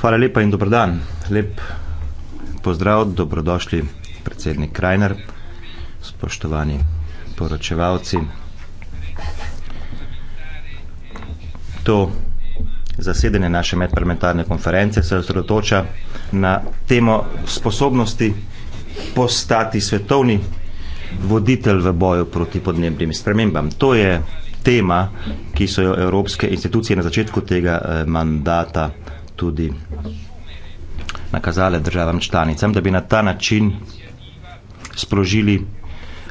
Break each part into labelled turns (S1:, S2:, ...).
S1: Hvala lepa in dober dan. Lep pozdrav, dobrodošli, predsednik Krajner, spoštovani poročevalci. To zasedanje naše medparlamentarne konference se osredotoča na temo sposobnosti postati svetovni voditelj v boju proti podnebnim spremembam. To je tema, ki so jo evropske institucije na začetku tega eh, mandata tudi nakazale državam članicam, da bi na ta način sprožili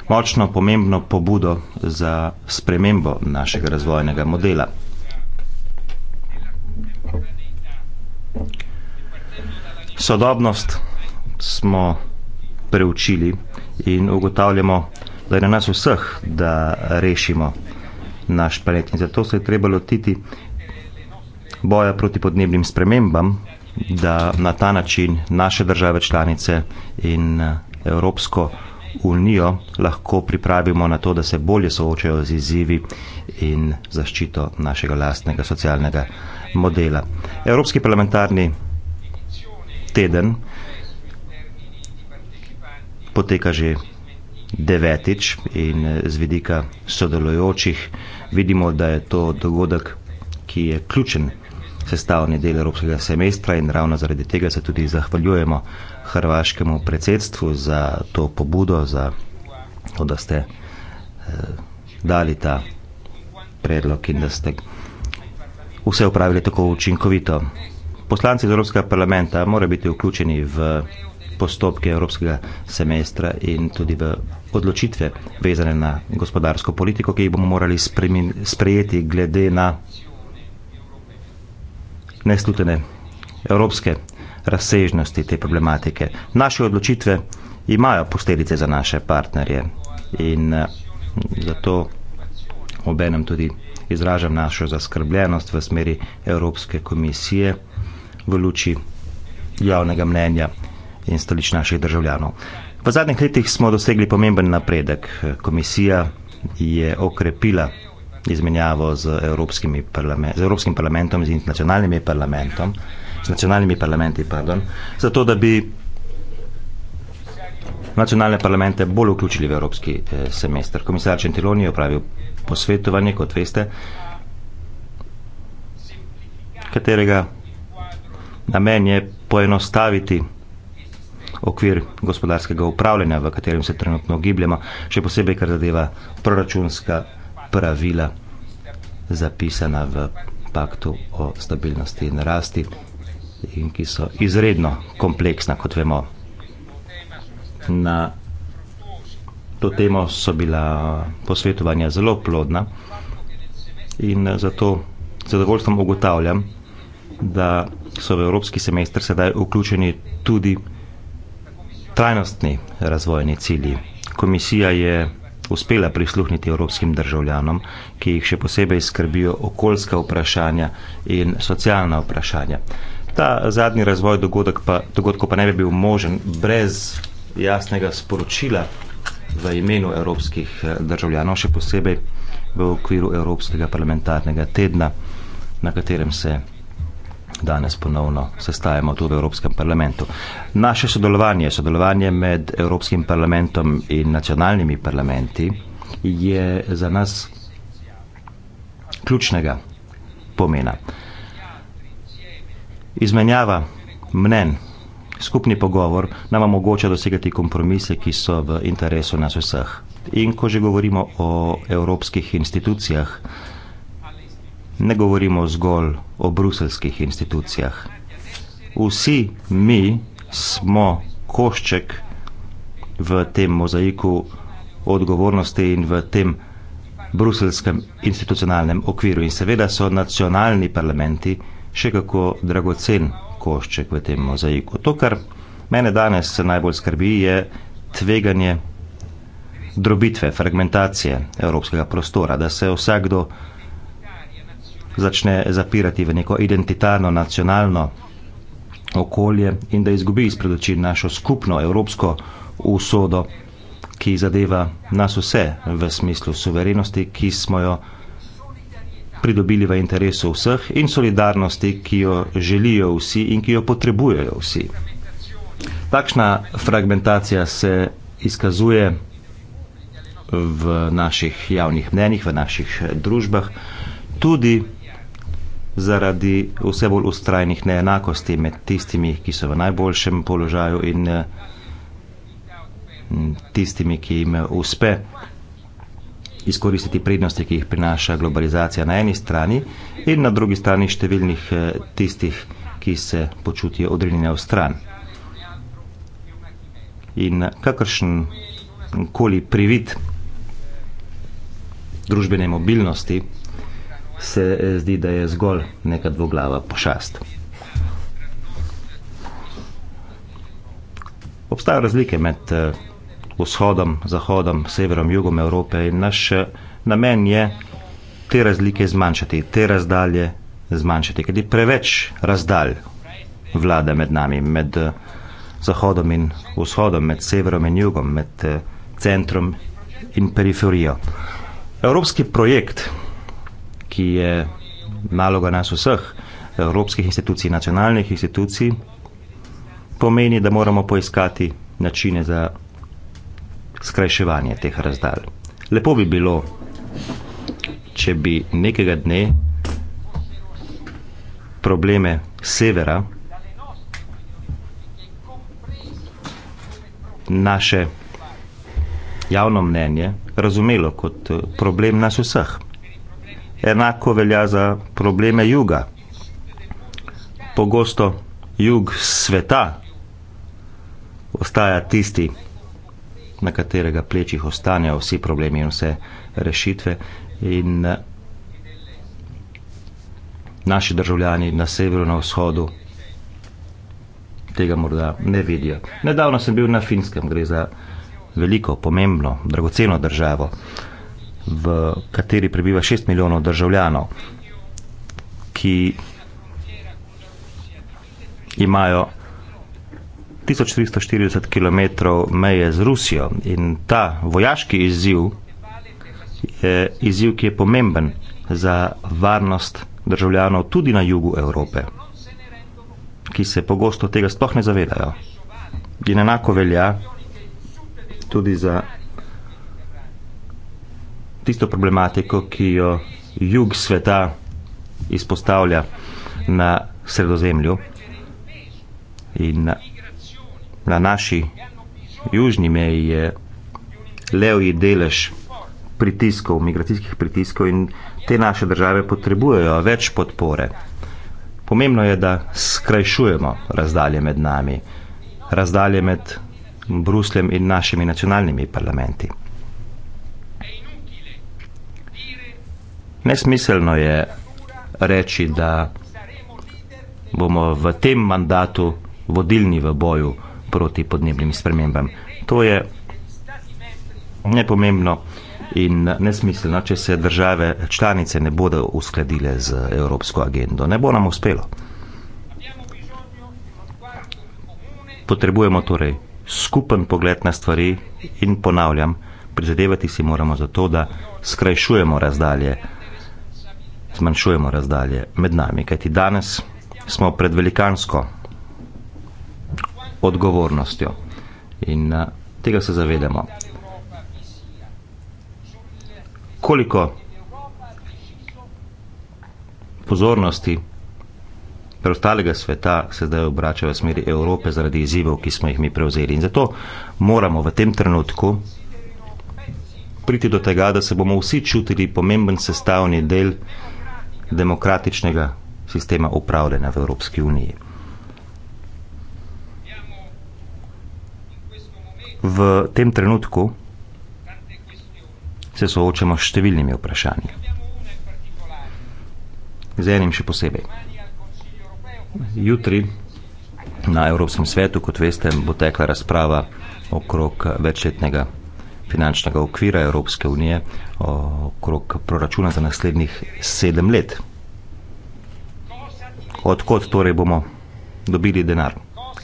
S1: močno pomembno pobudo za spremembo našega razvojnega modela. Sodobnost smo preučili in ugotavljamo, da je na nas vseh, da rešimo naš planet. In zato se je treba lotiti boja proti podnebnim spremembam, da na ta način naše države članice in eh, Evropsko unijo lahko pripravimo na to, da se bolje soočajo z izzivi in zaščito našega lastnega socialnega modela. Evropski parlamentarni teden poteka že devetič in eh, z vidika sodelujočih vidimo, da je to dogodek, ki je ključen sestavni del evropskega semestra in ravno zaradi tega se tudi zahvaljujemo hrvaškemu predsedstvu za to pobudo, za to, da ste eh, dali ta predlog in da ste vse upravili tako učinkovito. Poslanci Evropskega parlamenta mora biti vključeni v postopke evropskega semestra in tudi v odločitve vezane na gospodarsko politiko, ki jih bomo morali sprejeti glede na neslutene evropske razsežnosti te problematike. Naše odločitve imajo posledice za naše partnerje in eh, zato obenem tudi izražam našo zaskrbljenost v smeri Evropske komisije v luči javnega mnenja in stališč naših državljanov. V zadnjih letih smo dosegli pomemben napredek. Komisija je okrepila izmenjavo z Evropskim, parlament, z Evropskim parlamentom in nacionalnimi parlamentom, z nacionalnimi parlamenti, pardon, zato da bi nacionalne parlamente bolj vključili v Evropski eh, semester. Komisar Čentiloni je opravil posvetovanje, kot veste, katerega namen je poenostaviti okvir gospodarskega upravljanja, v katerem se trenutno gibljamo, še posebej, kar zadeva proračunska pravila zapisana v paktu o stabilnosti in rasti in ki so izredno kompleksna, kot vemo. Na to temo so bila posvetovanja zelo plodna in eh, zato z zadovoljstvom ugotavljam, da so v evropski semester sedaj vključeni tudi trajnostni razvojni cilji. Komisija je uspela prisluhniti evropskim državljanom, ki jih še posebej skrbijo okoljska vprašanja in socialna vprašanja. Ta zadnji razvoj pa, dogodko pa ne bi bil možen brez jasnega sporočila v imenu evropskih eh, državljanov, še posebej v okviru Evropskega parlamentarnega tedna, na katerem se danes ponovno sestajamo tu v Evropskem parlamentu. Naše sodelovanje, sodelovanje med Evropskim parlamentom in nacionalnimi parlamenti je za nas ključnega pomena. Izmenjava mnen, skupni pogovor nam omogoča dosegati kompromise, ki so v interesu nas vseh. In ko že govorimo o evropskih institucijah, ne govorimo zgolj o bruselskih institucijah. Vsi mi smo košček v tem mozaiku odgovornosti in v tem bruselskem institucionalnem okviru. In seveda so nacionalni parlamenti še kako dragocen košček v tem mozaiku. To, kar mene danes najbolj skrbi, je tveganje drobitve, fragmentacije evropskega prostora, da se vsakdo začne zapirati v neko identitarno, nacionalno okolje in da izgubi izpred oči našo skupno evropsko usodo, ki zadeva nas vse v smislu suverenosti, ki smo jo pridobili v interesu vseh in solidarnosti, ki jo želijo vsi in ki jo potrebujejo vsi. Takšna fragmentacija se izkazuje v naših javnih mnenjih, v naših družbah, tudi zaradi vse bolj ustrajnih neenakosti med tistimi, ki so v najboljšem položaju in eh, tistimi, ki jim uspe izkoristiti prednosti, ki jih prinaša globalizacija na eni strani in na drugi strani številnih eh, tistih, ki se počutijo odrinjene v stran. In kakršen koli privit družbene mobilnosti, se eh, zdi, da je zgolj neka dvoglava pošast. Obstajajo razlike med eh, vzhodom, zahodom, severom, jugom Evrope in naš eh, namen je te razlike zmanjšati, te razdalje zmanjšati, kajti preveč razdalj vlada med nami, med zahodom in vzhodom, med severom in jugom, med centrom in periferijo. Evropski projekt, ki je naloga nas vseh, evropskih institucij, nacionalnih institucij, pomeni, da moramo poiskati načine za skrajševanje teh razdalj. Lepo bi bilo, če bi nekega dne probleme severa naše javno mnenje razumelo kot eh, problem nas vseh. Enako velja za probleme juga. Pogosto jug sveta ostaja tisti, na katerega plečih ostanejo vsi problemi in vse rešitve. In eh, naši državljani na severu, na vzhodu tega morda ne vidijo. Nedavno sem bil na Finskem, gre za veliko, pomembno, dragoceno državo. Uh, v kateri prebiva 6 milijonov državljanov, ki imajo 1440 km meje z Rusijo. In ta vojaški izziv je izziv, ki je pomemben za varnost državljanov tudi na jugu Evrope, ki se pogosto tega sploh ne zavedajo. In enako velja tudi za tisto problematiko, ki jo jug sveta izpostavlja na sredozemlju in na, na naši južni meji je levji delež pritiskov, migracijskih pritiskov in te naše države potrebujejo več podpore. Pomembno je, da skrajšujemo razdalje med nami, razdalje med Brusljem in našimi nacionalnimi parlamenti. Nesmiselno je reči, da bomo v tem mandatu vodilni v boju proti podnebnim spremembam. To je nepomembno in nesmiselno, če se države članice ne bodo uskladile z evropsko agendo. Ne bo nam uspelo. Potrebujemo torej skupen pogled na stvari in ponavljam, prizadevati si moramo za to, da skrajšujemo razdalje zmanjšujemo razdalje med nami, kajti danes smo pred velikansko odgovornostjo in eh, tega se zavedamo. Koliko pozornosti preostalega sveta se zdaj obrača v smeri Evrope zaradi izzivov, ki smo jih mi prevzeli. In zato moramo v tem trenutku priti do tega, da se bomo vsi čutili pomemben sestavni del demokratičnega sistema upravljanja v Evropski uniji. V tem trenutku se soočamo s številnimi vprašanji. Z enim še posebej. Jutri na Evropskem svetu, kot veste, bo tekla razprava okrog večletnega finančnega okvira Evropske unije okrog proračuna za naslednjih sedem let. Odkot torej bomo dobili denar?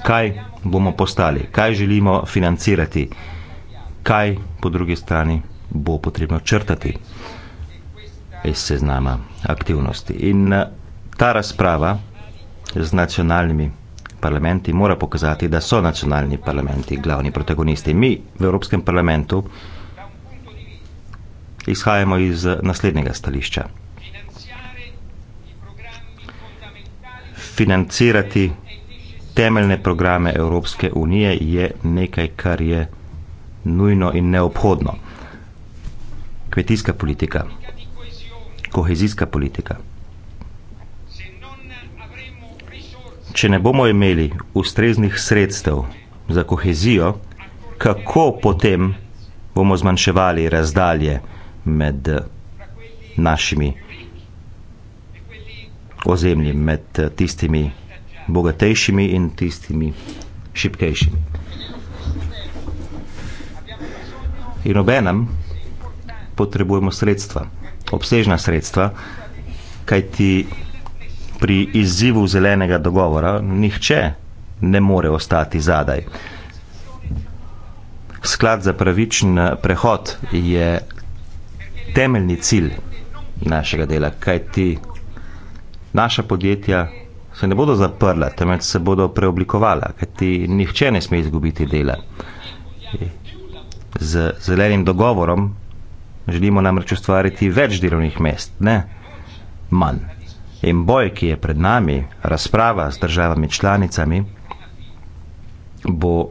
S1: Kaj bomo postali? Kaj želimo financirati? Kaj po drugi strani bo potrebno črtati iz seznama aktivnosti? In eh, ta razprava z nacionalnimi parlamenti mora pokazati, da so nacionalni parlamenti glavni protagonisti. Mi v Evropskem parlamentu izhajamo iz naslednjega stališča. Financirati temeljne programe Evropske unije je nekaj, kar je nujno in neobhodno. Kmetijska politika, kohezijska politika. Če ne bomo imeli ustreznih sredstev za kohezijo, kako potem bomo zmanjševali razdalje med našimi ozemlji, med tistimi bogatejšimi in tistimi šipkejšimi. In obenem potrebujemo sredstva, obsežna sredstva, kajti ti pri izzivu zelenega dogovora, nihče ne more ostati zadaj. Sklad za pravičen prehod je temeljni cilj našega dela, kaj ti naša podjetja se ne bodo zaprla, temveč se bodo preoblikovala, kaj ti nihče ne sme izgubiti dela. Z zelenim dogovorom želimo namreč ustvariti več delovnih mest, ne manj in boj, ki je pred nami, razprava s državami članicami, bo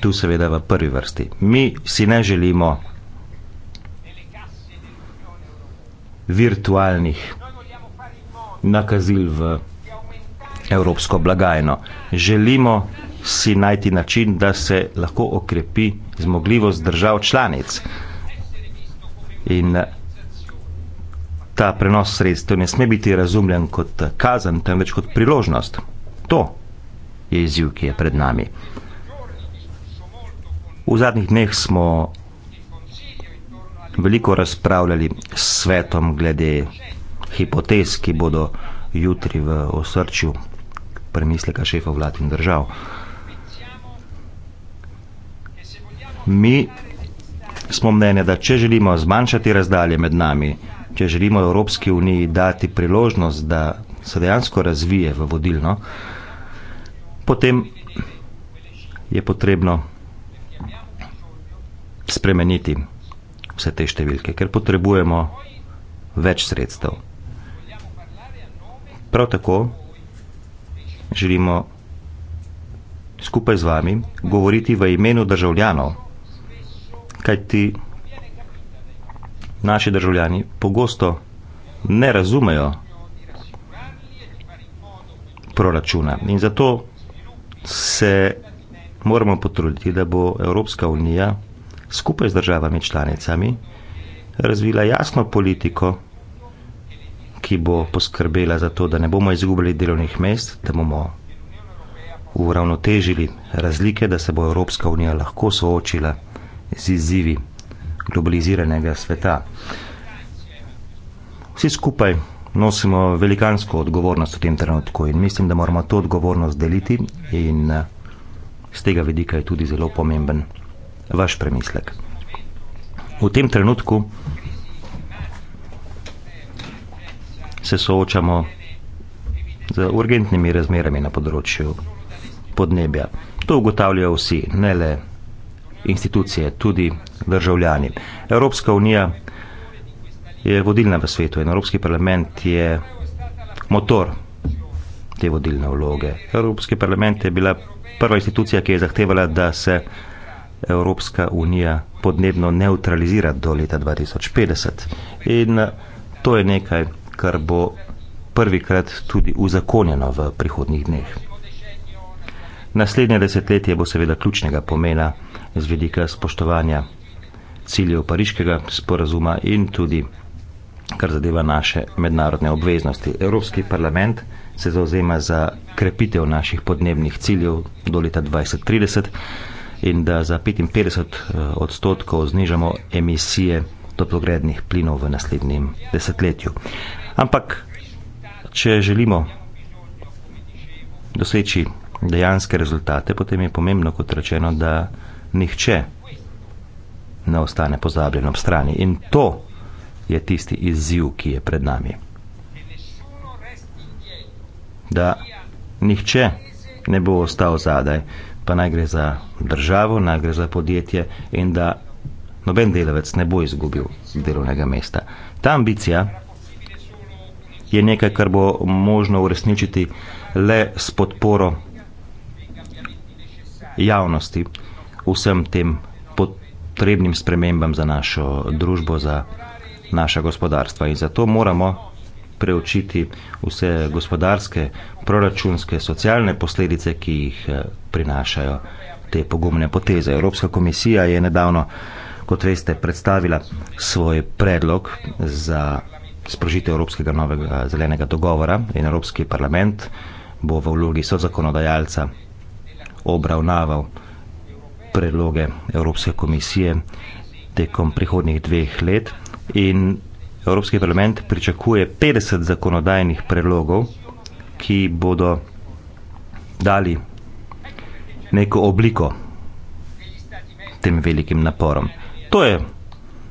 S1: tu seveda v prvi vrsti. Mi si ne želimo virtualnih nakazil v evropsko blagajno. Želimo si najti način, da se lahko okrepi zmogljivost držav članic. In ta prenos sredstev ne sme biti razumljen kot kazen, temveč kot priložnost. To je izziv, ki je pred nami. V zadnjih dneh smo veliko razpravljali s svetom glede hipotez, ki bodo jutri v osrčju premisleka šefov vlad in držav. Mi smo mnenje, da če želimo zmanjšati razdalje med nami, če želimo Evropski uniji dati priložnost, da se dejansko razvije v vodilno, potem je potrebno spremeniti vse te številke, ker potrebujemo več sredstev. Prav tako želimo skupaj z vami govoriti v imenu državljanov, kajti naši državljani pogosto ne razumejo proračuna. In zato se moramo potruditi, da bo Evropska unija skupaj z državami članicami razvila jasno politiko, ki bo poskrbela za to, da ne bomo izgubili delovnih mest, da bomo uravnotežili razlike, da se bo Evropska unija lahko soočila z izzivi globaliziranega sveta. Vsi skupaj nosimo velikansko odgovornost v tem trenutku in mislim, da moramo to odgovornost deliti in z eh, tega vidika je tudi zelo pomemben vaš premislek. V tem trenutku se soočamo z urgentnimi razmerami na področju podnebja. To ugotavljajo vsi, ne le institucije, tudi državljani. Evropska unija je vodilna v svetu in Evropski parlament je motor te vodilne vloge. Evropski parlament je bila prva institucija, ki je zahtevala, da se Evropska unija podnebno neutralizira do leta 2050. In eh, to je nekaj, kar bo prvikrat tudi uzakonjeno v prihodnjih dneh. Naslednje desetletje bo seveda ključnega pomena z vidika spoštovanja ciljev pariškega sporazuma in tudi kar zadeva naše mednarodne obveznosti. Evropski parlament se zauzema za krepitev naših podnebnih ciljev do leta 2030 in da za 55 eh, odstotkov znižamo emisije toplogrednih plinov v naslednjem desetletju. Ampak, če želimo doseči dejanske rezultate, potem je pomembno, kot rečeno, da nihče ne ostane pozabljen ob strani. In to je tisti izziv, ki je pred nami. Da nihče ne bo ostal zadaj, pa naj gre za državo, naj gre za podjetje in da noben delavec ne bo izgubil delovnega mesta. Ta ambicija je nekaj, kar bo možno uresničiti le s podporo javnosti, vsem tem potrebnim spremembam za našo družbo, za naša gospodarstva. In zato moramo preučiti vse gospodarske, proračunske, socialne posledice, ki jih eh, prinašajo te pogumne poteze. Evropska komisija je nedavno, kot veste, predstavila svoj predlog za sprožitev Evropskega novega eh, zelenega dogovora in Evropski parlament bo v vlogi sozakonodajalca obravnaval predloge Evropske komisije tekom prihodnjih dveh let in Evropski parlament pričakuje 50 zakonodajnih predlogov, ki bodo dali neko obliko tem velikim naporom. To je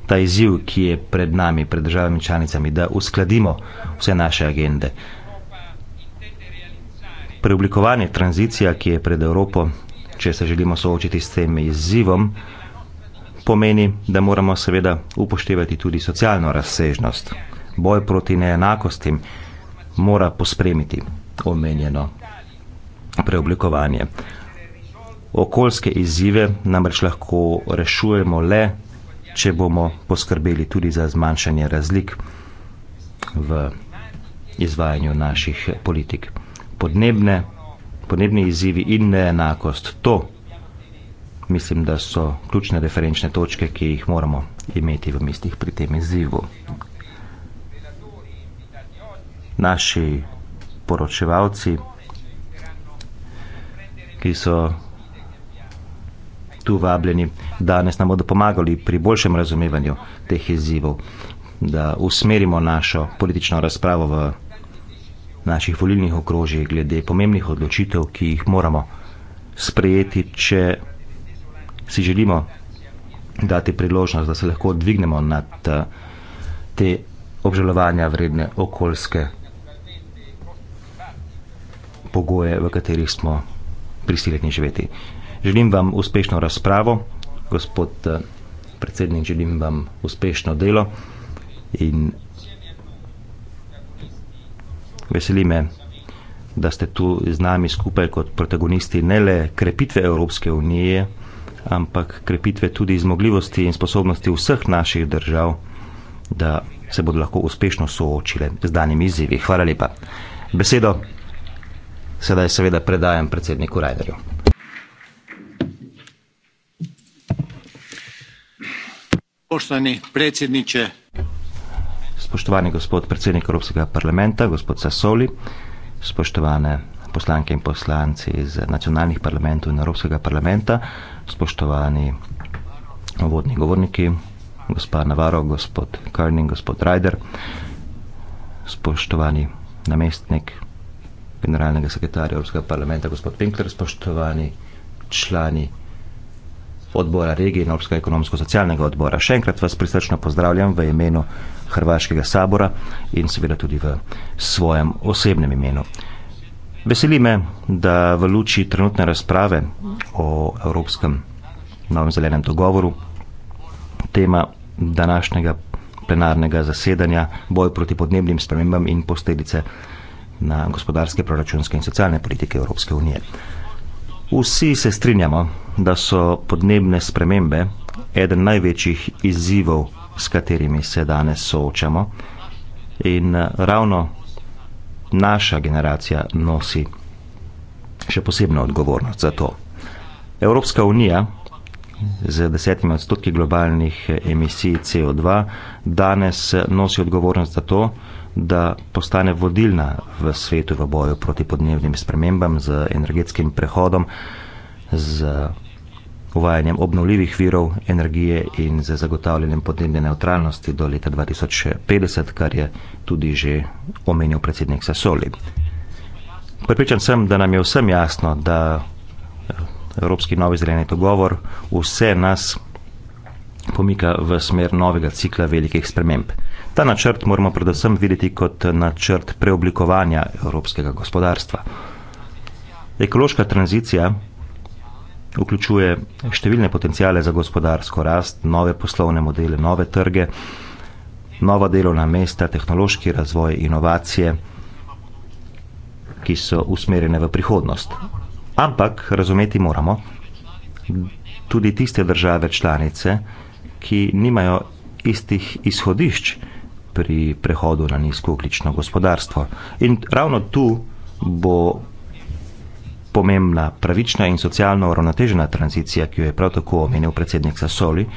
S1: ta izziv, ki je pred nami, pred državami članicami, da uskladimo vse naše agende. Preoblikovanje tranzicija, ki je pred Evropo če se želimo soočiti s tem izzivom, pomeni, da moramo seveda upoštevati tudi socialno razsežnost. Boj proti neenakostim mora pospremiti omenjeno preoblikovanje. Okoljske izzive namreč lahko rešujemo le, če bomo poskrbeli tudi za zmanjšanje razlik v izvajanju naših politik. Podnebne podnebni izzivi in neenakost. To mislim, da so ključne referenčne točke, ki jih moramo imeti v mislih pri tem izzivu. Naši poročevalci, ki so tu vabljeni, danes nam bodo pomagali pri boljšem razumevanju teh izzivov, da usmerimo našo politično razpravo v naših volilnih okrožij glede pomembnih odločitev, ki jih moramo sprejeti, če si želimo dati priložnost, da se lahko dvignemo nad eh, te obžalovanja vredne okoljske pogoje, v katerih smo prisiljeni živeti. Želim vam uspešno razpravo, gospod eh, predsednik, želim vam uspešno delo in Veseli me, da ste tu z nami skupaj kot protagonisti ne le krepitve Evropske unije, ampak krepitve tudi zmogljivosti in sposobnosti vseh naših držav, da se bodo lahko uspešno soočile z danimi izzivi. Hvala lepa. Besedo sedaj seveda predajam predsedniku Rajderju. Poštovani predsjedniče spoštovani gospod predsednik Evropskega parlamenta, gospod Sasoli, spoštovane poslanke in poslanci iz nacionalnih parlamentov in Evropskega parlamenta, spoštovani vodni govorniki, gospa Navarro, gospod Körning, gospod Rajder, spoštovani namestnik generalnega sekretarja Evropskega parlamenta, gospod Pinkler, spoštovani člani odbora regije in Evropskega ekonomsko-socialnega odbora. Še enkrat vas prisrčno pozdravljam v imenu Hrvaškega sabora in seveda tudi v svojem osebnem imenu. Veseli me, da v luči trenutne razprave o Evropskem novem zelenem dogovoru tema današnjega plenarnega zasedanja boj proti podnebnim spremembam in posledice na gospodarske, proračunske in socialne politike Evropske unije. Uh, Vsi se strinjamo, da so podnebne spremembe eden največjih izzivov, s katerimi se danes soočamo, in eh, ravno naša generacija nosi še posebno odgovornost za to. Evropska unija z desetimi odstotki globalnih eh, emisij CO2 danes eh, nosi odgovornost za to, da postane vodilna v svetu v boju proti podnebnim spremembam z energetskim prehodom, z uvajanjem obnovljivih virov energije in z zagotavljanjem podnebne neutralnosti do leta 2050, kar je tudi že omenil predsednik Sassoli. Pripričan sem, da nam je vsem jasno, da eh, Evropski novi zeleni dogovor vse nas pomika v smer novega cikla velikih sprememb. Ta načrt moramo predvsem videti kot načrt preoblikovanja evropskega gospodarstva. Ekološka tranzicija vključuje številne potencijale za gospodarsko rast, nove poslovne modele, nove trge, nova delovna mesta, tehnološki razvoj, inovacije, ki so usmerjene v prihodnost. Ampak razumeti moramo tudi tiste države članice, ki nimajo istih izhodišč, pri prehodu na nizkooglično gospodarstvo. In ravno tu bo pomembna pravična in socialno uravnotežena tranzicija, ki jo je prav tako omenil predsednik Sasoli,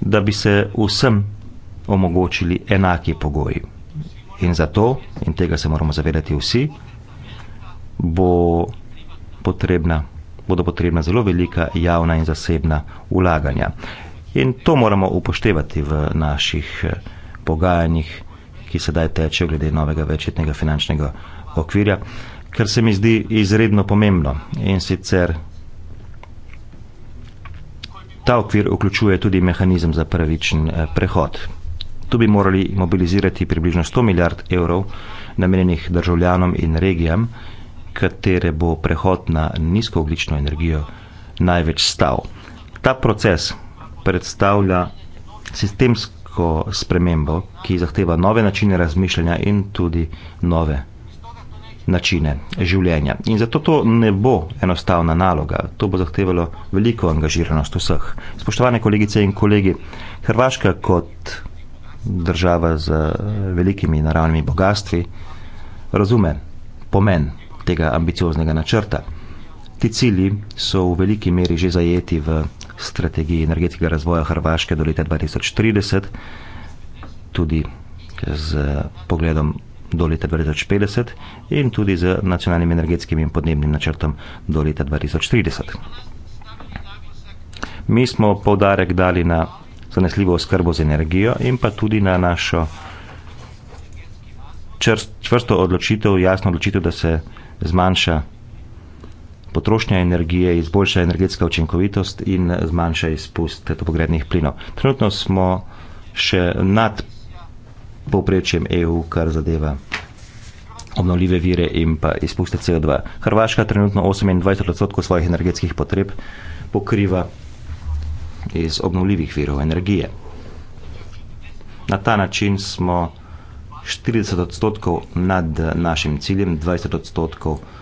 S1: da bi se vsem omogočili enaki pogoji. In zato, in tega se moramo zavedati vsi, bo potrebna, bodo potrebna zelo velika javna in zasebna ulaganja. In to moramo upoštevati v naših eh, pogajanjih, ki sedaj tečejo glede novega večjetnega finančnega okvirja, kar se mi zdi izredno pomembno in sicer ta okvir vključuje tudi mehanizem za pravičen eh, prehod. Tu bi morali mobilizirati približno 100 milijard evrov namenjenih državljanom in regijam, katere bo prehod na nizkooglično energijo največ stal. Ta proces predstavlja sistemsko tehnološko spremembo, ki zahteva nove načine razmišljanja in tudi nove načine življenja. In zato to ne bo enostavna naloga, to bo zahtevalo veliko angažiranost vseh. Spoštovane kolegice in kolegi, Hrvaška kot država z eh, velikimi naravnimi bogatstvi razume pomen tega ambicioznega načrta. Ti cilji so v veliki meri že zajeti v strategiji energetskega razvoja Hrvaške do leta 2030, tudi z pogledom do leta 2050 in tudi z nacionalnim energetskim in podnebnim načrtom do leta 2030. Mi smo povdarek dali na zanesljivo oskrbo z energijo in pa tudi na našo čvrsto odločitev, jasno odločitev, da se zmanjša potrošnja energije izboljša energetska učinkovitost in zmanjša izpust topogrednih plinov. Trenutno smo še nad povprečjem EU, kar zadeva obnovljive vire in pa izpuste CO2. Hrvaška trenutno 28 odstotkov svojih energetskih potreb pokriva iz obnovljivih virov energije. Na ta način smo 40 odstotkov nad našim ciljem, 20 odstotkov odstotkov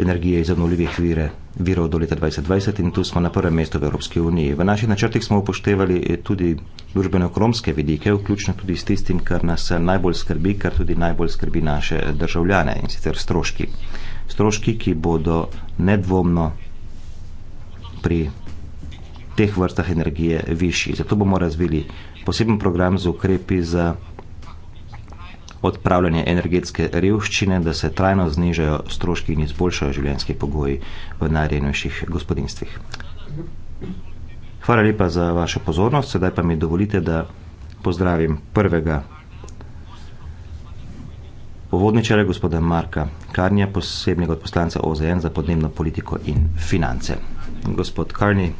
S1: energije iz obnovljivih vire, virov do leta 2020 in tu smo na prvem mestu v Evropski uniji. V naših načrtih smo upoštevali eh, tudi družbeno-ekonomske vidike, vključno tudi s tistim, kar nas eh, najbolj skrbi, kar tudi najbolj skrbi naše državljane in sicer stroški. Stroški, ki bodo nedvomno pri teh vrstah energije višji. Zato bomo razvili poseben program z ukrepi za odpravljanje energetske revščine, da se trajno znižajo stroški in izboljšajo življenjski pogoji v najrenjivejših gospodinstvih. Hvala lepa za vašo pozornost, sedaj pa mi dovolite, da pozdravim prvega povodničara gospoda Marka Karnja, posebnega odposlanca OZN za podnebno politiko in finance. Gospod Karni,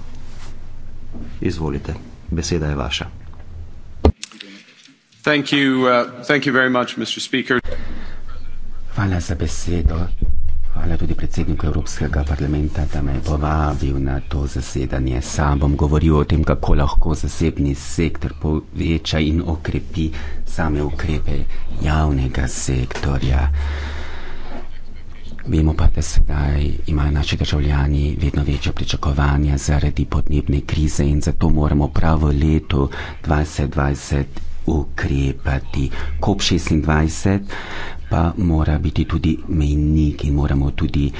S1: izvolite, beseda je vaša. Uh, Hvala za besedo. Hvala tudi
S2: predsedniku Evropskega parlamenta, da me je povabil na to zasedanje. Sam bom govoril o tem, kako lahko zasebni sektor poveča in okrepi same ukrepe javnega sektorja. Vemo pa, da sedaj imajo naši državljani vedno večje pričakovanja zaradi podnebne krize in zato moramo pravo leto 2020 ukrepati. COP26 pa mora biti tudi mejnik in moramo tudi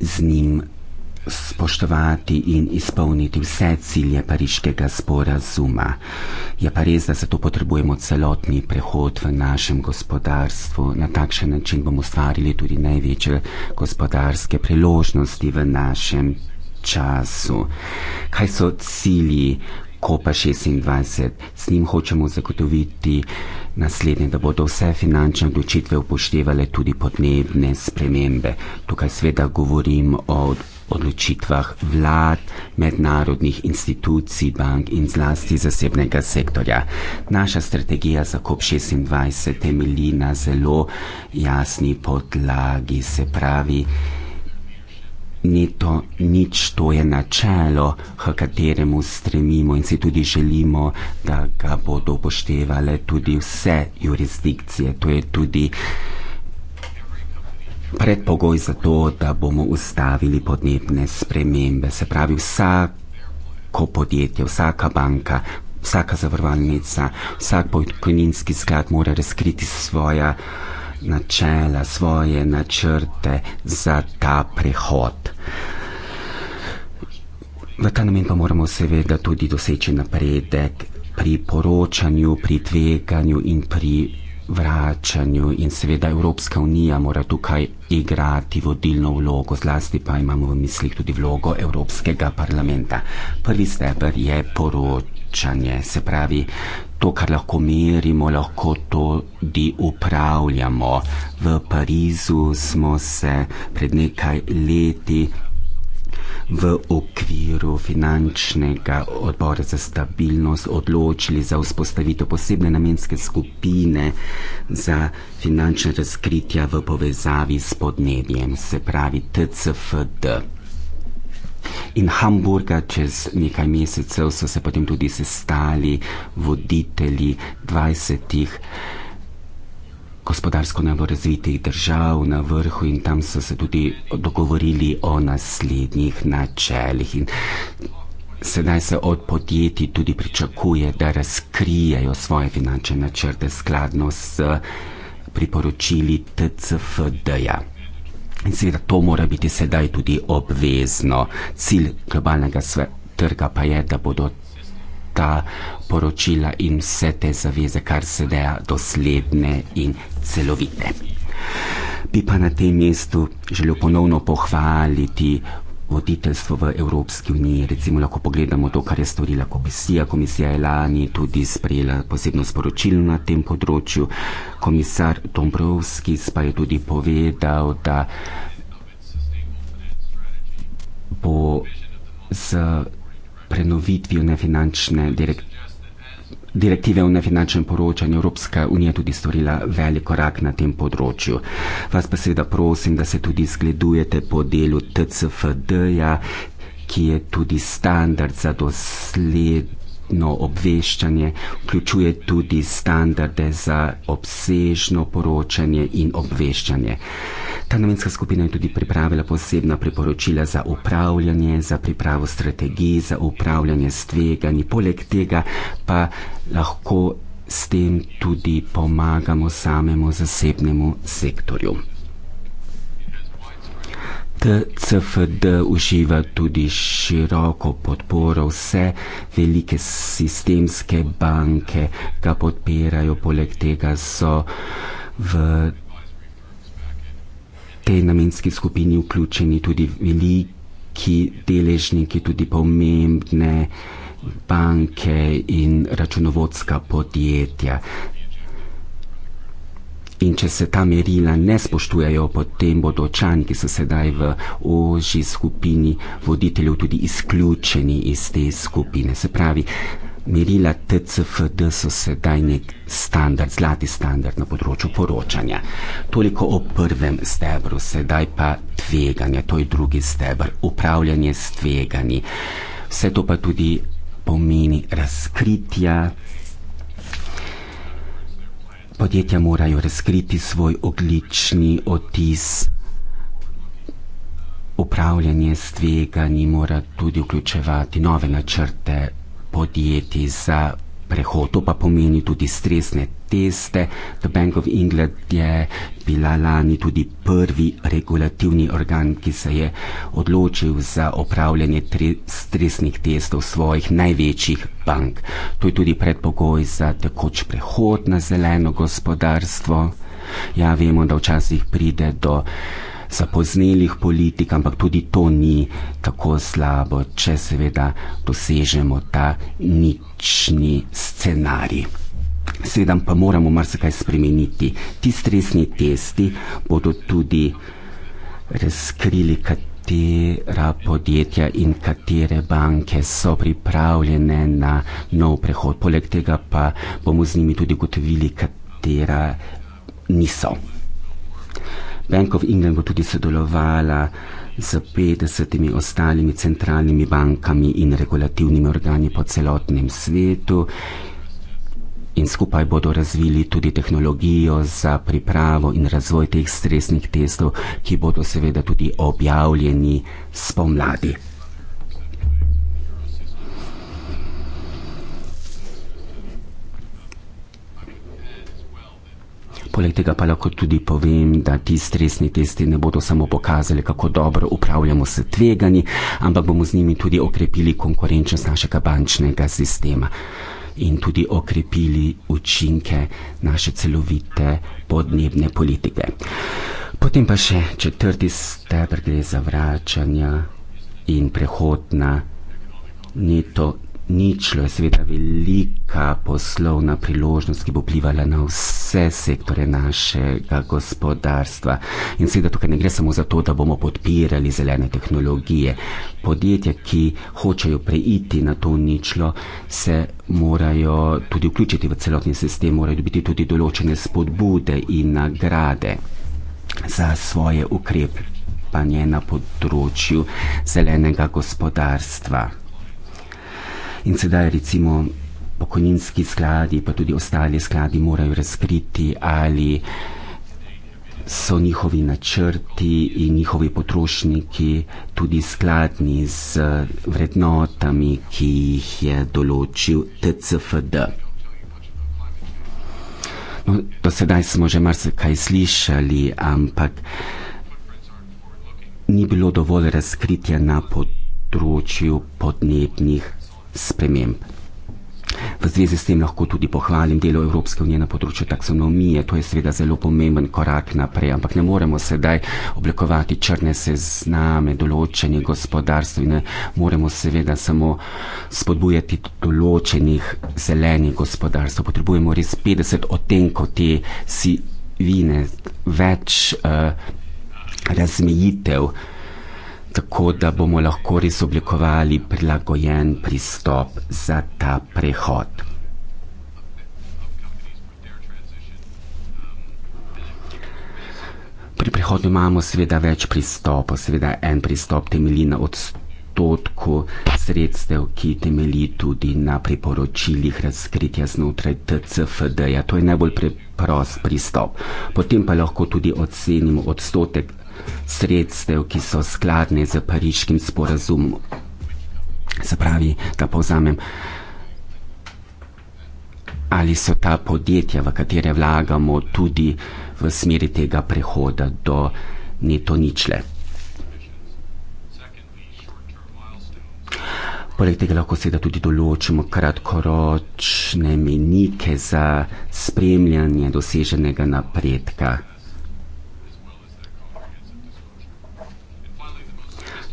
S2: z njim spoštovati in izpolniti vse cilje pariškega sporazuma. Je pa res, da zato potrebujemo celotni prehod v našem gospodarstvu. Na takšen način bomo ustvarili tudi največje gospodarske priložnosti v našem času. Kaj so cilji Kopa 26. S njim hočemo zagotoviti naslednje, da bodo vse finančne odločitve upoštevale tudi podnebne spremembe. Tukaj sveda govorim o odločitvah vlad, mednarodnih institucij, bank in zlasti zasebnega sektorja. Naša strategija za COP26 temelji na zelo jasni podlagi, se pravi, ni to nič, to je načelo, h kateremu stremimo in si tudi želimo, da ga bodo upoštevale tudi vse jurisdikcije. To je tudi predpogoj za to, da bomo ustavili podnebne spremembe. Se pravi, vsako podjetje, vsaka banka, vsaka zavarovalnica, vsak pokojninski sklad mora razkriti svoja načela, svoje načrte za ta prihod. V ta namen pa moramo seveda tudi doseči napredek pri poročanju, pri tveganju in pri vračanju. In seveda Evropska unija mora tukaj igrati vodilno vlogo, zlasti pa imamo v mislih tudi vlogo Evropskega parlamenta. Prvi steber je poročanje, se pravi, to, kar lahko merimo, lahko tudi upravljamo. V Parizu smo se pred nekaj leti v okviru finančnega odbora za stabilnost odločili za vzpostavitev posebne namenske skupine za finančne razkritja v povezavi s podnebjem, se pravi TCFD. In Hamburga čez nekaj mesecev so se potem tudi sestali voditelji 20 gospodarsko najbolj razvitih držav na vrhu in tam so se tudi dogovorili o naslednjih načelih. In sedaj se od podjetij tudi pričakuje, da razkrijajo svoje finančne načrte skladno s priporočili TCFD-ja. In seveda to mora biti sedaj tudi obvezno. Cilj globalnega trga pa je, da bodo ta poročila in vse te zaveze, kar se deja, dosledne in celovite. Bi pa na tem mestu želel ponovno pohvaliti voditeljstvo v Evropski uniji. Recimo lahko pogledamo to, kar je storila komisija. Komisija je lani tudi sprejela posebno sporočilo na tem področju. Komisar Dombrovski pa je tudi povedal, da bo z prenovitvijo nefinančne direktive direktive o nefinančnem poročanju Evropska unija tudi storila velik korak na tem področju. Vas pa seveda prosim, da se tudi zgledujete po delu TCFD-ja, ki je tudi standard za dosled celotno obveščanje vključuje tudi standarde za obsežno poročanje in obveščanje. Ta namenska skupina je tudi pripravila posebna priporočila za upravljanje, za pripravo strategij, za upravljanje s tveganji. Poleg tega pa lahko s tem tudi pomagamo samemu zasebnemu sektorju. TCFD uživa tudi široko podporo, vse velike sistemske banke ga podpirajo, poleg tega so v tej namenski skupini vključeni tudi veliki deležniki, tudi pomembne banke in računovodska podjetja. In če se ta merila ne spoštujejo, potem bodo očani, ki so sedaj v ožji skupini voditeljev, tudi izključeni iz te skupine. Se pravi, merila TCFD so sedaj nek standard, zlati standard na področju poročanja. Toliko o prvem stebru, sedaj pa tveganje, to je drugi stebr, upravljanje s tvegani. Vse to pa tudi pomeni razkritja podjetja morajo razkriti svoj oglični odtis. Upravljanje s tveganji mora tudi vključevati nove načrte podjetij za prehodu pa pomeni tudi stresne teste. The Bank of England je bila lani tudi prvi regulativni organ, ki se je odločil za opravljanje stresnih testov svojih največjih bank. To je tudi predpogoj za tekoč prehod na zeleno gospodarstvo. Ja, vemo, da včasih pride do zapoznelih politik, ampak tudi to ni tako slabo, če seveda dosežemo ta nič resnični scenarij. Sedaj pa moramo marsikaj spremeniti. Ti stresni testi bodo tudi razkrili, katera podjetja in katere banke so pripravljene na nov prehod. Poleg tega pa bomo z njimi tudi gotovili, katera niso. Bank of England bo tudi sodelovala z 50 ostalimi centralnimi bankami in regulativnimi organi po celotnem svetu. In skupaj bodo razvili tudi tehnologijo za pripravo in razvoj teh stresnih testov, ki bodo seveda tudi objavljeni spomladi. Poleg tega pa lahko tudi povem, da ti stresni testi ne bodo samo pokazali, kako dobro upravljamo s tvegani, ampak bomo z njimi tudi okrepili konkurenčnost našega bančnega sistema in tudi okrepili učinke naše celovite podnebne politike. Potem pa še četrti stebr gre za vračanja in prehod na neto ničlo je seveda velika poslovna priložnost, ki bo vplivala na vse sektore našega gospodarstva. In seveda tukaj ne gre samo za to, da bomo podpirali zelene tehnologije. Podjetja, ki hočejo preiti na to ničlo, se morajo tudi vključiti v celotni sistem, morajo dobiti tudi določene spodbude in nagrade za svoje ukrepanje na področju zelenega gospodarstva. In sedaj recimo pokojninski skladi, pa tudi ostali skladi morajo razkriti, ali so njihovi načrti in njihovi potrošniki tudi skladni z eh, vrednotami, ki jih je določil TCFD. No, do sedaj smo že marsikaj slišali, ampak ni bilo dovolj razkritja na področju podnebnih sprememb. V zvezi s tem lahko tudi pohvalim delo Evropske unije na področju taksonomije. To je seveda zelo pomemben korak naprej, ampak ne moremo sedaj oblikovati črne sezname določenih gospodarstv in ne moremo seveda samo spodbujati določenih zelenih gospodarstv. Potrebujemo res 50 odtenkov te sivine, več uh, razmejitev. Uh, tako da bomo lahko res oblikovali prilagojen pristop za ta prehod. Pri prihodu imamo seveda več pristopov, seveda en pristop temelji na odstotku sredstev, ki temelji tudi na priporočilih razkritja znotraj TCFD-ja. To je najbolj preprost pristop. Potem pa lahko tudi ocenimo odstotek sredstev, ki so skladne z pariškim sporazumom. Se pravi, da povzamem, ali so ta podjetja, v katere vlagamo, tudi v smeri tega prehoda do neto ničle. Poleg tega lahko seveda tudi določimo kratkoročne menike za spremljanje doseženega napredka.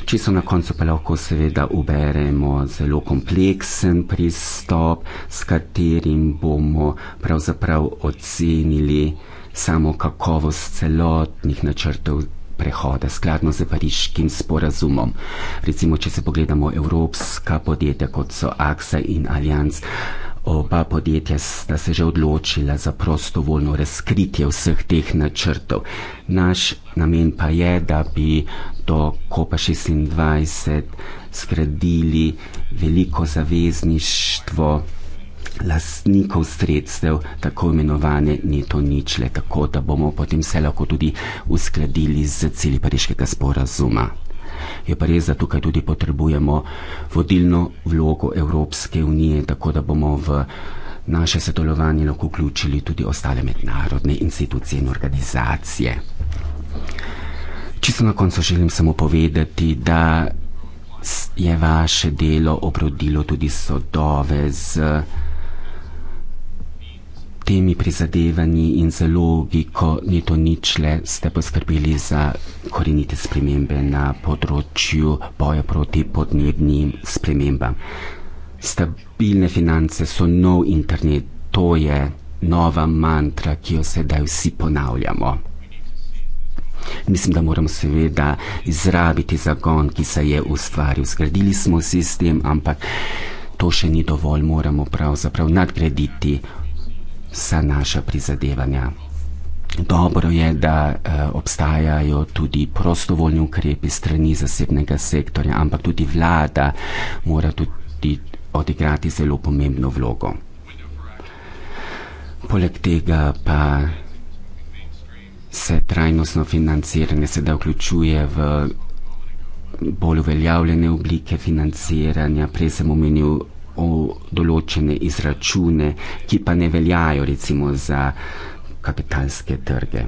S2: čisto na koncu pa lahko seveda uberemo zelo kompleksen pristop, s katerim bomo pravzaprav ocenili samo kakovost celotnih načrtov prehoda skladno z pariškim sporazumom. Recimo, če se pogledamo evropska podjetja, kot so AXA in Allianz, oba podjetja sta se že odločila za prostovoljno razkritje vseh teh načrtov. Naš namen pa je, da bi do Kopa 26 zgradili veliko zavezništvo lastnikov sredstev, tako imenovane neto ničle, tako da bomo potem se lahko tudi uskladili z cilji pariškega sporazuma je pa res, da tukaj tudi potrebujemo vodilno vlogo Evropske unije, tako da bomo v naše sodelovanje lahko vključili tudi ostale mednarodne institucije in organizacije. Čisto na koncu želim samo povedati, da je vaše delo obrodilo tudi sodove z temi prizadevanji in za logiko ni to ničle, ste poskrbeli za korenite spremembe na področju boja proti podnebnim spremembam. Stabilne finance so nov internet, to je nova mantra, ki jo sedaj vsi ponavljamo. Mislim, da moramo seveda izrabiti zagon, ki se je ustvaril. Zgradili smo sistem, ampak to še ni dovolj, moramo pravzaprav nadgraditi vsa naša prizadevanja. Dobro je, da uh, obstajajo tudi prostovoljni ukrepi strani zasebnega sektorja, ampak tudi vlada mora tudi odigrati zelo pomembno vlogo. Poleg tega pa se trajnostno financiranje sedaj vključuje v bolj uveljavljene oblike financiranja. Prej sem omenil o določene izračune, ki pa ne veljajo recimo za kapitalske trge.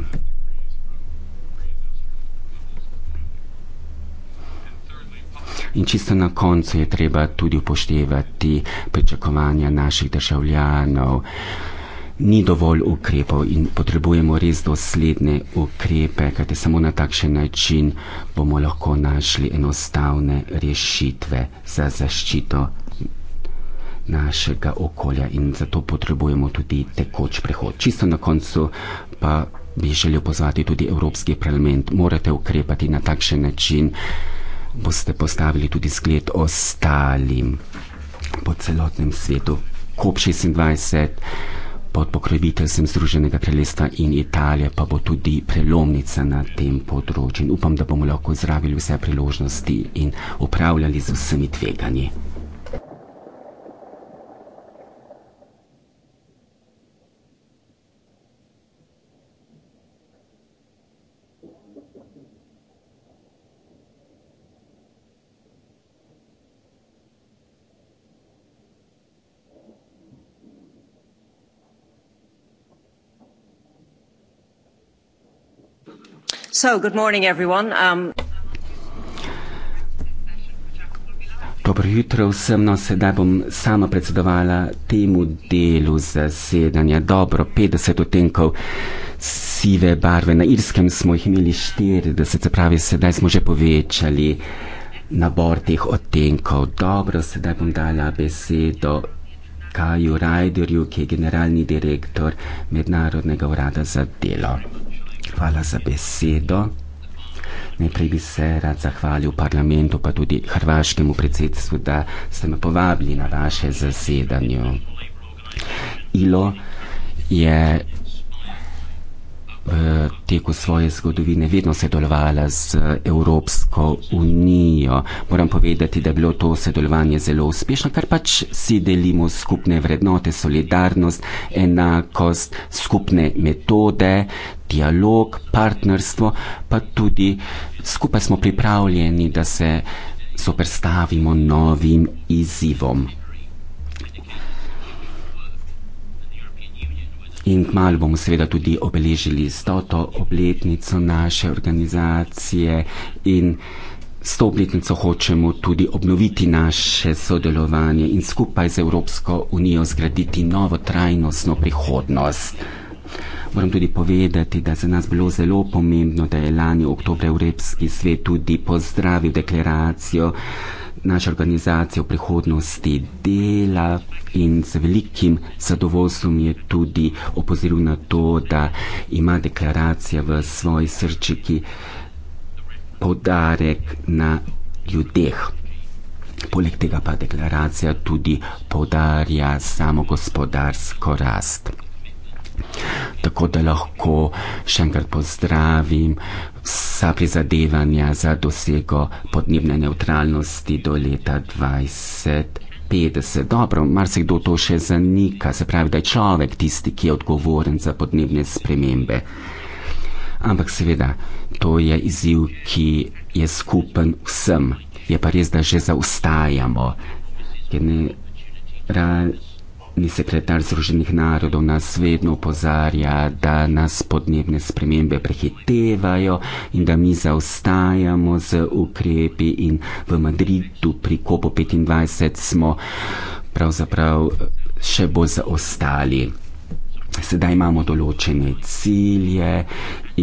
S2: In čisto na koncu je treba tudi upoštevati pričakovanja naših državljanov. Ni dovolj ukrepov in potrebujemo res dosledne ukrepe, kajte samo na takšen način bomo lahko našli enostavne rešitve za zaščito našega okolja in zato potrebujemo tudi tekoč prehod. Čisto na koncu pa bi želel pozvati tudi Evropski parlament. Morate ukrepati na takšen način, boste postavili tudi zgled ostalim po celotnem svetu. COP26 pod pokroviteljstvom Združenega kraljestva in Italije pa bo tudi prelomnica na tem področju. Upam, da bomo lahko izrabili vse priložnosti in upravljali z vsemi tveganji.
S3: Good morning, everyone. Um,
S2: Dobro jutro vsem, no sedaj bom sama predsedovala temu delu zasedanja. Dobro, 50 otenkov sive barve, na Irskem smo jih imeli 40, se pravi, sedaj smo že povečali nabor teh otenkov. Dobro, sedaj bom dala besedo Kaju Rajderju, ki je generalni direktor Mednarodnega urada za delo hvala za besedo. Najprej bi se rad zahvalil parlamentu, pa tudi hrvaškemu predsedstvu, da ste me povabili na vaše zasedanje. ILO je v teku svoje zgodovine vedno sodelovala z Evropsko unijo. Moram povedati, da je bilo to sodelovanje zelo uspešno, ker pač si delimo skupne vrednote, solidarnost, enakost, skupne metode, dialog, partnerstvo, pa tudi skupaj smo pripravljeni, da se soprstavimo novim izzivom. In kmalo bomo seveda tudi obeležili stoto obletnico naše organizacije in s to obletnico hočemo tudi obnoviti naše sodelovanje in skupaj z Evropsko unijo zgraditi novo trajnostno prihodnost. Moram tudi povedati, da za nas bilo zelo pomembno, da je lani oktober Evropski svet tudi pozdravil deklaracijo naša organizacija v prihodnosti dela in z velikim zadovoljstvom je tudi opozoril na to, da ima deklaracija v svoji srčiki podarek na ljudeh. Poleg tega pa deklaracija tudi podarja samo gospodarsko rast. Tako da lahko še enkrat pozdravim vsa prizadevanja za dosego podnebne neutralnosti do leta 2020. 50. Dobro, marsikdo to še zanika, se pravi, da je človek tisti, ki je odgovoren za podnebne spremembe. Ampak seveda, to je izziv, ki je skupen vsem. Je pa res, da že zaustajamo. Genera Glavni sekretar Združenih narodov nas vedno opozarja, da nas podnebne spremembe prehitevajo in da mi zaostajamo z ukrepi in v Madridu pri Kopo 25 smo pravzaprav še bolj zaostali. Sedaj imamo določene cilje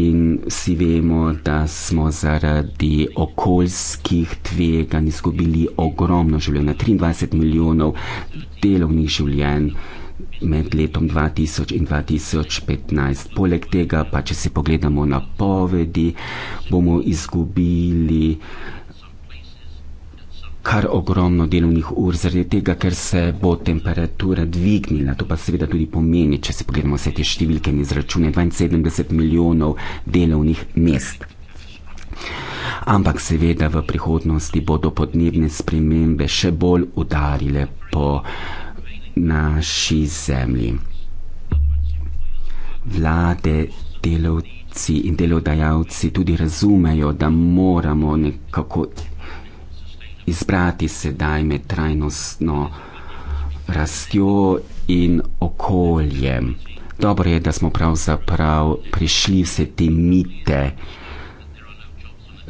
S2: in vsi vemo, da smo zaradi okoljskih tveganj izgubili ogromno življenja, 23 milijonov delovnih življenj med letom 2000 in 2015. Poleg tega pa, če se pogledamo na povedi, bomo izgubili kar ogromno delovnih ur, zaradi tega, ker se bo temperatura dvignila. To pa seveda tudi pomeni, če se pogledamo vse te številke in izračune, 72 milijonov delovnih mest. Ampak seveda v prihodnosti bodo podnebne spremembe še bolj udarile po naši zemlji. Vlade, delovci in delodajalci tudi razumejo, da moramo nekako izbrati sedaj med trajnostno rastjo in okoljem. Dobro je, da smo pravzaprav prišli vse te mite.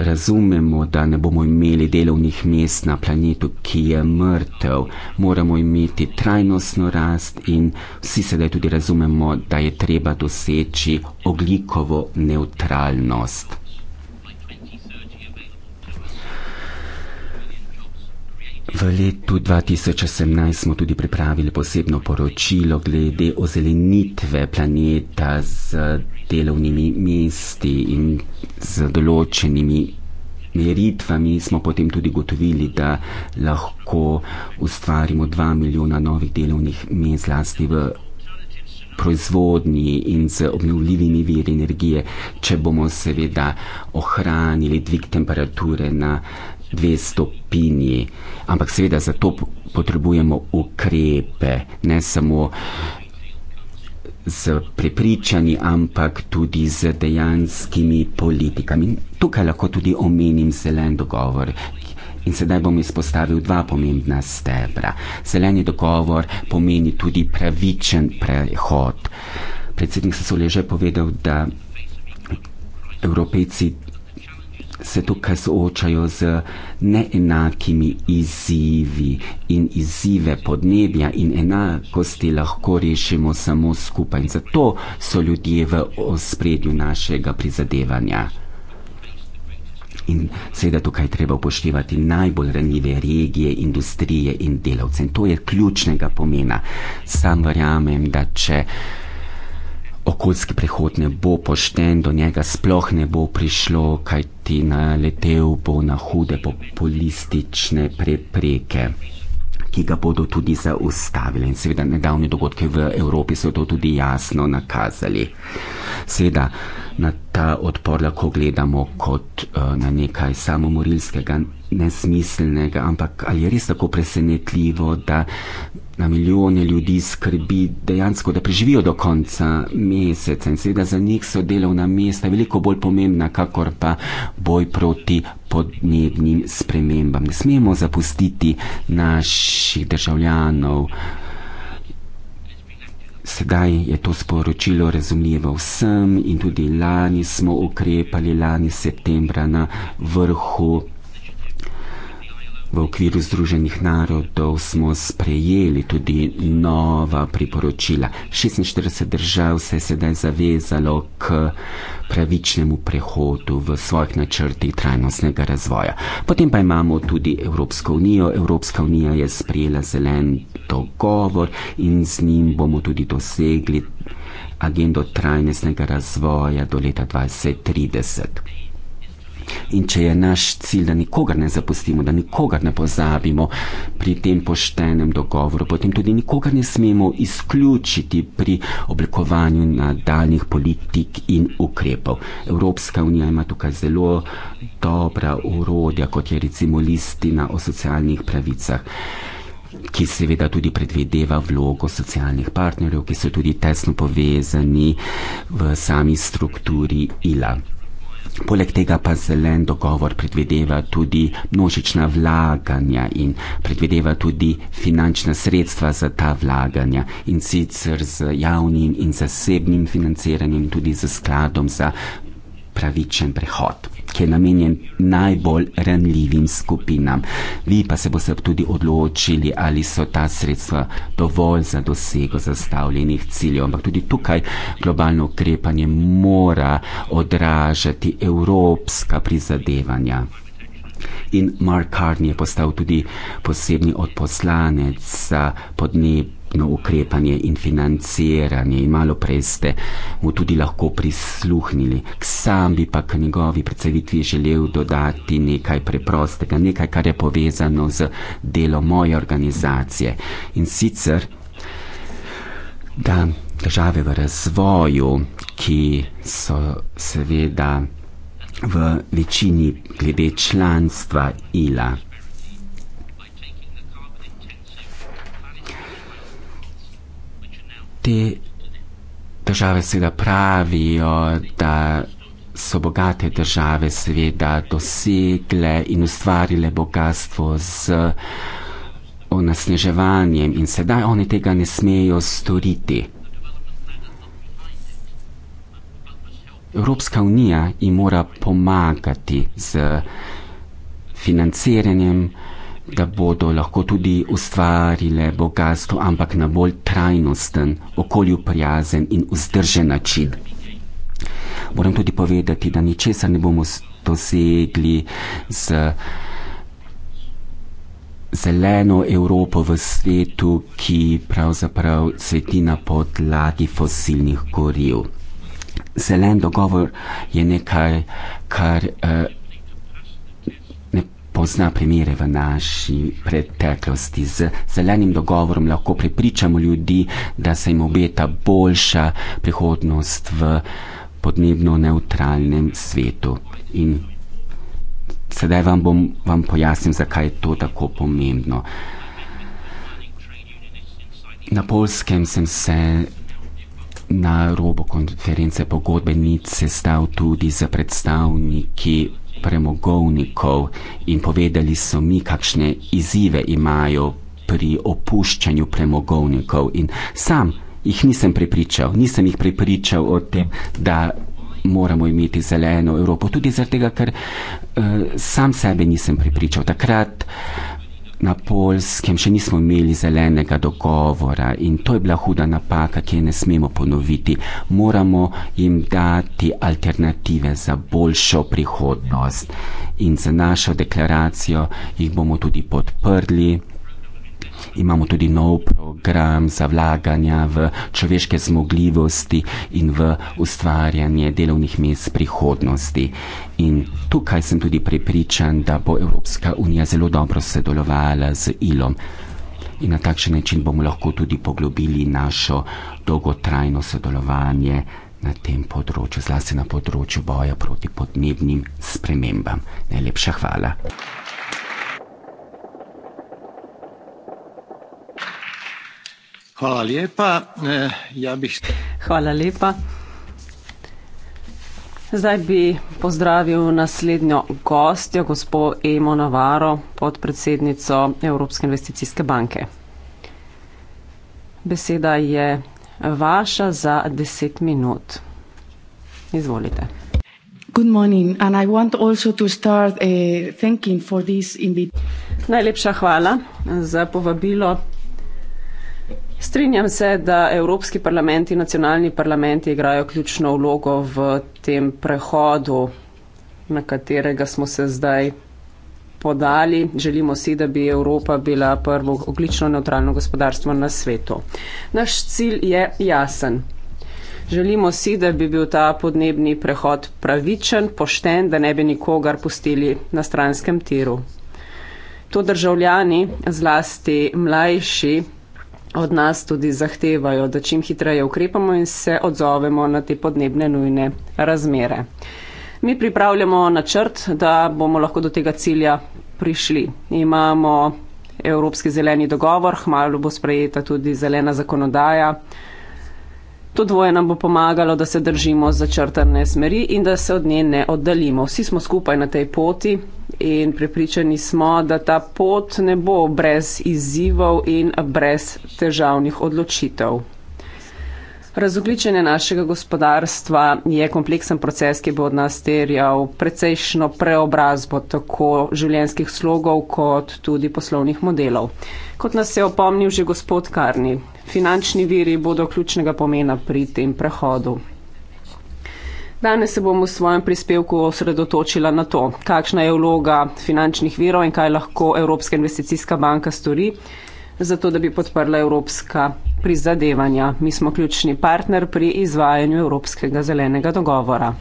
S2: Razumemo, da ne bomo imeli delovnih mest na planetu, ki je mrtev. Moramo imeti trajnostno rast in vsi sedaj tudi razumemo, da je treba doseči oglikovo neutralnost. V letu 2018 smo tudi pripravili posebno poročilo glede ozelenitve planeta z delovnimi mesti in z določenimi meritvami. Smo potem tudi gotovili, da lahko ustvarimo dva milijona novih delovnih mest zlasti v proizvodnji in z obnovljivimi viri energije, če bomo seveda ohranili dvig temperature na dve stopinji. Ampak seveda za to potrebujemo ukrepe, ne samo z prepričanji, ampak tudi z dejanskimi politikami. Tukaj lahko tudi omenim zelen dogovor. In sedaj bom izpostavil dva pomembna stebra. Zeleni dogovor pomeni tudi pravičen prehod. Predsednik Sasol je že povedal, da Evropejci se tukaj soočajo z neenakimi izzivi in izzive podnebja in enakosti lahko rešimo samo skupaj. In zato so ljudje v ospredju našega prizadevanja. In seveda tukaj treba upoštevati najbolj ranjive regije, industrije in delavce. In to je ključnega pomena. Sam verjamem, da če okoljski prihod ne bo pošten, do njega sploh ne bo prišlo, kaj ti naletel bo na hude populistične prepreke. Ki ga bodo tudi zaustavili. In seveda, nedavni dogodki v Evropi so to tudi jasno nakazali. Seveda, na ta odpor lahko gledamo kot eh, na nekaj samomorilskega, nesmiselnega, ampak ali je res tako presenetljivo, da na milijone ljudi skrbi dejansko, da preživijo do konca meseca in seveda za njih so delovna mesta veliko bolj pomembna, kakor pa boj proti podnebnim spremembam. Ne smemo zapustiti naših državljanov sedaj je to sporočilo razumljivo vsem in tudi lani smo ukrepali, lani septembra na vrhu V okviru Združenih narodov smo sprejeli tudi nova priporočila. 46 držav se je sedaj zavezalo k pravičnemu prehodu v svojih načrti trajnostnega razvoja. Potem pa imamo tudi Evropsko unijo. Evropska unija je sprejela zelen dogovor in z njim bomo tudi dosegli agendo trajnostnega razvoja do leta 2030. In če je naš cilj, da nikogar ne zapustimo, da nikogar ne pozabimo pri tem poštenem dogovoru, potem tudi nikogar ne smemo izključiti pri oblikovanju nadaljnih politik in ukrepov. Evropska unija ima tukaj zelo dobra urodja, kot je recimo listina o socialnih pravicah ki seveda tudi predvideva vlogo socialnih partnerjev, ki so tudi tesno povezani v sami strukturi ILA. Poleg tega pa zelen dogovor predvideva tudi množična vlaganja in predvideva tudi finančna sredstva za ta vlaganja in sicer z javnim in zasebnim financiranjem, tudi z skladom za pravičen prehod, ki je namenjen najbolj ranljivim skupinam. Vi pa se boste tudi odločili, ali so ta sredstva dovolj za dosego zastavljenih ciljev. Ampak tudi tukaj globalno ukrepanje mora odražati evropska prizadevanja. In Mark Carney je postal tudi posebni odposlanec za podnebje skupno ukrepanje in financiranje. In malo prej ste mu tudi lahko prisluhnili. Sam bi pa k njegovi predstavitvi želel dodati nekaj preprostega, nekaj, kar je povezano z delom moje organizacije. In sicer, da države v razvoju, ki so seveda v večini glede članstva ILA te države seveda pravijo, da so bogate države seveda dosegle in ustvarile bogatstvo z onesneževanjem in sedaj oni tega ne smejo storiti. Evropska unija jim mora pomagati z financiranjem, da bodo lahko tudi ustvarile bogatstvo, ampak na bolj trajnosten, okolju prijazen in vzdržen način. Moram tudi povedati, da ničesar ne bomo dosegli z zeleno Evropo v svetu, ki pravzaprav sveti na podlagi fosilnih goril. Zelen dogovor je nekaj, kar eh, pozna primere v naši preteklosti. Z zelenim dogovorom lahko prepričamo ljudi, da se jim obeta boljša prihodnost v podnebno neutralnem svetu. In sedaj vam bom vam pojasnil, zakaj je to tako pomembno. Na polskem sem se na robo konference pogodbenice stal tudi za predstavniki premogovnikov in povedali so mi, kakšne izzive imajo pri opuščanju premogovnikov. In sam jih nisem prepričal, nisem jih prepričal o tem, da moramo imeti zeleno Evropo. Tudi zaradi tega, ker uh, sam sebe nisem prepričal. Takrat uh, na polskem še nismo imeli zelenega dogovora in to je bila huda napaka, ki je ne smemo ponoviti. Moramo jim dati alternative za boljšo prihodnost in za našo deklaracijo jih bomo tudi podprli imamo tudi nov program za vlaganja v človeške zmogljivosti in v ustvarjanje delovnih mest prihodnosti. In tukaj sem tudi prepričan, da bo Evropska unija zelo dobro sodelovala z ILO. In na takšen način bomo lahko tudi poglobili našo dolgotrajno sodelovanje na tem področju, zlasti na področju boja proti podnebnim spremembam. Najlepša hvala.
S3: Hvala
S1: lepa. Eh,
S3: ja bi... Hvala lepa. Zdaj bi pozdravil naslednjo gostjo, gospo Emo Navarro, podpredsednico Evropske investicijske banke. Beseda je vaša za deset minut. Izvolite. Good morning and I want also to start eh, thanking for this Najlepša hvala za povabilo Strinjam se, da Evropski parlament in nacionalni parlamenti igrajo ključno vlogo v tem prehodu, na katerega smo se zdaj podali. Želimo si, da bi Evropa bila prvo oglično neutralno gospodarstvo na svetu. Naš cilj je jasen. Želimo si, da bi bil ta podnebni prehod pravičen, pošten, da ne bi nikogar pustili na stranskem tiru. To državljani, zlasti mlajši, od nas tudi zahtevajo, da čim hitreje ukrepamo in se odzovemo na te podnebne nujne razmere. Mi pripravljamo načrt, da bomo lahko do tega cilja prišli. Imamo Evropski zeleni dogovor, hmalo bo sprejeta tudi zelena zakonodaja. To dvoje nam bo pomagalo, da se držimo začrtane smeri in da se od nje ne oddaljimo. Vsi smo skupaj na tej poti in prepričani smo, da ta pot ne bo brez izzivov in brez težavnih odločitev. Razogličenje našega gospodarstva je kompleksen proces, ki bo od nas terjal precejšno preobrazbo tako življenskih slogov kot tudi poslovnih modelov. Kot nas je opomnil že gospod Karni, finančni viri bodo ključnega pomena pri tem prehodu. Danes se bom v svojem prispevku osredotočila na to, kakšna je vloga finančnih virov in kaj lahko Evropska investicijska banka stori, zato da bi podprla evropska prizadevanja. Mi smo ključni partner pri izvajanju Evropskega zelenega dogovora.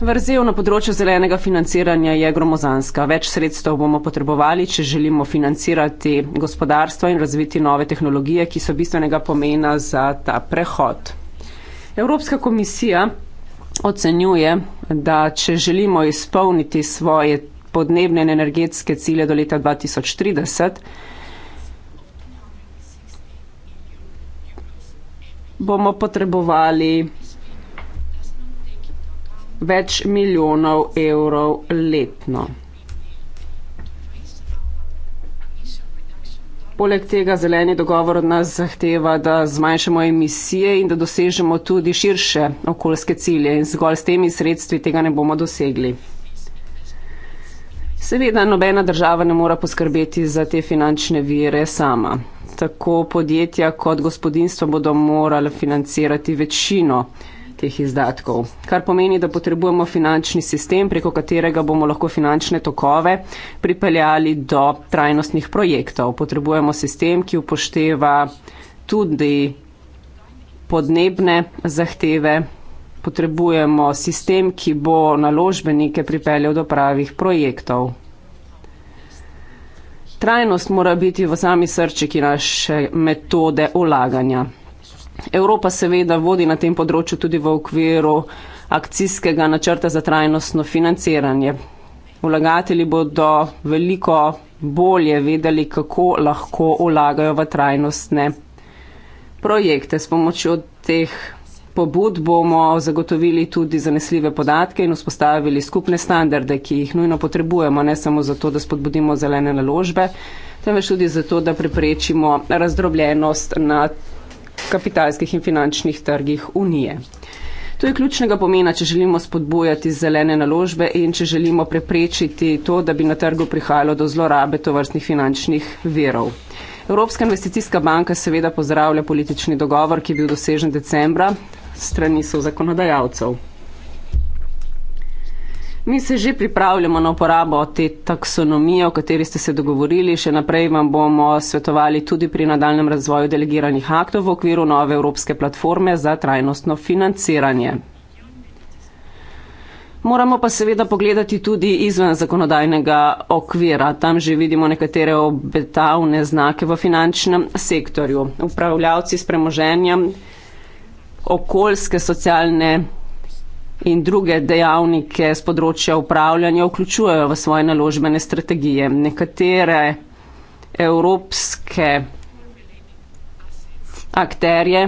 S3: Vrzel na področju zelenega financiranja je gromozanska. Več sredstev bomo potrebovali, če želimo financirati gospodarstvo in razviti nove tehnologije, ki so bistvenega pomena za ta prehod. Evropska komisija ocenjuje, da če želimo izpolniti svoje podnebne in energetske cilje do leta 2030, bomo potrebovali več milijonov evrov letno. Poleg tega zeleni dogovor od nas zahteva, da zmanjšamo emisije in da dosežemo tudi širše okoljske cilje in zgolj s temi sredstvi tega ne bomo dosegli. Seveda, nobena država ne mora poskrbeti za te finančne vire sama. Tako podjetja kot gospodinstva bodo morali financirati večino teh izdatkov. Kar pomeni, da potrebujemo finančni sistem, preko katerega bomo lahko finančne tokove pripeljali do trajnostnih projektov. Potrebujemo sistem, ki upošteva tudi podnebne zahteve. Potrebujemo sistem, ki bo naložbenike pripeljal do pravih projektov. Trajnost mora biti v sami srčiki naše metode ulaganja. Evropa seveda vodi na tem področju tudi v okviru akcijskega načrta za trajnostno financiranje. Vlagatelji bodo veliko bolje vedeli, kako lahko vlagajo v trajnostne projekte. S pomočjo teh pobud bomo zagotovili tudi zanesljive podatke in vzpostavili skupne standarde, ki jih nujno potrebujemo, ne samo zato, da spodbudimo zelene naložbe, temveč tudi zato, da preprečimo razdrobljenost na kapitalskih in finančnih trgih Unije. To je ključnega pomena, če želimo spodbojati zelene naložbe in če želimo preprečiti to, da bi na trgu prihajalo do zlorabe tovrstnih finančnih verov. Evropska investicijska banka seveda pozdravlja politični dogovor, ki je bil dosežen decembra strani so zakonodajalcev. Mi se že pripravljamo na uporabo te taksonomije, o kateri ste se dogovorili. Še naprej vam bomo svetovali tudi pri nadaljem razvoju delegiranih aktov v okviru nove Evropske platforme za trajnostno financiranje. Moramo pa seveda pogledati tudi izven zakonodajnega okvira. Tam že vidimo nekatere obetavne znake v finančnem sektorju. Upravljavci s premoženjem okoljske socialne in druge dejavnike z področja upravljanja vključujejo v svoje naložbene strategije. Nekatere evropske akterje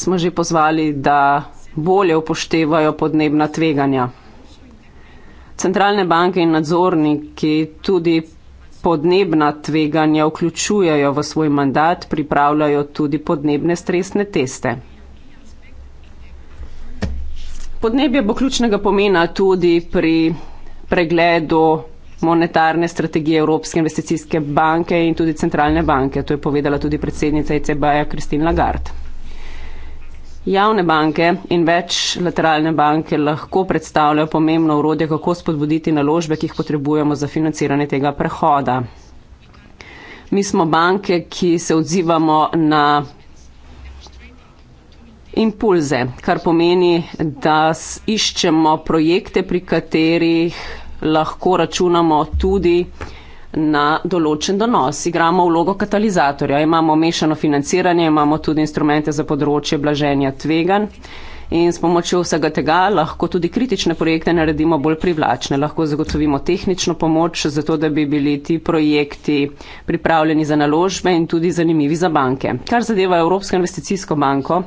S3: smo že pozvali, da bolje upoštevajo podnebna tveganja. Centralne banke in nadzorniki tudi podnebna tveganja vključujejo v svoj mandat, pripravljajo tudi podnebne stresne teste. Podnebje bo ključnega pomena tudi pri pregledu monetarne strategije Evropske investicijske banke in tudi centralne banke. To je povedala tudi predsednica ECB-ja Kristin Lagarde. Javne banke in večlateralne banke lahko predstavljajo pomembno urodje, kako spodbuditi naložbe, ki jih potrebujemo za financiranje tega prehoda. Mi smo banke, ki se odzivamo na impulze, kar pomeni, da iščemo projekte, pri katerih lahko računamo tudi na določen donos. Igramo vlogo katalizatorja, imamo mešano financiranje, imamo tudi instrumente za področje blaženja tvegan. In s pomočjo vsega tega lahko tudi kritične projekte naredimo bolj privlačne, lahko zagotovimo tehnično pomoč, zato da bi bili ti projekti pripravljeni za naložbe in tudi zanimivi za banke. Kar zadeva Evropsko investicijsko banko,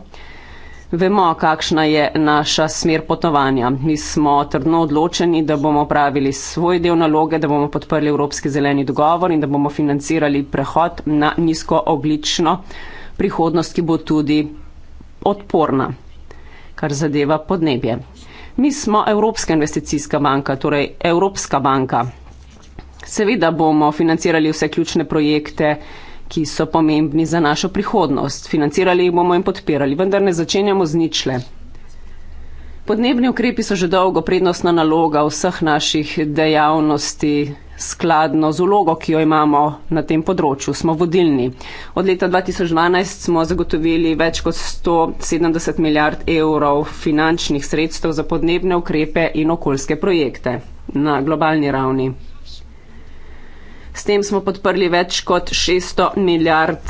S3: Vemo, kakšna je naša smer potovanja. Mi smo trdno odločeni, da bomo pravili svoj del naloge, da bomo podprli Evropski zeleni dogovor in da bomo financirali prehod na nizkooglično prihodnost, ki bo tudi odporna, kar zadeva podnebje. Mi smo Evropska investicijska banka, torej Evropska banka. Seveda bomo financirali vse ključne projekte, ki so pomembni za našo prihodnost. Financirali jih bomo in podpirali, vendar ne začenjamo z ničle. Podnebni ukrepi so že dolgo prednostna naloga vseh naših dejavnosti, skladno z ulogo, ki jo imamo na tem področju. Smo vodilni. Od leta 2012 smo zagotovili več kot 170 milijard evrov finančnih sredstev za podnebne ukrepe in okoljske projekte na globalni ravni. S tem smo podprli več kot 600 milijard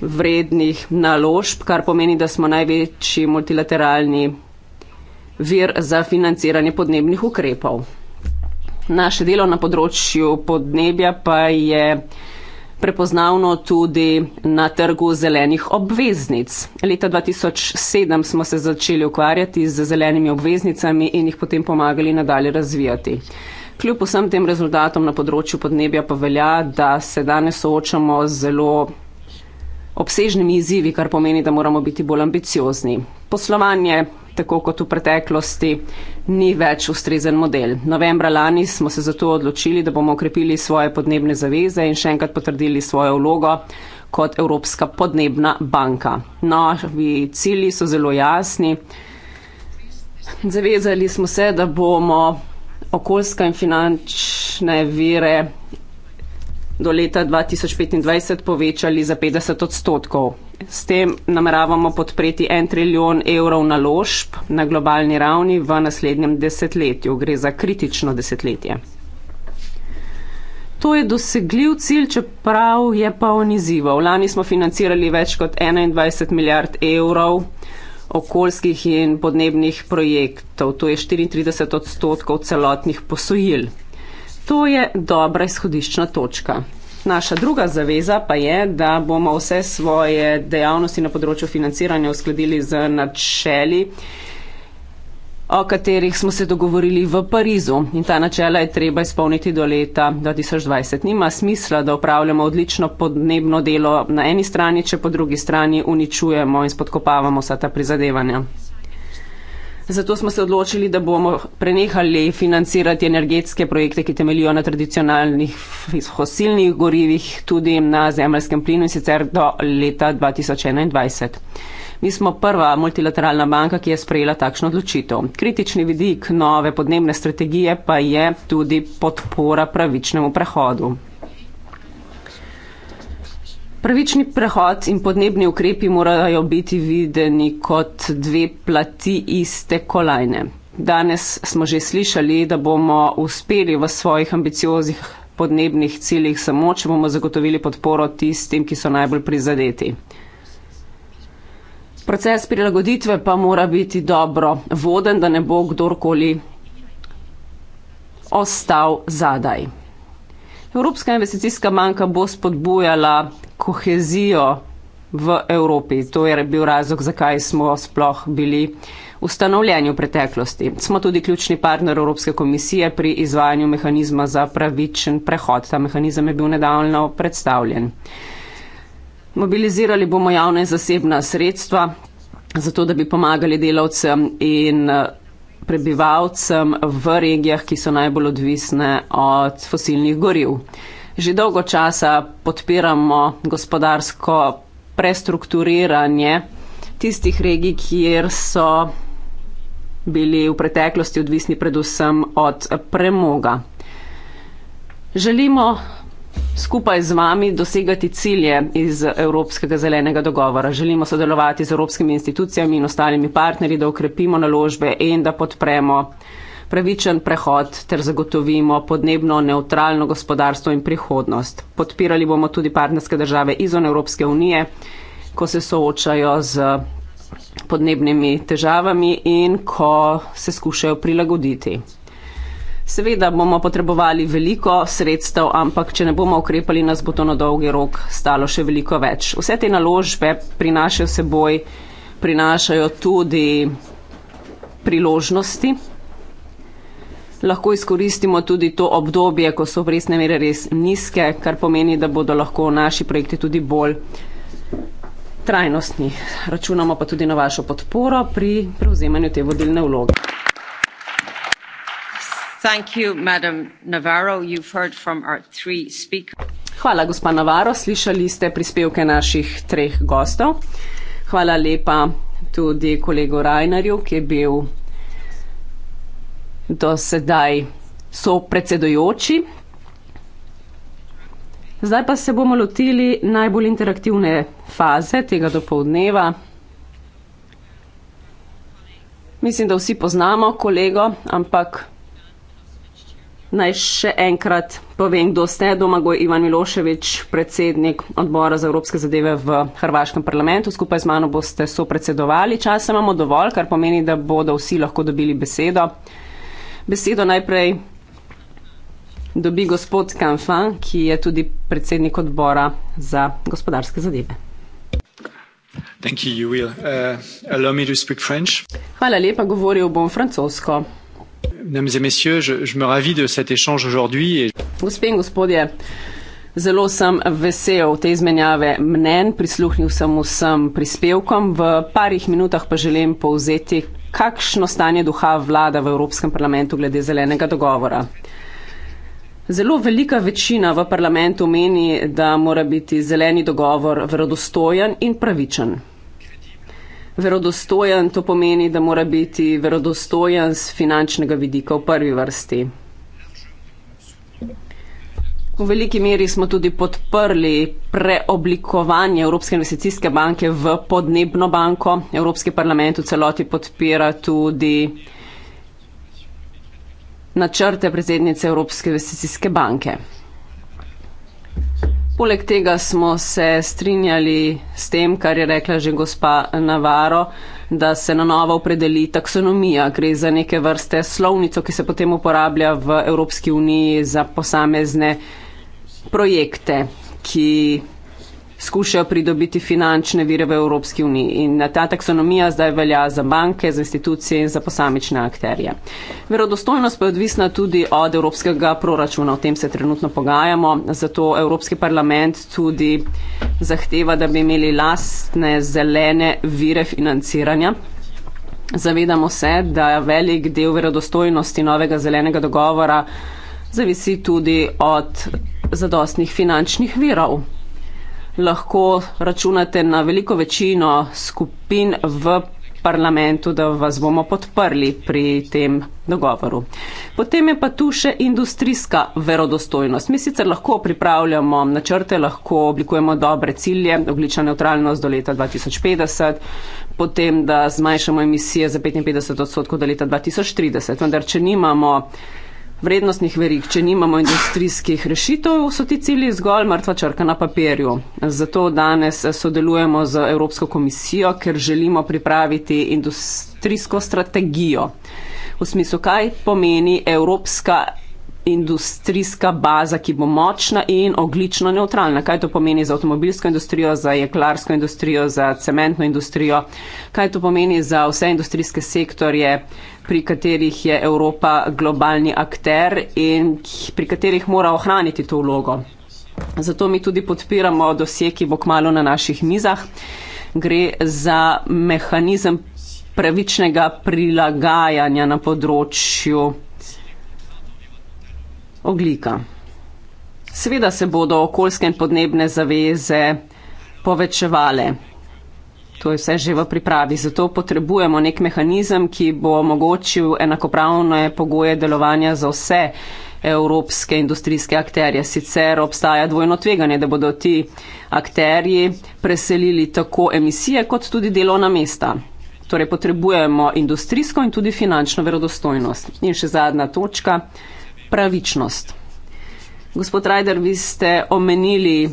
S3: vrednih naložb, kar pomeni, da smo največji multilateralni vir za financiranje podnebnih ukrepov. Naše delo na področju podnebja pa je prepoznavno tudi na trgu zelenih obveznic. Leta 2007 smo se začeli ukvarjati z zelenimi obveznicami in jih potem pomagali nadalje razvijati. Kljub vsem tem rezultatom na področju podnebja pa velja, da se danes soočamo z zelo obsežnimi izzivi, kar pomeni, da moramo biti bolj ambiciozni. Poslovanje, tako kot v preteklosti, ni več ustrezen model. Novembra lani smo se zato odločili, da bomo okrepili svoje podnebne zaveze in še enkrat potrdili svojo vlogo kot Evropska podnebna banka. Novi cilji so zelo jasni. Zavezali smo se, da bomo okoljska in finančne vire do leta 2025 povečali za 50 odstotkov. S tem nameravamo podpreti en trilijon evrov naložb na globalni ravni v naslednjem desetletju. Gre za kritično desetletje. To je dosegljiv cilj, čeprav je pa on izzival. Lani smo financirali več kot 21 milijard evrov okoljskih in podnebnih projektov, to je 34 odstotkov celotnih posojil. To je dobra izhodiščna točka. Naša druga zaveza pa je, da bomo vse svoje dejavnosti na področju financiranja uskladili z načeli o katerih smo se dogovorili v Parizu. In ta načela je treba izpolniti do leta 2020. Nima smisla, da upravljamo odlično podnebno delo na eni strani, če po drugi strani uničujemo in spodkopavamo vsa ta prizadevanja. Zato smo se odločili, da bomo prenehali financirati energetske projekte, ki temelijo na tradicionalnih fosilnih gorivih, tudi na zemljskem plinu in sicer do leta 2021. Mi smo prva multilateralna banka, ki je sprejela takšno odločitev. Kritični vidik nove podnebne strategije pa je tudi podpora pravičnemu prehodu. Pravični prehod in podnebni ukrepi morajo biti videni kot dve plati iste kolajne. Danes smo že slišali, da bomo uspeli v svojih ambicioznih podnebnih ciljih samo, če bomo zagotovili podporo tistim, ki so najbolj prizadeti proces prilagoditve pa mora biti dobro voden, da ne bo kdorkoli ostal zadaj. Evropska investicijska banka bo spodbujala kohezijo v Evropi. To je bil razlog, zakaj smo sploh bili ustanovljeni v preteklosti. Smo tudi ključni partner Evropske komisije pri izvajanju mehanizma za pravičen prehod. Ta mehanizem je bil nedavno predstavljen. Mobilizirali bomo javne in zasebna sredstva, zato da bi pomagali delavcem in eh, prebivalcem v regijah, ki so najbolj odvisne od fosilnih goriv. Že dolgo časa podpiramo gospodarsko prestrukturiranje tistih regij, kjer so bili v preteklosti odvisni predvsem od premoga. Želimo skupaj z vami dosegati cilje iz Evropskega zelenega dogovora. Želimo sodelovati z evropskimi institucijami in ostalimi partnerji, da ukrepimo naložbe in da podpremo pravičen prehod ter zagotovimo podnebno neutralno gospodarstvo in prihodnost. Podpirali bomo tudi partnerske države izven Evropske unije, ko se soočajo z podnebnimi težavami in ko se skušajo prilagoditi. Seveda bomo potrebovali veliko sredstev, ampak če ne bomo ukrepali, nas bo to na dolgi rok stalo še veliko več. Vse te naložbe prinašajo seboj, prinašajo tudi priložnosti. Lahko izkoristimo tudi to obdobje, ko so obrestne mere res nizke, kar pomeni, da bodo lahko naši projekti tudi bolj trajnostni. Računamo pa tudi na vašo podporo pri prevzemanju te vodilne vloge. Hvala, gospa Navarro. Slišali ste prispevke naših treh gostov. Hvala lepa tudi kolegu Rajnerju, ki je bil do sedaj sopredsedujoči. Zdaj pa se bomo lotili najbolj interaktivne faze tega dopoldneva. Mislim, da vsi poznamo kolego, ampak Naj še enkrat povem, kdo ste. Domagoj Ivan Miloševič, predsednik odbora za evropske zadeve v Hrvaškem parlamentu. Skupaj z mano boste sopredsedovali. Časa imamo dovolj, kar pomeni, da bodo vsi lahko dobili besedo. Besedo najprej dobi gospod Kanfan, ki je tudi predsednik odbora za gospodarske zadeve.
S2: You, you uh,
S3: Hvala lepa, govoril bom francosko. Mesdames et messieurs, je, je me ravis de cet échange aujourd'hui. Et... Zelo sem vesel te izmenjave mnen, prisluhnil sem vsem prispevkom. V parih minutah pa želim povzeti, kakšno stanje duha vlada v Evropskem parlamentu glede zelenega dogovora. Zelo velika večina v parlamentu meni, da mora biti zeleni dogovor verodostojen in pravičen verodostojen, to pomeni, da mora biti verodostojen z finančnega vidika v prvi vrsti. V veliki meri smo tudi podprli preoblikovanje Evropske investicijske banke v podnebno banko. Evropski parlament v celoti podpira tudi načrte predsednice Evropske investicijske banke. Poleg tega smo se strinjali s tem, kar je rekla že gospa Navaro, da se na novo opredeli taksonomija. Gre za neke vrste slovnico, ki se potem uporablja v Evropski uniji za posamezne projekte, ki skušajo pridobiti finančne vire v Evropski uniji. In ta taksonomija zdaj velja za banke, za institucije in za posamične akterje. Verodostojnost pa je odvisna tudi od evropskega proračuna, o tem se trenutno pogajamo, zato Evropski parlament tudi zahteva, da bi imeli lastne zelene vire financiranja. Zavedamo se, da velik del verodostojnosti novega zelenega dogovora zavisi tudi od zadostnih finančnih virov lahko računate na veliko večino skupin v parlamentu, da vas bomo podprli pri tem dogovoru. Potem je pa tu še industrijska verodostojnost. Mi sicer lahko pripravljamo načrte, lahko oblikujemo dobre cilje, oglična neutralnost do leta 2050 potem, da zmanjšamo emisije za 55 odstotkov do leta 2030. Vendar, če nimamo vrednostnih verig, če nimamo industrijskih rešitev, so ti cilji zgolj mrtva črka na papirju. Zato danes sodelujemo z Evropsko komisijo, ker želimo pripraviti industrijsko strategijo. V smislu, kaj pomeni Evropska industrijska baza, ki bo močna in oglično neutralna. Kaj to pomeni za avtomobilsko industrijo, za jeklarsko industrijo, za cementno industrijo, kaj to pomeni za vse industrijske sektorje, pri katerih je Evropa globalni akter in pri katerih mora ohraniti to vlogo. Zato mi tudi podpiramo dosje, ki bo kmalo na naših mizah. Gre za mehanizem pravičnega prilagajanja na področju oglika. Seveda se bodo okoljske in podnebne zaveze povečevale. To je vse že v pripravi. Zato potrebujemo nek mehanizem, ki bo omogočil enakopravne pogoje delovanja za vse evropske industrijske akterje. Sicer obstaja dvojno tveganje, da bodo ti akterji preselili tako emisije kot tudi delovna mesta. Torej potrebujemo industrijsko in tudi finančno verodostojnost. In še zadnja točka pravičnost. Gospod Rajder, vi ste omenili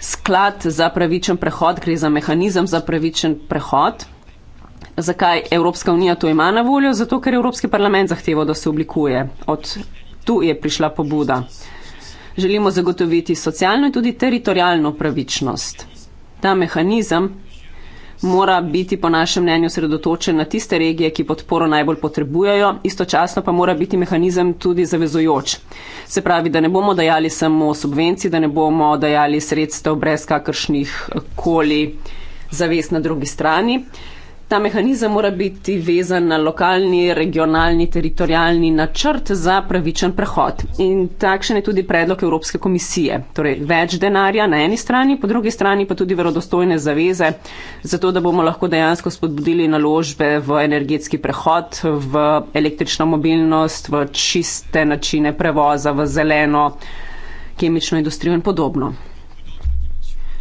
S3: sklad za pravičen prehod, gre za mehanizem za pravičen prehod. Zakaj Evropska unija to ima na voljo? Zato, ker Evropski parlament zahteva, da se oblikuje. Od tu je prišla pobuda. Želimo zagotoviti socialno in tudi teritorijalno pravičnost. Ta mehanizem mora biti po našem mnenju sredotočen na tiste regije, ki podporo najbolj potrebujejo, istočasno pa mora biti mehanizem tudi zavezojoč. Se pravi, da ne bomo dajali samo subvencij, da ne bomo dajali sredstev brez kakršnih koli zavez na drugi strani. Uh, Ta mehanizem mora biti vezan na lokalni, regionalni, teritorijalni načrt za pravičen prehod. In takšen je tudi predlog Evropske komisije. Torej, več denarja na eni strani, po drugi strani pa tudi verodostojne zaveze, zato da bomo lahko dejansko spodbudili naložbe v energetski prehod, v električno mobilnost, v čiste načine prevoza, v zeleno, kemično industrijo in podobno.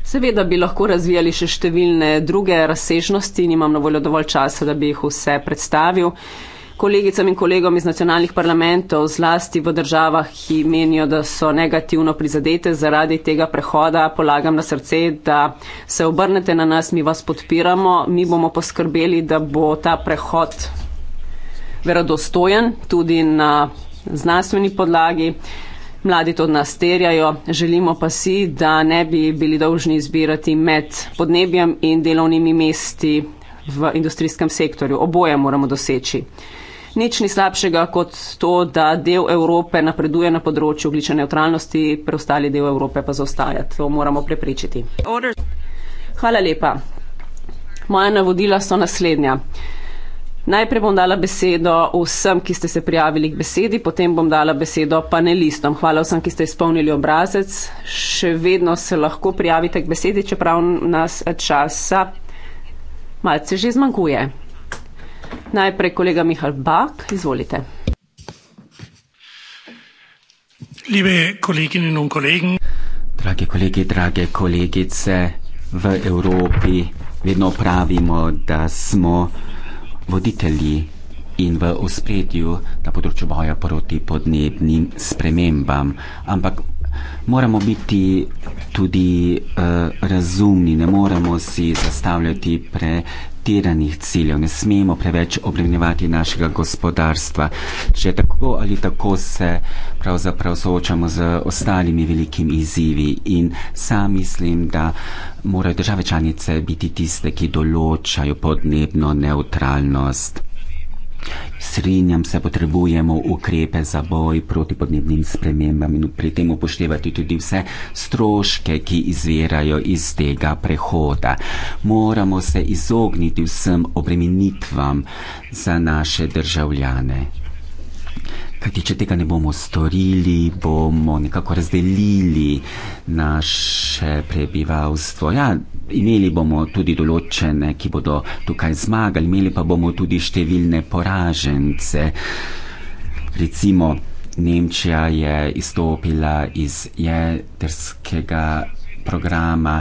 S3: Seveda bi lahko razvijali še številne druge razsežnosti, nimam na voljo dovolj časa, da bi jih vse predstavil. Kolegicam in kolegom iz nacionalnih parlamentov, zlasti v državah, ki menijo, da so negativno prizadete zaradi tega prehoda, polagam na srce, da se obrnete na nas, mi vas podpiramo, mi bomo poskrbeli, da bo ta prehod verodostojen tudi na znanstveni podlagi. Mladi to od nas terjajo, želimo pa si, da ne bi bili dolžni izbirati med podnebjem in delovnimi mesti v industrijskem sektorju. Oboje moramo doseči. Nič ni slabšega kot to, da del Evrope napreduje na področju oglične neutralnosti, preostali del Evrope pa zaostaja. To moramo prepričati. Hvala lepa. Moja navodila so naslednja. Najprej bom dala besedo vsem, ki ste se prijavili k besedi, potem bom dala besedo panelistom. Hvala vsem, ki ste izpolnili obrazec. Še vedno se lahko prijavite k besedi, čeprav nas časa malce že zmanjkuje. Najprej kolega Mihal Bak, izvolite.
S1: Lepe kolegine in kolegi.
S2: Dragi kolegi, drage kolegice, v Evropi vedno pravimo, da smo voditelji in v ospredju na področju boja proti podnebnim spremembam. Ampak moramo biti tudi uh, razumni, ne moremo si zastavljati pre pretiranih ciljev, ne smemo preveč obremenjevati našega gospodarstva. Že tako ali tako se pravzaprav soočamo z ostalimi velikimi izzivi in sam mislim, da morajo države članice biti tiste, ki določajo podnebno neutralnost. Srinjam se, potrebujemo ukrepe za boj proti podnebnim spremembam in pri tem upoštevati tudi vse stroške, ki izvirajo iz tega prehoda. Moramo se izogniti vsem obremenitvam za naše državljane. Kajti, če tega ne bomo storili, bomo nekako razdelili naše prebivalstvo. Ja, imeli bomo tudi določene, ki bodo tukaj zmagali, imeli pa bomo tudi številne poražence. Recimo, Nemčija je izstopila iz jedrskega programa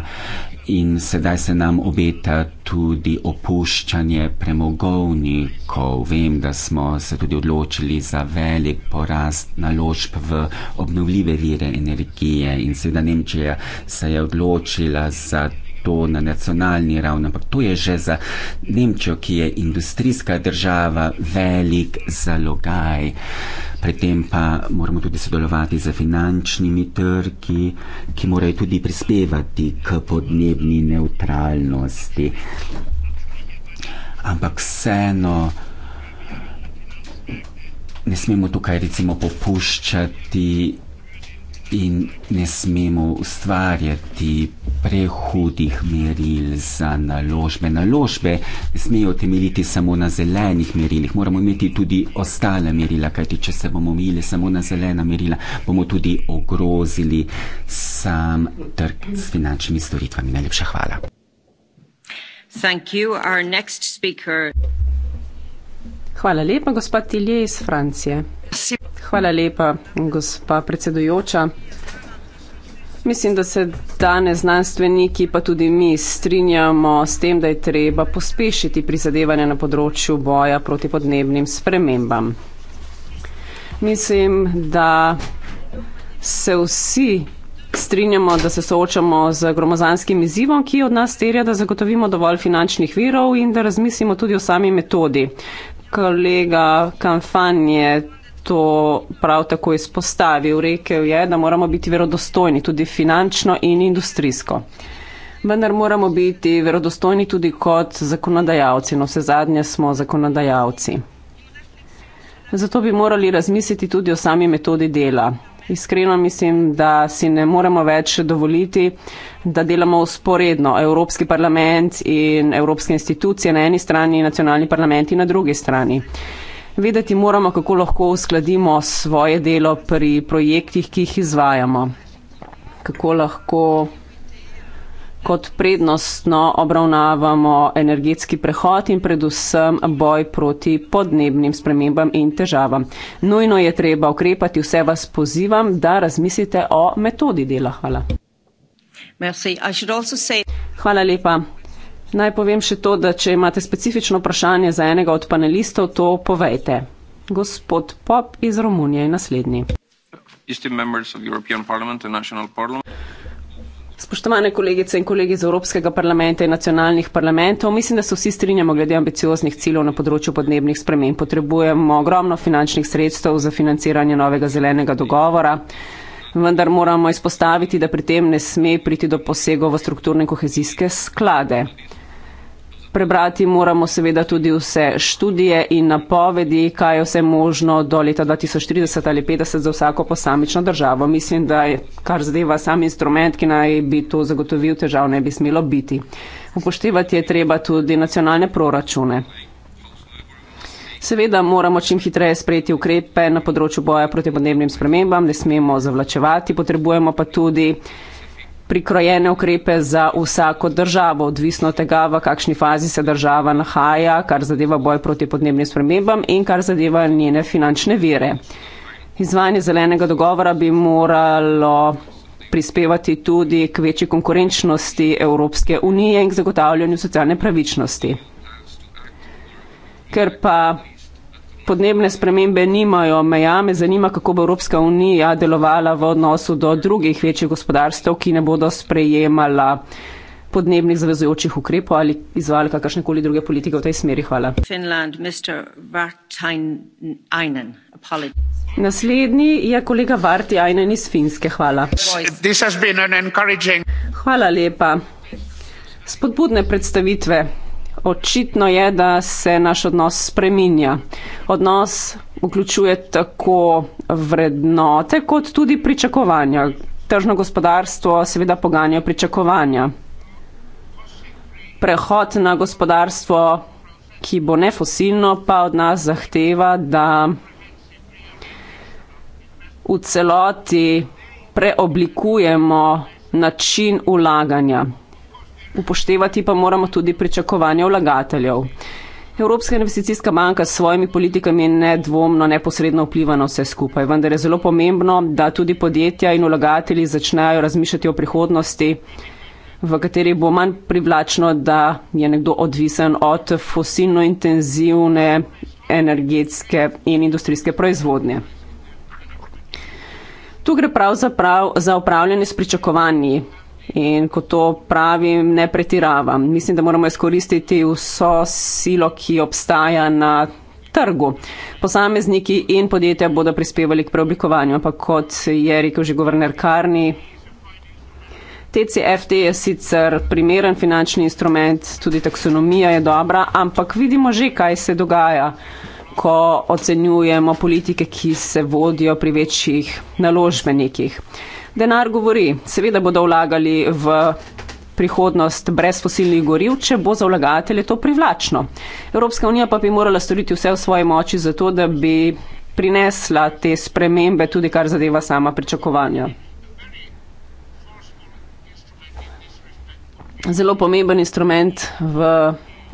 S2: in sedaj se nam obeta tudi opuščanje premogovnikov. Vem, da smo se tudi odločili za velik porast naložb v obnovljive vire energije in seveda Nemčija se je odločila za to, to na nacionalni ravni, ampak to je že za Nemčijo, ki je industrijska država, velik zalogaj. Predtem pa moramo tudi sodelovati z finančnimi trgi, ki morajo tudi prispevati k podnebni neutralnosti. Ampak vseeno ne smemo tukaj recimo popuščati in ne smemo ustvarjati prehudih meril za naložbe. Naložbe ne smejo temeljiti samo na zelenih merilih, moramo imeti tudi ostale merila, kajti če se bomo imeli samo na zelena merila, bomo tudi ogrozili sam trg s finančnimi storitvami. Najlepša hvala.
S3: Hvala lepa, gospod Tilje iz Francije. Hvala lepa, gospa predsedujoča. Mislim, da se danes znanstveniki, pa tudi mi, strinjamo s tem, da je treba pospešiti prizadevanje na področju boja proti podnebnim spremembam. Mislim, da se vsi strinjamo, da se soočamo z gromozanskim izzivom, ki od nas terja, da zagotovimo dovolj finančnih virov in da razmislimo tudi o sami metodi. Kolega Kanfan je to prav tako izpostavil. Rekel je, da moramo biti verodostojni tudi finančno in industrijsko. Vendar moramo biti verodostojni tudi kot zakonodajalci. No, vse zadnje smo zakonodajalci. Zato bi morali razmisliti tudi o sami metodi dela. Iskreno mislim, da si ne moremo več dovoliti, da delamo usporedno Evropski parlament in Evropske institucije na eni strani in nacionalni parlamenti na drugi strani vedeti moramo, kako lahko uskladimo svoje delo pri projektih, ki jih izvajamo. Kako lahko kot prednostno obravnavamo energetski prehod in predvsem boj proti podnebnim spremembam in težavam. Nujno je treba ukrepati, vse vas pozivam, da razmislite o metodi dela. Hvala. Hvala lepa. Naj povem še to, da če imate specifično vprašanje za enega od panelistov, to povejte. Gospod Pop iz Romunije je naslednji. Spoštovane kolegice in kolegi iz Evropskega parlamenta in nacionalnih parlamentov, mislim, da se vsi strinjamo glede ambicioznih ciljev na področju podnebnih sprememb. Potrebujemo ogromno finančnih sredstev za financiranje novega zelenega dogovora, vendar moramo izpostaviti, da pri tem ne sme priti do posegov v strukturne kohezijske sklade prebrati moramo seveda tudi vse študije in napovedi, kaj je vse možno do leta 2030 ali 50 za vsako posamično državo. Mislim, da je kar zdajva sam instrument, ki naj bi to zagotovil, težav ne bi smelo biti. Upoštevati je treba tudi nacionalne proračune. Seveda moramo čim hitreje sprejeti ukrepe na področju boja proti podnebnim spremembam, ne smemo zavlačevati, potrebujemo pa tudi prikrojene ukrepe za vsako državo, odvisno od tega, v kakšni fazi se država nahaja, kar zadeva boj proti podnebnim spremembam in kar zadeva njene finančne vire. Izvajanje zelenega dogovora bi moralo prispevati tudi k večji konkurenčnosti Evropske unije in k zagotavljanju socialne pravičnosti. Ker pa podnebne spremembe nimajo meja, me zanima, kako bo Evropska unija delovala v odnosu do drugih večjih gospodarstv, ki ne bodo sprejemala podnebnih zavezujočih ukrepov ali izvajali kakršne koli druge politike v tej smeri. Hvala. Finland, Naslednji je kolega Varti Ajnen iz Finske. Hvala. Hvala lepa. Spodbudne predstavitve očitno je, da se naš odnos spreminja. Odnos vključuje tako vrednote, kot tudi pričakovanja. Tržno gospodarstvo seveda poganja pričakovanja. Prehod na gospodarstvo, ki bo nefosilno, pa od nas zahteva, da v celoti preoblikujemo način ulaganja upoštevati pa moramo tudi pričakovanja vlagateljev. Evropska investicijska banka s svojimi politikami nedvomno neposredno vpliva na vse skupaj, vendar je zelo pomembno, da tudi podjetja in vlagatelji začnejo razmišljati o prihodnosti, v kateri bo manj privlačno, da je nekdo odvisen od fosilno intenzivne energetske in industrijske proizvodnje. Tu gre pravzaprav za upravljanje s pričakovanji, In ko to pravim, ne pretiravam. Mislim, da moramo izkoristiti vso silo, ki obstaja na trgu. Posamezniki in podjetja bodo prispevali k preoblikovanju, ampak kot je rekel že guverner Karni. TCFT je sicer primeren finančni instrument, tudi taksonomija je dobra, ampak vidimo že, kaj se dogaja, ko ocenjujemo politike, ki se vodijo pri večjih naložbenikih denar govori. Seveda bodo vlagali v prihodnost brez fosilnih goriv, če bo za vlagatelje to privlačno. Evropska unija pa bi morala storiti vse v svoji moči za to, da bi prinesla te spremembe, tudi kar zadeva sama pričakovanja. Zelo pomemben instrument v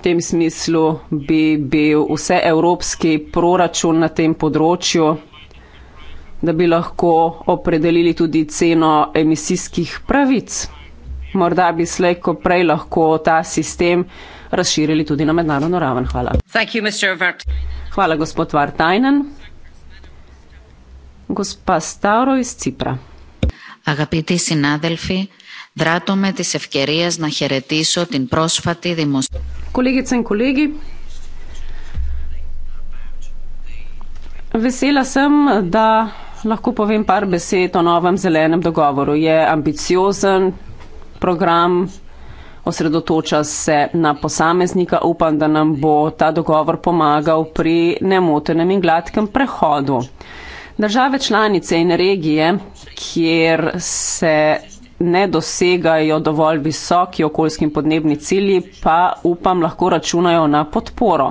S3: tem smislu bi bil vse evropski proračun na tem področju, da bi lahko opredelili tudi ceno emisijskih pravic. Morda bi slej, ko prej lahko ta sistem razširili tudi na mednarodno raven. Hvala. You, Hvala, gospod Vartajnen. Gospa Stavro iz Cipra. Agapiti sinadelfi, drato me tis evkerija zna heretiso tin prosfati dimos. Kolegice in kolegi, vesela sem, da lahko povem par besed o novem zelenem dogovoru. Je ambiciozen program, osredotoča se na posameznika. Upam, da nam bo ta dogovor pomagal pri nemotenem in gladkem prehodu. Države članice in regije, kjer se ne dosegajo dovolj visoki okoljski in podnebni cilji, pa upam lahko računajo na podporo.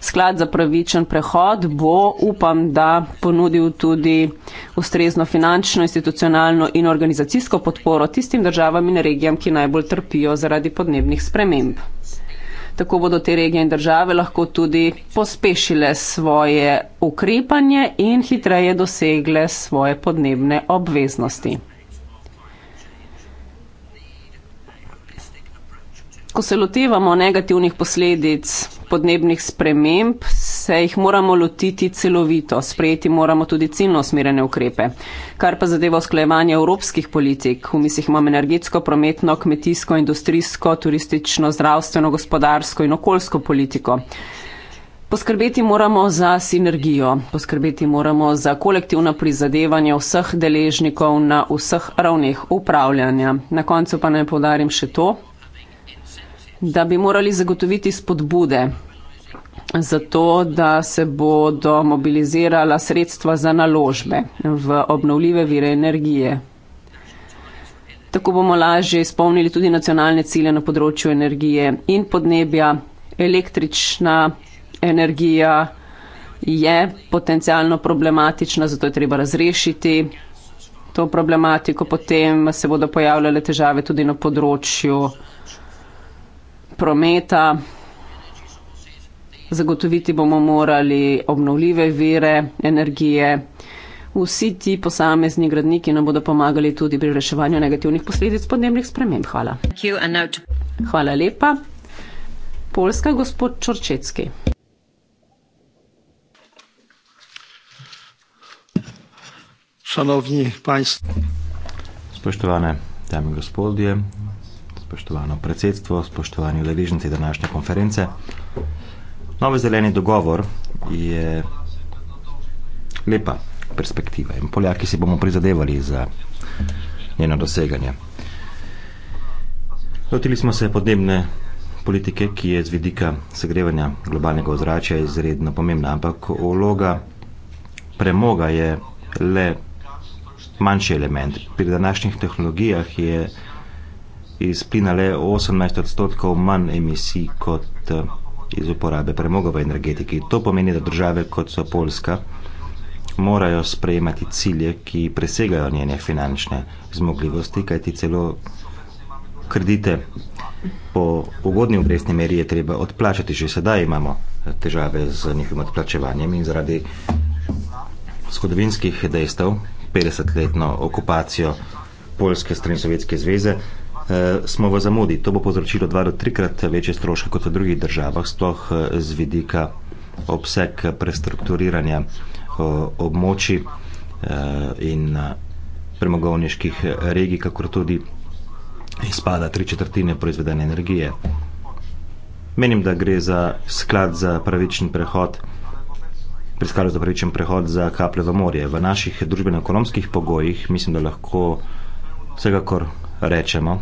S3: Sklad za pravičen prehod bo, upam, da ponudil tudi ustrezno finančno, institucionalno in organizacijsko podporo tistim državam in regijam, ki najbolj trpijo zaradi podnebnih sprememb. Tako bodo te regije in države lahko tudi pospešile svoje ukrepanje in hitreje dosegle svoje podnebne obveznosti. ko se lotevamo negativnih posledic podnebnih sprememb, se jih moramo lotiti celovito, sprejeti moramo tudi ciljno usmerjene ukrepe. Kar pa zadeva usklajevanje evropskih politik, v mislih imamo energetsko, prometno, kmetijsko, industrijsko, turistično, zdravstveno, gospodarsko in okoljsko politiko. Poskrbeti moramo za sinergijo, poskrbeti moramo za kolektivno prizadevanje vseh deležnikov na vseh ravneh upravljanja. Na koncu pa naj povdarim še to, da bi morali zagotoviti spodbude za to, da se bodo mobilizirala sredstva za naložbe v obnovljive vire energije. Tako bomo lažje izpolnili tudi nacionalne cilje na področju energije in podnebja. Električna energija je potencialno problematična, zato je treba razrešiti to problematiko. Potem se bodo pojavljale težave tudi na področju energije prometa. Zagotoviti bomo morali obnovljive vire energije. Vsi ti posamezni gradniki nam bodo pomagali tudi pri reševanju negativnih posledic podnebnih sprememb. Hvala. Hvala lepa. Polska, gospod Čorčetski.
S1: Spoštovane dame in gospodje, spoštovano predsedstvo, spoštovani udeleženci današnje konference. Novi zeleni dogovor je lepa perspektiva in Poljaki si bomo prizadevali za njeno doseganje. Lotili smo se podnebne politike, ki je z vidika segrevanja globalnega ozračja izredno pomembna, ampak vloga premoga je le manjši element. Pri današnjih tehnologijah je izplina le 18 odstotkov manj emisij kot eh, iz uporabe premoga v energetiki. To pomeni, da države kot so Poljska morajo sprejemati cilje, ki presegajo njene finančne zmogljivosti, kajti celo kredite po ugodni obrestni meri je treba odplačati. Že sedaj imamo eh, težave z njihovim odplačevanjem in zaradi zgodovinskih dejstev, 50-letno okupacijo Poljske strani Sovjetske zveze, Eh, smo v zamudi. To bo povzročilo dva do trikrat večje stroške kot v drugih državah, sploh eh, z vidika obseg prestrukturiranja eh, območij in premogovniških regij, kakor tudi izpada tri četrtine proizvedene energije. Menim, da gre za sklad za pravičen prehod, pri skladu za pravičen prehod za kaplje v morje. V naših družbeno-ekonomskih pogojih mislim, da lahko vsekakor rečemo,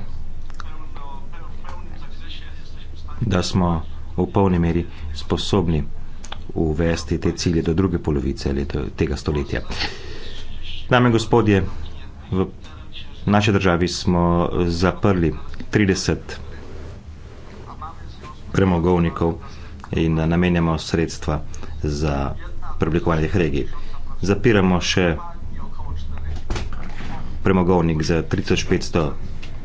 S1: da smo v polni meri sposobni uvesti te cilje do druge polovice leto, tega stoletja. Dame in gospodje, v naši državi smo zaprli 30 premogovnikov in namenjamo sredstva za preoblikovanje teh regij. Zapiramo še premogovnik za 3500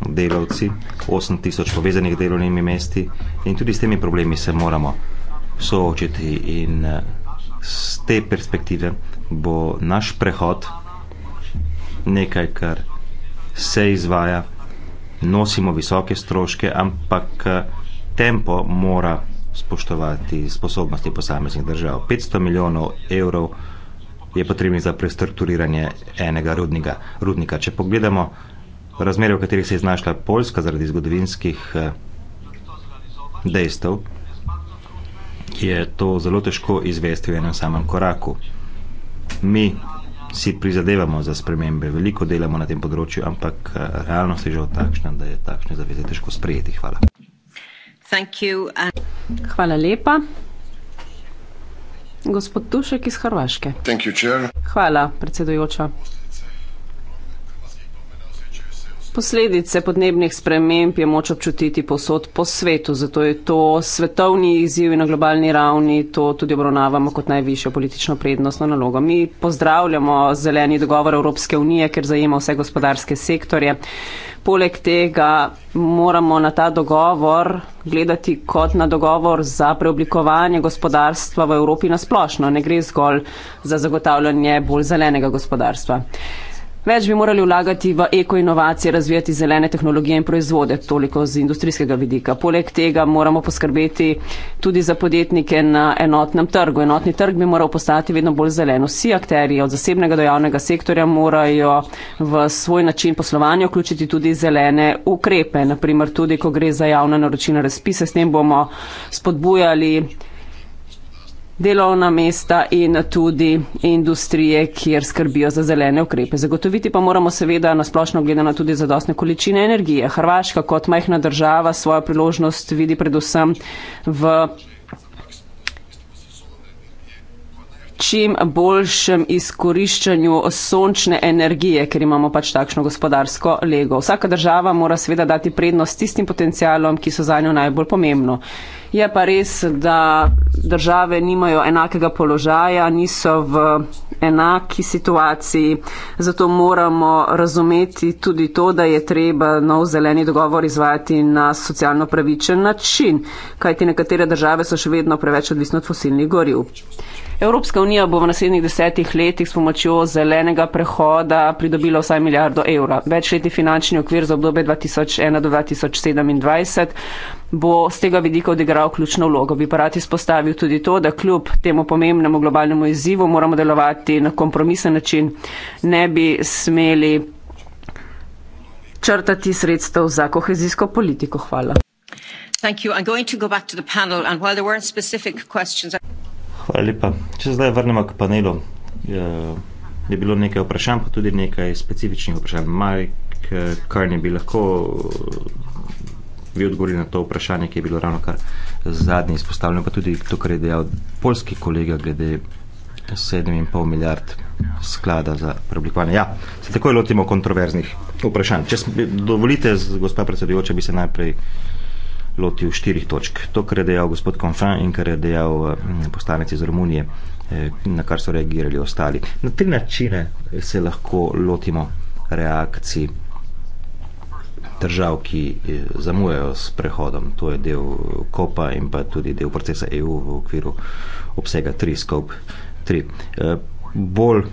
S1: delavci, 8000 povezanih delovnimi mesti in tudi s temi problemi se moramo soočiti in z eh, te perspektive bo naš prehod nekaj, kar se izvaja, nosimo visoke stroške, ampak eh, tempo mora spoštovati sposobnosti posameznih držav. 500 milijonov evrov je potrebno za prestrukturiranje enega rudnika. rudnika. Če pogledamo razmere, v katerih se je znašla Poljska zaradi zgodovinskih eh, dejstev, je to zelo težko izvesti v enem samem koraku. Mi si prizadevamo za spremembe, veliko delamo na tem področju, ampak eh, realnost je žal takšna, da je takšne zaveze težko sprejeti. Hvala.
S3: Hvala lepa. Gospod Tušek iz Hrvaške. Hvala, predsedujoča. Posledice podnebnih sprememb je moč občutiti posod po svetu, zato je to svetovni izziv in na globalni ravni to tudi obravnavamo kot najvišjo politično prednostno nalogo. Mi pozdravljamo zeleni dogovor Evropske unije, ker zajema vse gospodarske sektorje. Poleg tega moramo na ta dogovor gledati kot na dogovor za preoblikovanje gospodarstva v Evropi na splošno. Ne gre zgolj za zagotavljanje bolj zelenega gospodarstva. Več bi morali vlagati v ekoinovacije, razvijati zelene tehnologije in proizvode, toliko z industrijskega vidika. Poleg tega moramo poskrbeti tudi za podjetnike na enotnem trgu. Enotni trg bi moral postati vedno bolj zelen. Vsi akterji od zasebnega do javnega sektorja morajo v svoj način poslovanja vključiti tudi zelene ukrepe. Naprimer, tudi ko gre za javna naročila razpise, s tem bomo spodbujali delovna mesta in tudi industrije, kjer skrbijo za zelene ukrepe. Zagotoviti pa moramo seveda nasplošno gledano tudi zadostne količine energije. Hrvaška kot majhna država svojo priložnost vidi predvsem v. čim boljšem izkoriščanju sončne energije, ker imamo pač takšno gospodarsko lego. Vsaka država mora seveda dati prednost tistim potencialom, ki so za njo najbolj pomembno. Je pa res, da države nimajo enakega položaja, niso v enaki situaciji, zato moramo razumeti tudi to, da je treba nov zeleni dogovor izvajati na socialno pravičen način, kajti nekatere države so še vedno preveč odvisne od fosilnih goriv. Evropska unija bo v naslednjih desetih letih s pomočjo zelenega prehoda pridobila vsaj milijardo evra. Večletni finančni okvir za obdobje 2001 do 2027 bo z tega vidika odigral ključno vlogo. Bi pa rad izpostavil tudi to, da kljub temu pomembnemu globalnemu izzivu moramo delovati na kompromisen način. Ne bi smeli črtati sredstev za kohezijsko politiko. Hvala. Thank you. I'm going to go back to the panel. And while there weren't specific questions. I...
S1: Hvala lepa. Če se zdaj vrnemo k panelu, je bilo nekaj vprašanj, pa tudi nekaj specifičnih vprašanj. Mike, kar ne bi lahko vi odgovorili na to vprašanje, ki je bilo ravno kar zadnje izpostavljeno, pa tudi to, kar je dejal polski kolega glede 7,5 milijard sklada za preoblikovanje. Ja, se takoj lotimo kontroverznih vprašanj. Če dovolite, gospa predsedujoča, bi se najprej lotil štirih točk. To, kar je dejal gospod Confran in kar je dejal eh, poslanec iz Romunije, eh, na kar so reagirali ostali. Na tri načine se lahko lotimo reakcij držav, ki eh, zamujajo s prehodom. To je del kopa in pa tudi del procesa EU v okviru obsega 3, skop 3. Bolj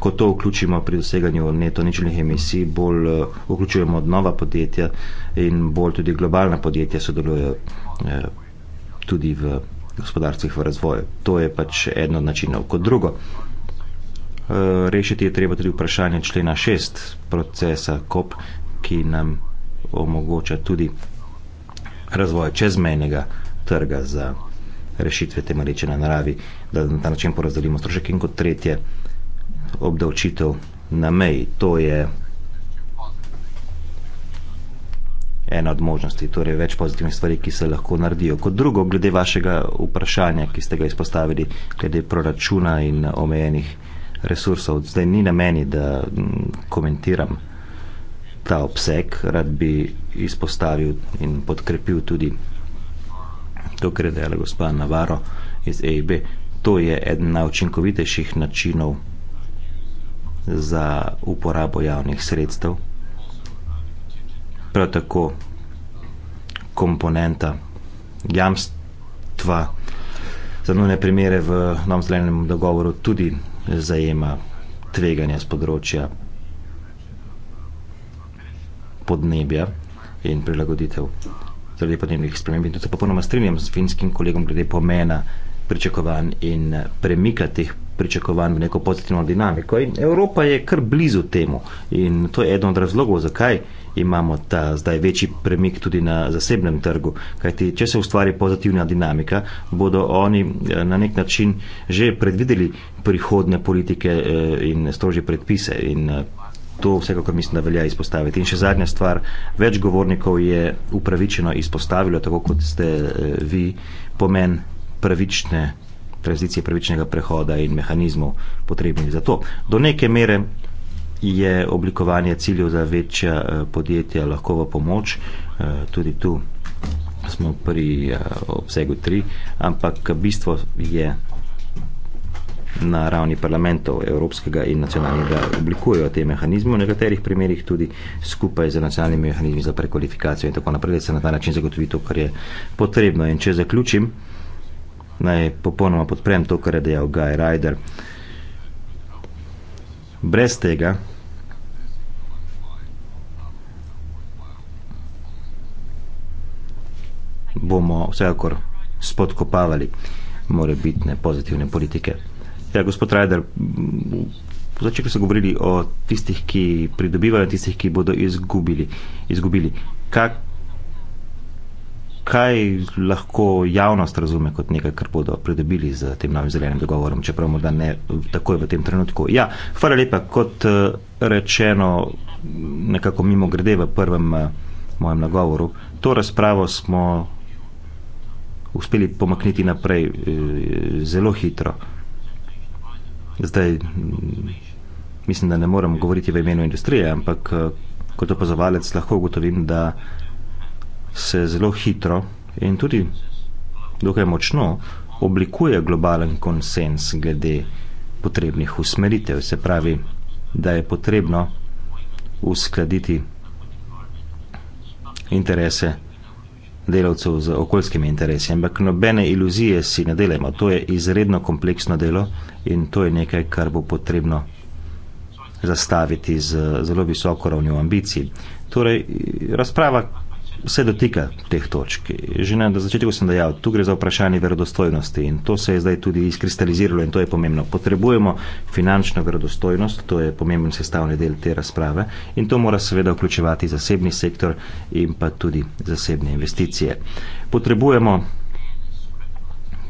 S1: ko to vključimo pri doseganju neto ničelnih emisij, bolj eh, vključujemo nova podjetja in bolj tudi globalna podjetja sodelujejo eh, tudi v gospodarstvih v razvoju. To je pač eno od načinov. Kot drugo, eh, rešiti je treba tudi vprašanje člena 6 procesa COP, ki nam omogoča tudi razvoj čezmenega trga za rešitve temeljiče na naravi, da na ta način porazdelimo strošek in kot tretje, obdavčitev na meji. To je ena od možnosti, torej več pozitivnih stvari, ki se lahko naredijo. Kot drugo, glede vašega vprašanja, ki ste ga izpostavili, glede proračuna in omejenih resursov, zdaj ni na meni, da mm, komentiram ta obseg, rad bi izpostavil in podkrepil tudi to, kar je dejala gospa Navaro iz EIB. To je ena učinkovitejših načinov za uporabo javnih sredstev. Prav tako komponenta jamstva za nujne primere v novem zelenem dogovoru tudi zajema tveganja z področja podnebja in prilagoditev zaradi podnebnih sprememb. In tudi se popolnoma strinjam s finskim kolegom glede pomena pričakovanj in premika teh pričakovanj v neko pozitivno dinamiko. In Evropa je kar blizu temu in to je eden od razlogov, zakaj imamo ta zdaj večji premik tudi na zasebnem trgu. Kajti, če se ustvari pozitivna dinamika, bodo oni eh, na nek način že predvideli prihodne politike eh, in strožje predpise. In eh, To vse, kako mislim, da velja izpostaviti. In še zadnja stvar, več govornikov je upravičeno izpostavilo, tako kot ste vi, pomen pravične tranzicije pravičnega prehoda in mehanizmov potrebnih za to. Do neke mere je oblikovanje ciljev za večja eh, podjetja lahko v pomoč, eh, tudi tu smo pri eh, obsegu 3, ampak bistvo je na ravni parlamentov evropskega in nacionalnega oblikujejo te mehanizme, v nekaterih primerih tudi skupaj z nacionalnimi mehanizmi za prekvalifikacijo in tako naprej, da se na ta način zagotovi to, kar je potrebno. In če zaključim, naj popolnoma podprem to, kar je dejal Guy Ryder. Brez tega bomo vsekakor spodkopavali more bitne pozitivne politike. Ja, gospod Ryder, začekli so govorili o tistih, ki pridobivajo, tistih, ki bodo izgubili. izgubili. Kako kaj lahko javnost razume kot nekaj, kar bodo pridobili z tem novim zelenim dogovorom, čeprav morda ne takoj v tem trenutku. Ja, hvala lepa, kot eh, rečeno, nekako mimo grede v prvem eh, mojem nagovoru, to razpravo smo uspeli pomakniti naprej eh, zelo hitro. Zdaj, mislim, da ne morem govoriti v imenu industrije, ampak kot opazovalec lahko ugotovim, da se zelo hitro in tudi dokaj močno oblikuje globalen konsens glede potrebnih usmeritev. Se pravi, da je potrebno uskladiti interese delavcev z okoljskimi interesi. Ampak nobene iluzije si ne delajmo. To je izredno kompleksno delo in to je nekaj, kar bo potrebno zastaviti z zelo visoko ravnjo ambicij. Torej, razprava, vse dotika teh točk. Že na začetku sem dejal, tu gre za vprašanje verodostojnosti in to se je zdaj tudi izkristaliziralo in to je pomembno. Potrebujemo finančno verodostojnost, to je pomemben sestavni del te razprave in to mora seveda vključevati zasebni sektor in pa tudi zasebne investicije. Potrebujemo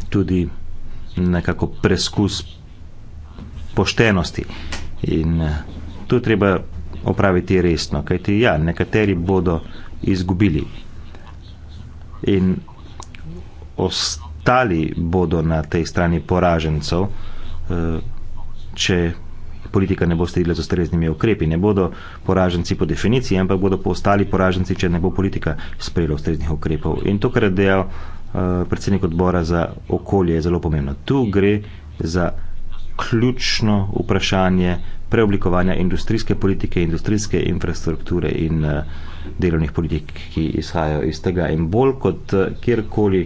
S1: tudi nekako preskus poštenosti in eh, tu treba opraviti resno, kajti ja, nekateri bodo izgubili. In ostali bodo na tej strani poražencev, eh, če politika ne bo sledila z ustreznimi ukrepi. Ne bodo poraženci po definiciji, ampak bodo ostali poraženci, če ne bo politika sprejela ustreznih ukrepov. In to, kar je dejal eh, predsednik odbora za okolje, je zelo pomembno. Tu gre za ključno vprašanje preoblikovanja industrijske politike, industrijske infrastrukture in uh, delovnih politik, ki izhajajo iz tega. In bolj kot eh, kjerkoli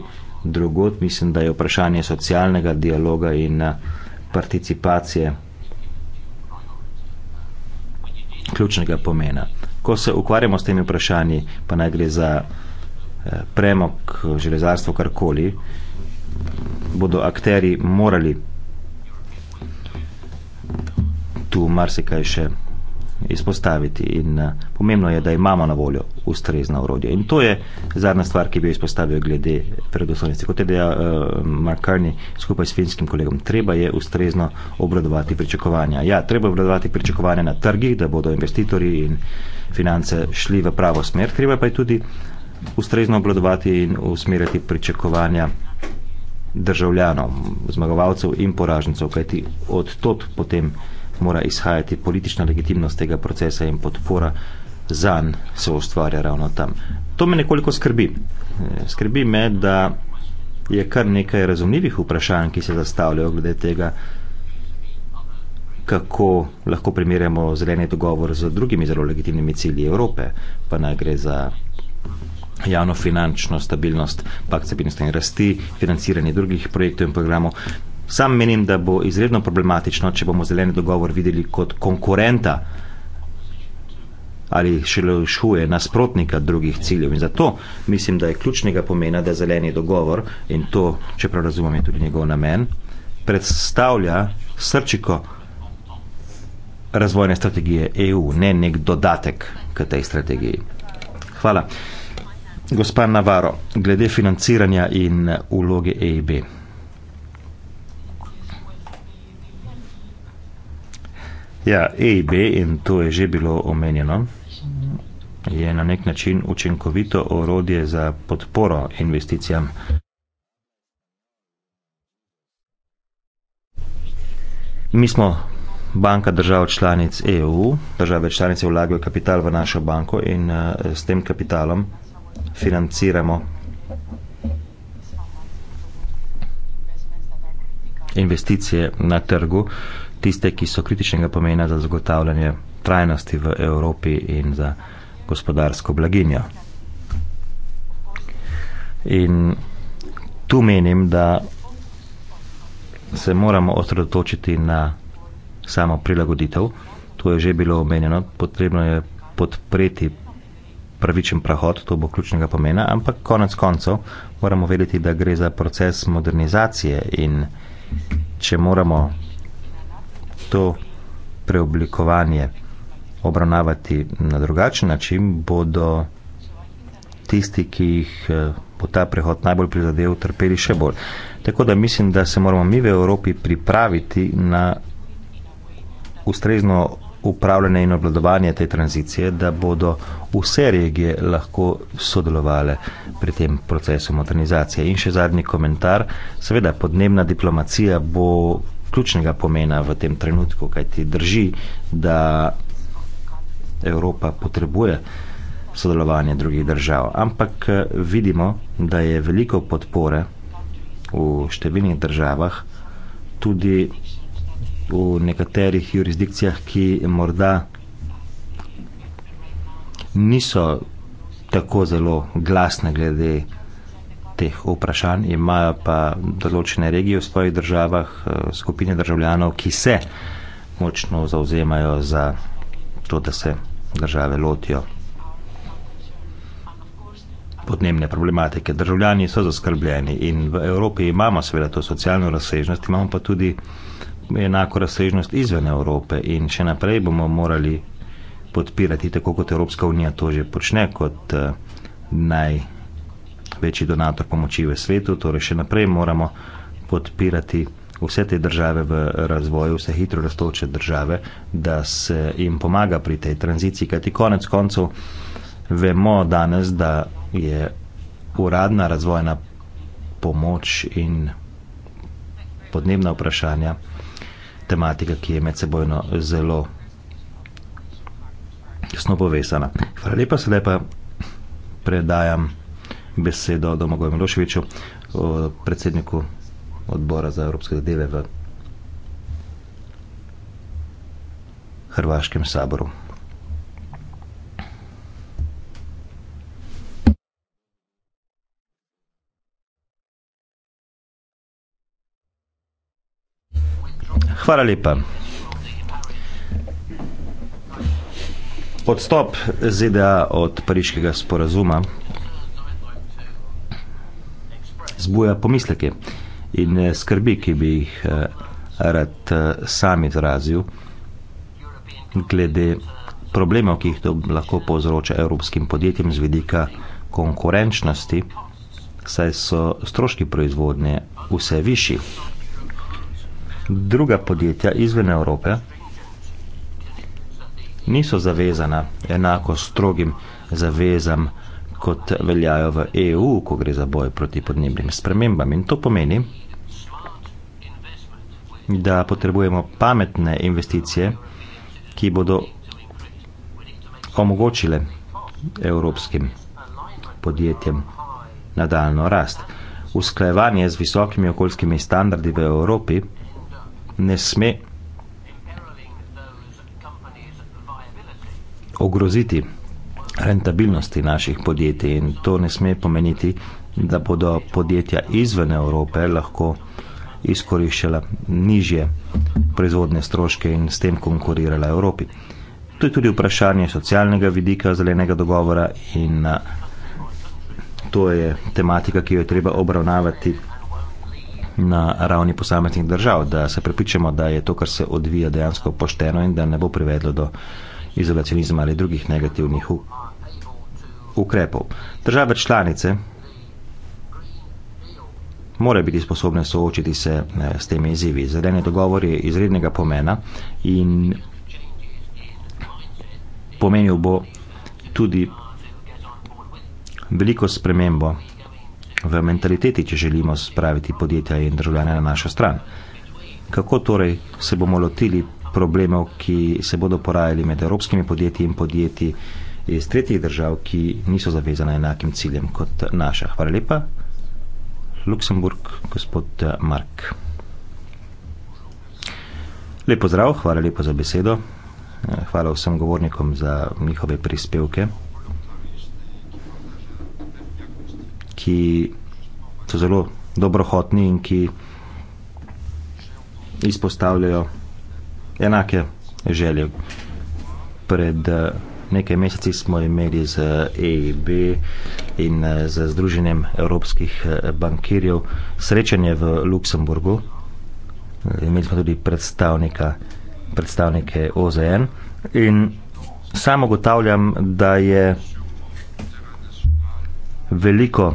S1: drugot, mislim, da je vprašanje socialnega dialoga in eh, participacije ključnega pomena. Ko se ukvarjamo s temi vprašanji, pa naj gre za eh, premok, železarstvo, karkoli, bodo akteri morali tu marsikaj še izpostaviti. In, uh, pomembno je, da imamo na voljo ustrezna urodja. In to je zadnja stvar, ki bi jo izpostavil glede predostojnosti. Kot je dejal uh, eh, Mark Carney skupaj s finskim kolegom, treba je ustrezno obradovati pričakovanja. Ja, treba obradovati pričakovanja na trgih, da bodo investitorji in finance šli v pravo smer. Treba pa je tudi ustrezno obradovati in usmerjati pričakovanja državljanov, zmagovalcev in poražencev, kajti odtot potem mora izhajati politična legitimnost tega procesa in podpora zanj se ustvarja ravno tam. To me nekoliko skrbi. Eh, skrbi me, da je kar nekaj razumljivih vprašanj, ki se zastavljajo glede tega, kako lahko primerjamo zeleni dogovor z drugimi zelo legitimnimi cilji Evrope, pa naj gre za javno finančno stabilnost, pak stabilnost in rasti, financiranje drugih projektov in programov. Sam menim, da bo izredno problematično, če bomo zeleni dogovor videli kot konkurenta ali šele šuje nasprotnika drugih ciljev. In zato mislim, da je ključnega pomena, da zeleni dogovor in to, če prav razumem, je tudi njegov namen, predstavlja srčiko razvojne strategije EU, ne nek dodatek k tej strategiji. Hvala. Gospa Navaro, glede financiranja in uloge EIB. Ja, EIB, in to je že bilo omenjeno, je na nek način učinkovito orodje za podporo investicijam. Mi smo banka držav članic EU, države članice vlagajo kapital v našo banko in eh, s tem kapitalom financiramo investicije na trgu tiste, ki so kritičnega pomena za zagotavljanje trajnosti v Evropi in za gospodarsko blaginjo. In tu menim, da se moramo osredotočiti na samo prilagoditev. To je že bilo omenjeno, potrebno je podpreti pravičen prahod, to bo ključnega pomena, ampak konec koncev moramo vedeti, da gre za proces modernizacije in če moramo to preoblikovanje obravnavati na drugačen način, bodo tisti, ki jih eh, bo ta prehod najbolj prizadel, trpeli še bolj. Tako da mislim, da se moramo mi v Evropi pripraviti na ustrezno upravljanje in obladovanje te tranzicije, da bodo vse regije lahko sodelovale pri tem procesu modernizacije. In še zadnji komentar, seveda podnebna diplomacija bo ključnega pomena v tem trenutku, kajti drži, da Evropa potrebuje sodelovanje drugih držav. Ampak eh, vidimo, da je veliko podpore v številnih državah, tudi v nekaterih jurisdikcijah, ki morda niso tako zelo glasne glede teh vprašanj, imajo pa določene regije v svojih državah, eh, skupine državljanov, ki se močno zauzemajo za to, da se države lotijo podnebne problematike. Državljani so zaskrbljeni in v Evropi imamo seveda to socialno razsežnost, imamo pa tudi enako razsežnost izven Evrope in še naprej bomo morali podpirati, tako kot Evropska unija to že počne, kot uh, naj največji donator pomoči v svetu, torej še naprej moramo podpirati vse te države v razvoju, vse hitro raztoče države, da se jim pomaga pri tej tranziciji, kajti konec koncev vemo danes, da je uradna razvojna pomoč in podnebna vprašanja tematika, ki je medsebojno zelo jasno povesana. Hvala lepa, sedaj pa predajam besedo Domagoju Miloševiču, predsedniku odbora za evropske zadeve v Hrvaškem saboru. Hvala lepa. Odstop ZDA od pariškega sporazuma zbuja pomisleke in eh, skrbi, ki bi jih eh, rad eh, sam izrazil glede problemov, ki jih to lahko povzroča evropskim podjetjem z vidika konkurenčnosti, saj so stroški proizvodnje vse višji. Druga podjetja izven Evrope niso zavezana enako strogim zavezam kot veljajo v EU, ko gre za boj proti podnebnim spremembam. In to pomeni, da potrebujemo pametne investicije, ki bodo omogočile evropskim podjetjem nadaljno rast. Usklajevanje z visokimi okoljskimi standardi v Evropi ne sme ogroziti rentabilnosti naših podjetij in to ne sme pomeniti, da bodo podjetja izven Evrope lahko izkoriščala nižje proizvodne stroške in s tem konkurirala Evropi. To je tudi vprašanje socialnega vidika zelenega dogovora in to je tematika, ki jo je treba obravnavati na ravni posameznih držav, da se prepričamo, da je to, kar se odvija dejansko pošteno in da ne bo privedlo do izolacionizma ali drugih negativnih ukrepov. Države članice mora biti sposobne soočiti se eh, s temi izzivi. Zeleni dogovor je izrednega pomena in pomenil bo tudi veliko spremembo v mentaliteti, če želimo spraviti podjetja in državljane na našo stran. Kako torej se bomo lotili problemov, ki se bodo porajali med evropskimi podjetji in podjetji iz tretjih držav, ki niso zavezane enakim ciljem kot naša. Hvala lepa. Luksemburg, gospod eh, Mark. Lepo zdrav, hvala lepo za besedo. Eh, hvala vsem govornikom za njihove prispevke, ki so zelo dobrohotni in ki izpostavljajo enake želje. Pred eh, nekaj meseci smo imeli z EIB in eh, z Združenjem evropskih eh, bankirjev srečanje v Luksemburgu. Imeli smo tudi predstavnika, predstavnike OZN in samo ugotavljam, da je veliko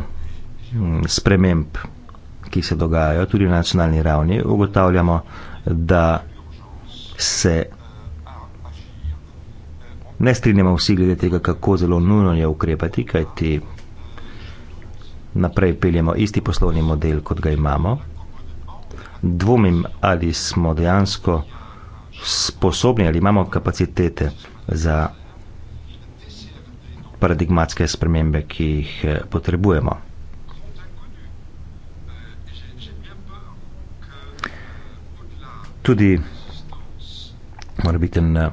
S1: mm, sprememb, ki se dogajajo tudi na nacionalni ravni. Ugotavljamo, da se ne strinjamo vsi glede tega, kako zelo nujno je ukrepati, kajti naprej peljemo isti poslovni model, kot ga imamo. Dvomim, ali smo dejansko sposobni, ali imamo kapacitete za paradigmatske spremembe, ki jih eh, potrebujemo. Tudi mora biti en eh,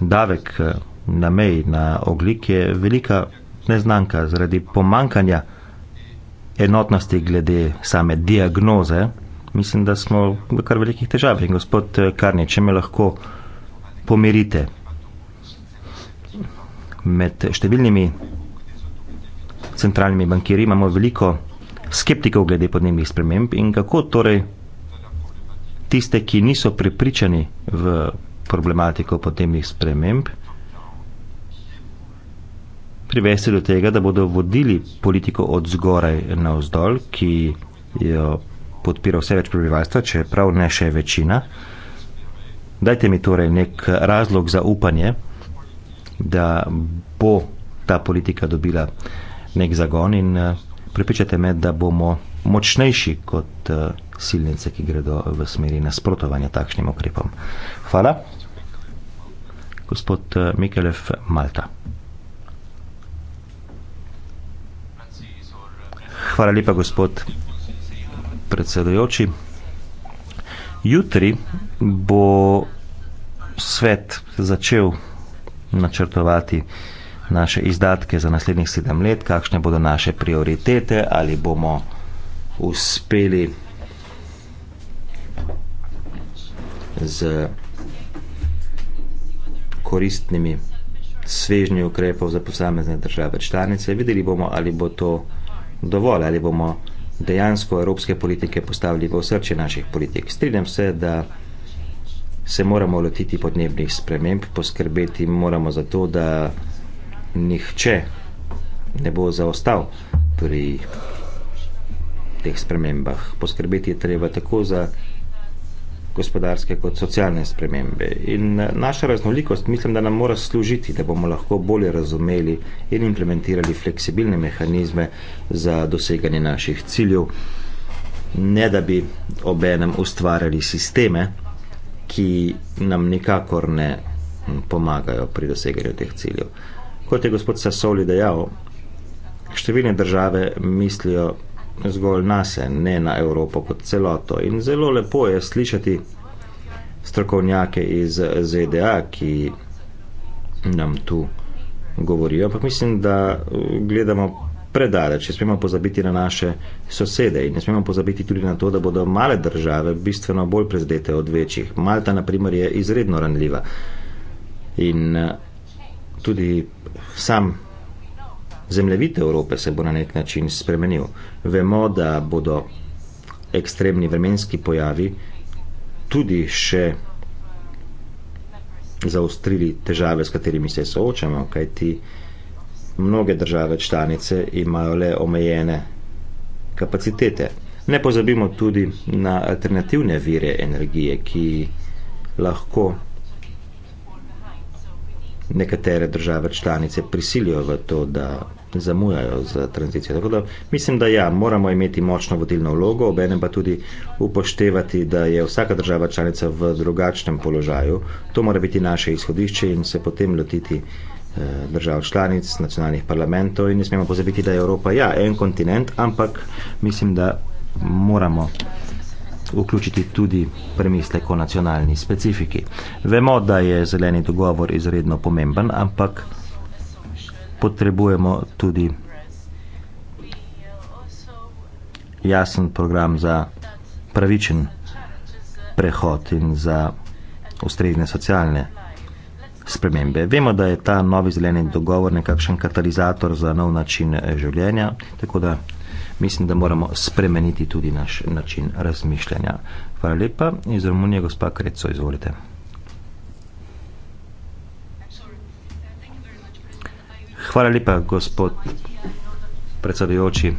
S1: davek eh, na mej, na oglik je velika neznanka zaradi pomankanja enotnosti glede same diagnoze, mislim, da smo v kar velikih težav. In gospod eh, Karni, če me lahko pomerite med številnimi centralnimi bankiri, imamo veliko skeptikov glede podnebnih sprememb in kako torej tiste, ki niso prepričani v problematiko podnebnih sprememb, privesti do tega, da bodo vodili politiko od zgoraj na vzdolj, ki jo podpira vse več prebivalstva, če prav ne še večina. Dajte mi torej nek razlog za upanje, da bo ta politika dobila nek zagon in eh, pripričate me, da bomo močnejši kot uh, silnice, ki gredo v smeri nasprotovanja takšnim ukrepom. Hvala. Gospod eh, Mikelev, Malta. Hvala lepa, gospod predsedujoči. Jutri bo svet začel načrtovati naše izdatke za naslednjih sedem let, kakšne bodo naše prioritete, ali bomo uspeli z koristnimi svežnji ukrepov za posamezne države članice. Videli bomo, ali bo to dovolj, ali bomo dejansko evropske politike postavili v srče naših politik. Strinjam se, da se moramo lotiti podnebnih sprememb, poskrbeti moramo za to, da nihče ne bo zaostal pri teh spremembah. Poskrbeti je treba tako za gospodarske kot socialne spremembe. In eh, naša raznolikost mislim, da nam mora služiti, da bomo lahko bolje razumeli in implementirali fleksibilne mehanizme za doseganje naših ciljev, ne da bi obenem ustvarjali sisteme, ki nam nikakor ne hm, pomagajo pri doseganju teh ciljev. Kot je gospod Sasoli dejal, številne države mislijo, zgolj na sebe, ne na Evropo kot celoto. In zelo lepo je slišati strokovnjake iz ZDA, ki nam tu govorijo. Ampak mislim, da uh, gledamo predaleč, ne smemo pozabiti na naše sosede in ne smemo pozabiti tudi na to, da bodo male države bistveno bolj prezdete od večjih. Malta, na primer, je izredno ranljiva. In uh, tudi sam zemljevid Evrope se bo na nek način spremenil. Vemo, da bodo ekstremni vremenski pojavi tudi še zaustrili težave, s katerimi se soočamo, kajti mnoge države članice imajo le omejene kapacitete. Ne pozabimo tudi na alternativne vire energije, ki lahko nekatere države članice prisilijo v to, da zamujajo z tranzicijo. Tako da mislim, da ja, moramo imeti močno vodilno vlogo, obenem pa tudi upoštevati, da je vsaka država članica v drugačnem položaju. To mora biti naše izhodišče in se potem lotiti eh, držav članic, nacionalnih parlamentov in ne smemo pozabiti, da je Evropa ja, en kontinent, ampak mislim, da moramo vključiti tudi premislek o nacionalni specifiki. Vemo, da je zeleni dogovor izredno pomemben, ampak potrebujemo tudi jasen program za pravičen prehod in za ustrezne socialne spremembe. Vemo, da je ta novi zeleni dogovor nekakšen katalizator za nov način eh, življenja, tako da mislim, da moramo spremeniti tudi naš način razmišljanja. Hvala lepa in z Romunije gospa Kreco, izvolite. Hvala lepa, gospod predsedujoči.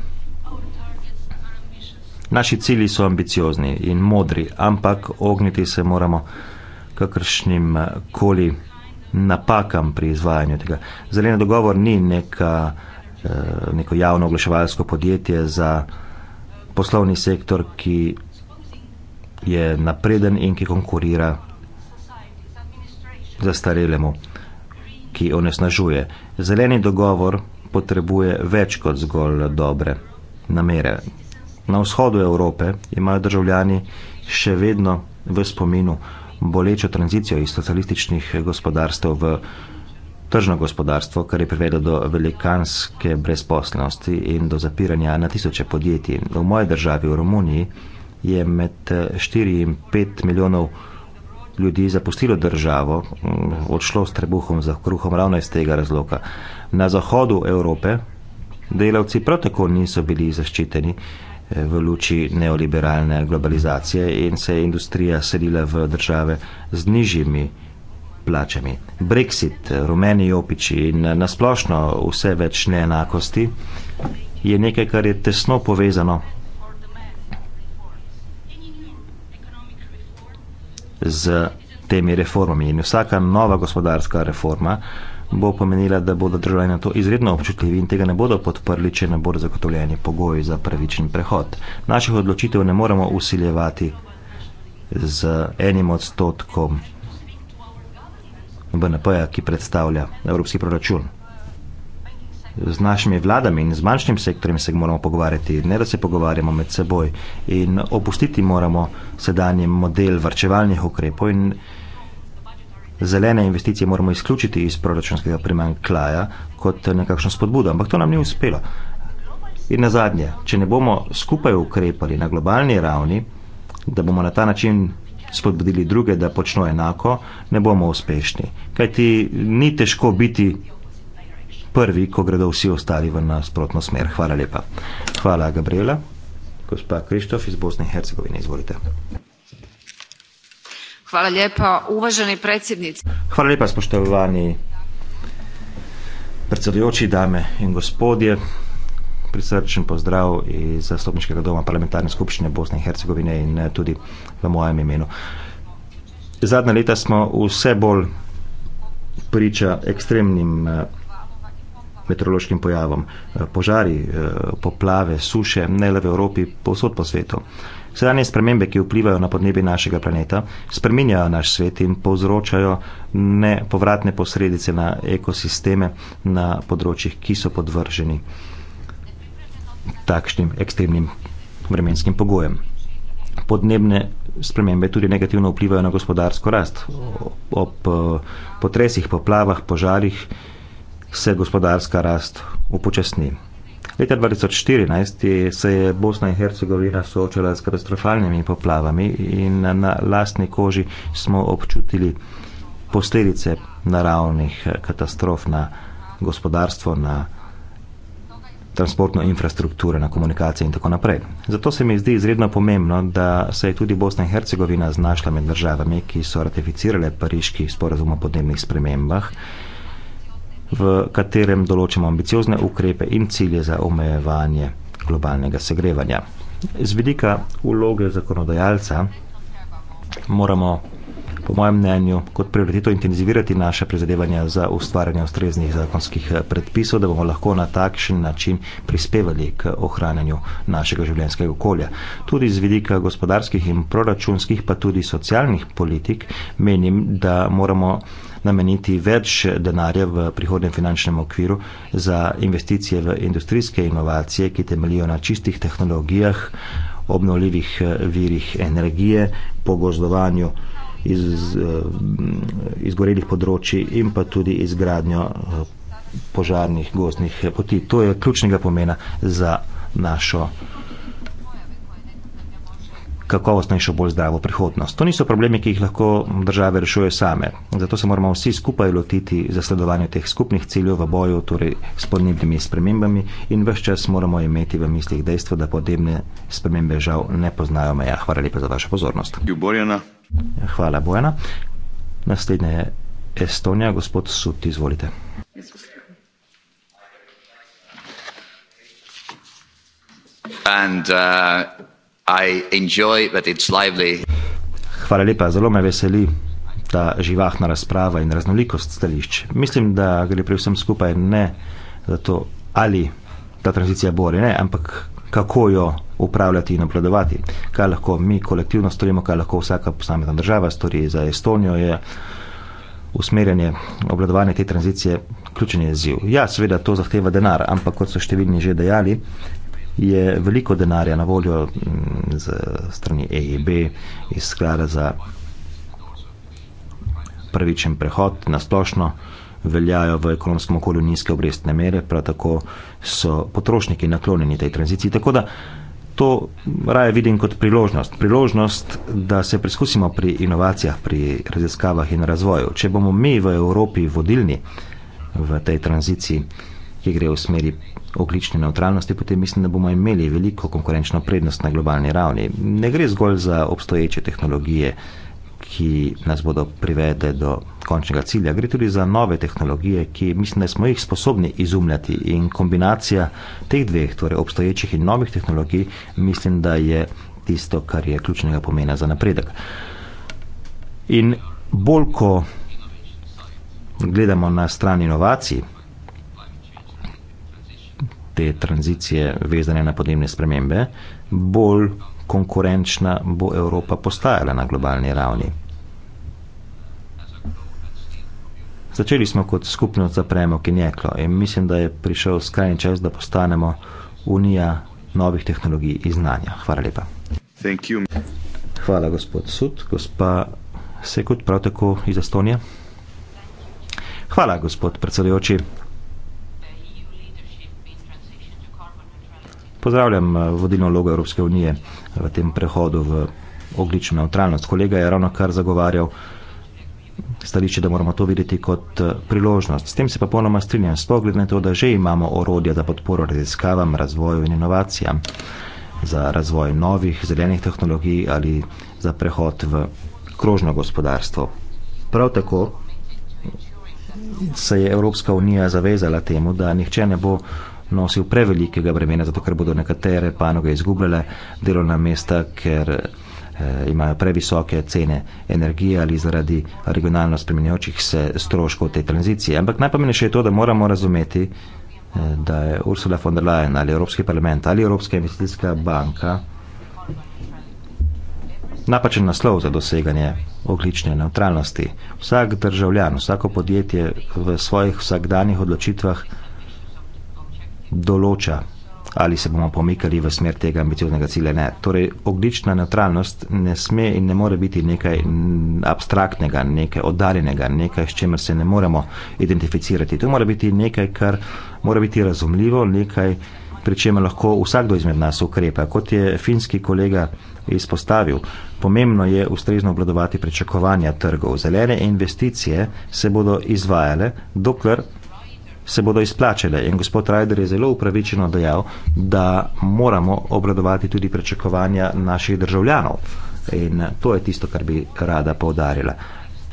S1: Naši cilji so ambiciozni in modri, ampak ogniti se moramo kakršnim eh, koli napakam pri izvajanju tega. Zeleni dogovor ni neka, eh, neko javno oglaševalsko podjetje za poslovni sektor, ki je napreden in ki konkurira zastarelemu, ki onesnažuje. Zeleni dogovor potrebuje več kot zgolj dobre namere. Na vzhodu Evrope imajo državljani še vedno v spominu bolečo tranzicijo iz socialističnih gospodarstv v tržno gospodarstvo, kar je privedlo do velikanske brezposlenosti in do zapiranja na tisoče podjetij. V moji državi, v Romuniji, je med 4 in 5 milijonov ljudi zapustilo državo, mm, odšlo s trebuhom za kruhom ravno iz tega razloga. Na zahodu Evrope delavci prav tako niso bili zaščiteni eh, v luči neoliberalne globalizacije in se je industrija selila v države z nižjimi plačami. Brexit, rumeni jopiči in eh, nasplošno vse več neenakosti je nekaj, kar je tesno povezano z temi reformami. In vsaka nova gospodarska reforma bo pomenila, da bodo državljani na to izredno občutljivi in tega ne bodo podprli, če ne bodo zagotovljeni pogoji za pravičen prehod. Naših odločitev ne moremo usiljevati z enim odstotkom BNP-ja, ki predstavlja evropski proračun z našimi vladami in z manjšim sektorjem se moramo pogovarjati, ne da se pogovarjamo med seboj. In opustiti moramo sedanji model vrčevalnih ukrepov in zelene investicije moramo izključiti iz proračunskega primankljaja kot nekakšno spodbudo. Ampak to nam ni uspelo. In na zadnje, če ne bomo skupaj ukrepali na globalni ravni, da bomo na ta način spodbudili druge, da počnejo enako, ne bomo uspešni. Kajti ni težko biti prvi, ko gredo vsi ostali v nasprotno smer. Hvala lepa. Hvala, Gabriela. Gospa Krištof iz Bosne in Hercegovine, izvolite.
S3: Hvala lepa, uvaženi predsednici.
S1: Hvala lepa, spoštovani predsedujoči, dame in gospodje. Prisrčen pozdrav iz Slovniškega doma parlamentarne skupščine Bosne in Hercegovine in eh, tudi v mojem imenu. Zadnja leta smo vse bolj priča ekstremnim eh, meteorološkim pojavom. Eh, požari, eh, poplave, suše, ne le v Evropi, povsod po svetu. Sedanje spremembe, ki vplivajo na podnebje našega planeta, spreminjajo naš svet in povzročajo nepovratne posredice na ekosisteme na področjih, ki so podvrženi takšnim ekstremnim vremenskim pogojem. Podnebne spremembe tudi negativno vplivajo na gospodarsko rast. Ob eh, potresih, poplavah, požarih se gospodarska rast upočasni. Leta 2014 se je Bosna in Hercegovina soočala s katastrofalnimi poplavami in na lastni koži smo občutili posledice naravnih katastrof na gospodarstvo, na transportno infrastrukturo, na komunikacije in tako naprej. Zato se mi zdi izredno pomembno, da se je tudi Bosna in Hercegovina znašla med državami, ki so ratificirale pariški sporazum o podnebnih spremembah v katerem določamo ambiciozne ukrepe in cilje za omejevanje globalnega segrevanja. Z vidika uloge zakonodajalca moramo po mojem mnenju, kot prioriteto intenzivirati naše prizadevanja za ustvarjanje ustreznih zakonskih eh, predpisov, da bomo lahko na takšen način prispevali k ohranjanju našega življenjskega okolja. Tudi z vidika gospodarskih in proračunskih, pa tudi socialnih politik, menim, da moramo nameniti več denarja v prihodnem finančnem okviru za investicije v industrijske inovacije, ki temelijo na čistih tehnologijah, obnovljivih eh, virih energije, pogozdovanju iz eh, izgorelih področij in pa tudi izgradnjo eh, požarnih gozdnih poti. To je ključnega pomena za našo kakovostnejšo, bolj zdravo prihodnost. To niso problemi, ki jih lahko države rešujejo same. Zato se moramo vsi skupaj lotiti zasledovanja teh skupnih ciljev v boju torej s podnebnimi spremembami in vse čas moramo imeti v mislih dejstvo, da podnebne spremembe žal ne poznajo meja. Hvala lepa za vašo pozornost. Ljuborjena. Ja, hvala, Bojena. Naslednja je Estonija, gospod Sut, izvolite. And
S3: uh,
S1: Hvala lepa, zelo me veseli ta živahna razprava in raznolikost stališč. Mislim, da gre pri vsem skupaj ne za to, ali ta tranzicija bo ali ne, ampak kako jo upravljati in obvladovati. Kaj lahko mi kolektivno storimo, kaj lahko vsaka posamezna država stori. Za Estonijo je usmerjanje obvladovanja te tranzicije ključen izziv. Ja, seveda to zahteva denar, ampak kot so številni že dejali, je veliko denarja na voljo mm, z strani EIB iz sklada za pravičen prehod. Na splošno veljajo v ekonomskem okolju nizke obrestne mere, prav tako so potrošniki naklonjeni tej tranziciji. Tako da to raje vidim kot priložnost. Priložnost, da se preskusimo pri inovacijah, pri raziskavah in razvoju. Če bomo mi v Evropi vodilni v tej tranziciji, ki gre v smeri oglične neutralnosti, potem mislim, da bomo imeli veliko konkurenčno prednost na globalni ravni. Ne gre zgolj za obstoječe tehnologije, ki nas bodo privedle do končnega cilja, gre tudi za nove tehnologije, ki mislim, da smo jih sposobni izumljati in kombinacija teh dveh, torej obstoječih in novih tehnologij, mislim, da je tisto, kar je ključnega pomena za napredek. In bolj, ko gledamo na stran inovacij, te tranzicije vezane na podnebne spremembe, bolj konkurenčna bo Evropa postajala na globalni ravni. Začeli smo kot skupnost za premog in jeklo in mislim, da je prišel skrajni čas, da postanemo unija novih tehnologij in znanja. Hvala lepa. Hvala, gospod Sud. Gospa Sekut, prav tako iz Estonije. Hvala, gospod predsedujoči. pozdravljam eh, vodilno logo Evropske unije eh, v tem prehodu v oglično neutralnost. Kolega je ravno kar zagovarjal stališče, da moramo to videti kot eh, priložnost. S tem se pa polnoma strinjam, spogled na to, da že imamo orodja za podporo raziskavam, razvoju in inovacijam, za razvoj novih zelenih tehnologij ali za prehod v krožno gospodarstvo. Prav tako se je Evropska unija zavezala temu, da nihče ne bo nosil prevelikega bremena, zato ker bodo nekatere panoge izgubljale delovna mesta, ker eh, imajo previsoke cene energije ali zaradi regionalno spremenjajočih se stroškov te tranzicije. Ampak najpomembnejše je to, da moramo razumeti, eh, da je Ursula von der Leyen ali Evropski parlament ali Evropska investicijska banka napačen naslov za doseganje oglične neutralnosti. Vsak državljan, vsako podjetje v svojih vsakdanjih odločitvah določa, ali se bomo pomikali v smer tega ambicioznega cilja. Ne. Torej, oglična neutralnost ne sme in ne more biti nekaj abstraktnega, nekaj oddaljenega, nekaj, s čemer se ne moremo identificirati. To mora biti nekaj, kar mora biti razumljivo, nekaj, pri čemer lahko vsakdo izmed nas ukrepa. Kot je finski kolega izpostavil, pomembno je ustrezno obladovati pričakovanja trgov. Zelene investicije se bodo izvajale, dokler se bodo izplačile. In gospod Rajder je zelo upravičeno dejal, da moramo obradovati tudi prečakovanja naših državljanov. In to je tisto, kar bi rada povdarila.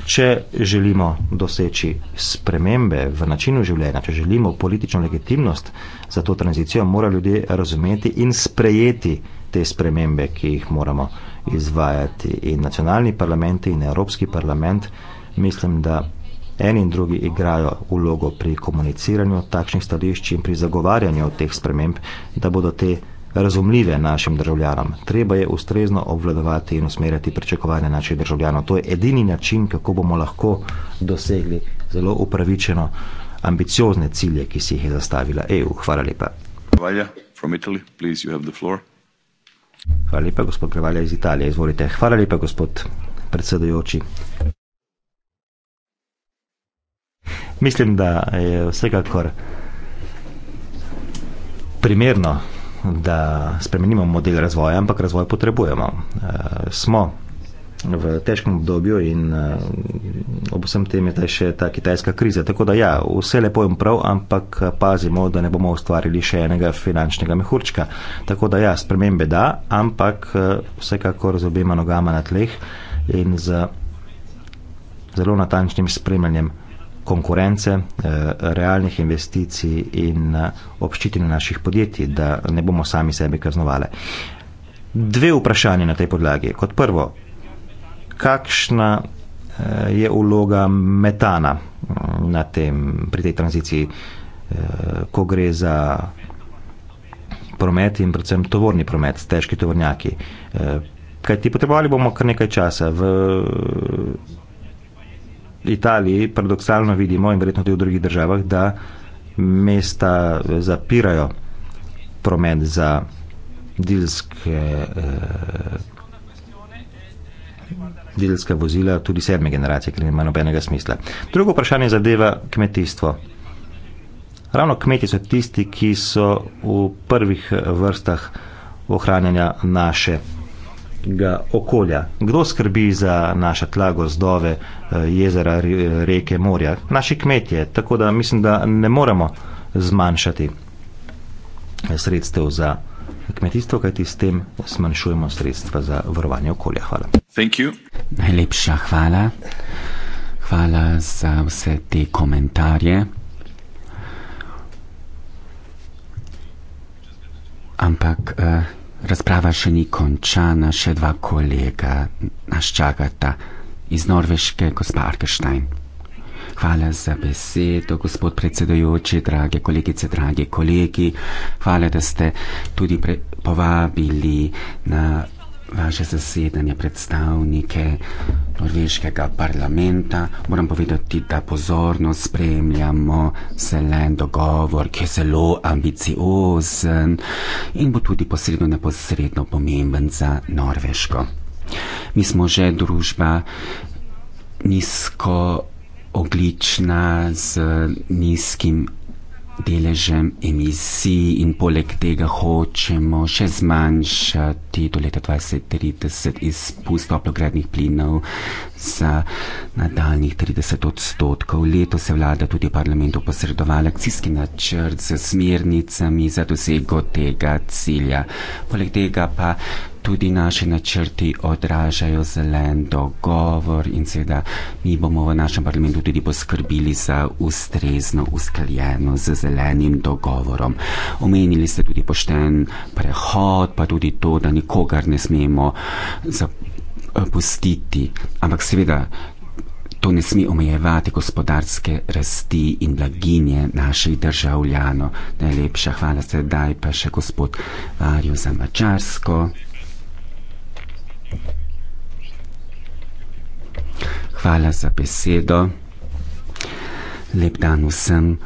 S1: Če želimo doseči spremembe v načinu življenja, če želimo politično legitimnost za to tranzicijo, mora ljudje razumeti in sprejeti te spremembe, ki jih moramo izvajati. In nacionalni parlamenti in Evropski parlament mislim, da Eni in drugi igrajo vlogo pri komuniciranju takšnih stališč in pri zagovarjanju teh sprememb, da bodo te razumljive našim državljanom. Treba je ustrezno obvladovati in usmerjati pričakovanja naših državljanov. To je edini način, kako bomo lahko dosegli zelo upravičeno ambiciozne cilje, ki si jih je zastavila EU. Hvala lepa. Hvala lepa, gospod Prevalja iz Italije. Izvolite. Hvala lepa, gospod predsedujoči. mislim, da je vsekakor primerno, da spremenimo model razvoja, ampak razvoj potrebujemo. E, smo v težkem obdobju in e, ob vsem tem je taj še ta kitajska kriza. Tako da ja, vse lepo in prav, ampak pazimo, da ne bomo ustvarili še enega finančnega mehurčka. Tako da ja, spremembe da, ampak eh, vsekakor z obima nogama na tleh in z zelo natančnim spremljanjem konkurence, eh, realnih investicij in eh, obščitine naših podjetij, da ne bomo sami sebe kaznovali. Dve vprašanje na tej podlagi. Kot prvo, kakšna eh, je uloga metana mm, na tem, pri tej tranziciji, ko gre za promet in predvsem tovorni promet, težki tovornjaki. Kaj ti potrebovali bomo kar nekaj časa v Italiji paradoksalno vidimo in verjetno tudi v drugih državah, da mesta zapirajo promet za dilske, eh, dilske vozila tudi sedme generacije, ker nima nobenega smisla. Drugo vprašanje zadeva kmetijstvo. Ravno kmeti so tisti, ki so v prvih vrstah ohranjanja naše ga okolja. Kdo skrbi za naša tla, gozdove, eh, jezera, reke, morja? Naši kmetje. Tako da mislim, da ne moremo zmanjšati eh, sredstev za kmetijstvo, kajti s tem zmanjšujemo sredstva za varovanje okolja. Hvala. Najlepša hvala.
S2: Hvala za vse te komentarje. Ampak uh, Razprava še ni končana, še dva kolega nas čakata iz Norveške, gospa Arkeštajn. Hvala za besedo, gospod predsedujoči, drage kolegice, dragi kolegi. Hvala, da ste tudi povabili na vaše zasedanje predstavnike norveškega parlamenta. Moram povedati, da pozorno spremljamo zelen dogovor, ki je zelo ambiciozen in bo tudi posredno neposredno pomemben za Norveško. Mi smo že družba nizko oglična z nizkim deležem emisij in poleg tega hočemo še zmanjšati do leta 2030 izpust toplogrednih plinov za nadaljnih 30 odstotkov. Leto se vlada tudi v parlamentu posredovala akcijski načrt z smernicami za dosego tega cilja. Poleg tega pa tudi naši načrti odražajo zelen dogovor in seveda mi bomo v našem parlamentu tudi poskrbili za ustrezno uskaljeno z zelenim dogovorom. Omenili ste tudi pošten prehod, pa tudi to, da nikogar ne smemo zapustiti. Ampak seveda. To ne sme omejevati gospodarske rasti in blaginje naših državljanov. Najlepša hvala sedaj pa še gospod Varju za Mačarsko. Hvala za besedo. Lep dan vsem.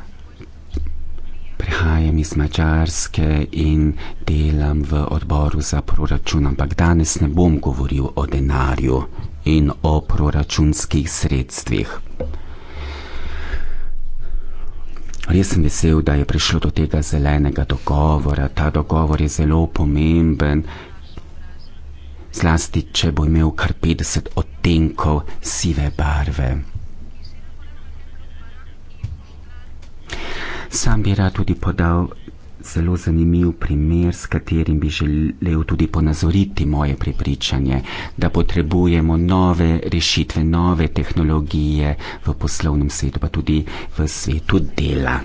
S2: Prihajam iz Mačarske in delam v odboru za proračun, ampak danes ne bom govoril o denarju in o proračunskih sredstvih. Res sem vesel, da je prišlo do tega zelenega dogovora. Ta dogovor je zelo pomemben, zlasti če bo imel kar 50 odtenkov sive barve. Sam bi rad tudi podal zelo zanimiv primer, s katerim bi želel tudi ponazoriti moje prepričanje, da potrebujemo nove rešitve, nove tehnologije v poslovnem svetu, pa tudi v svetu dela.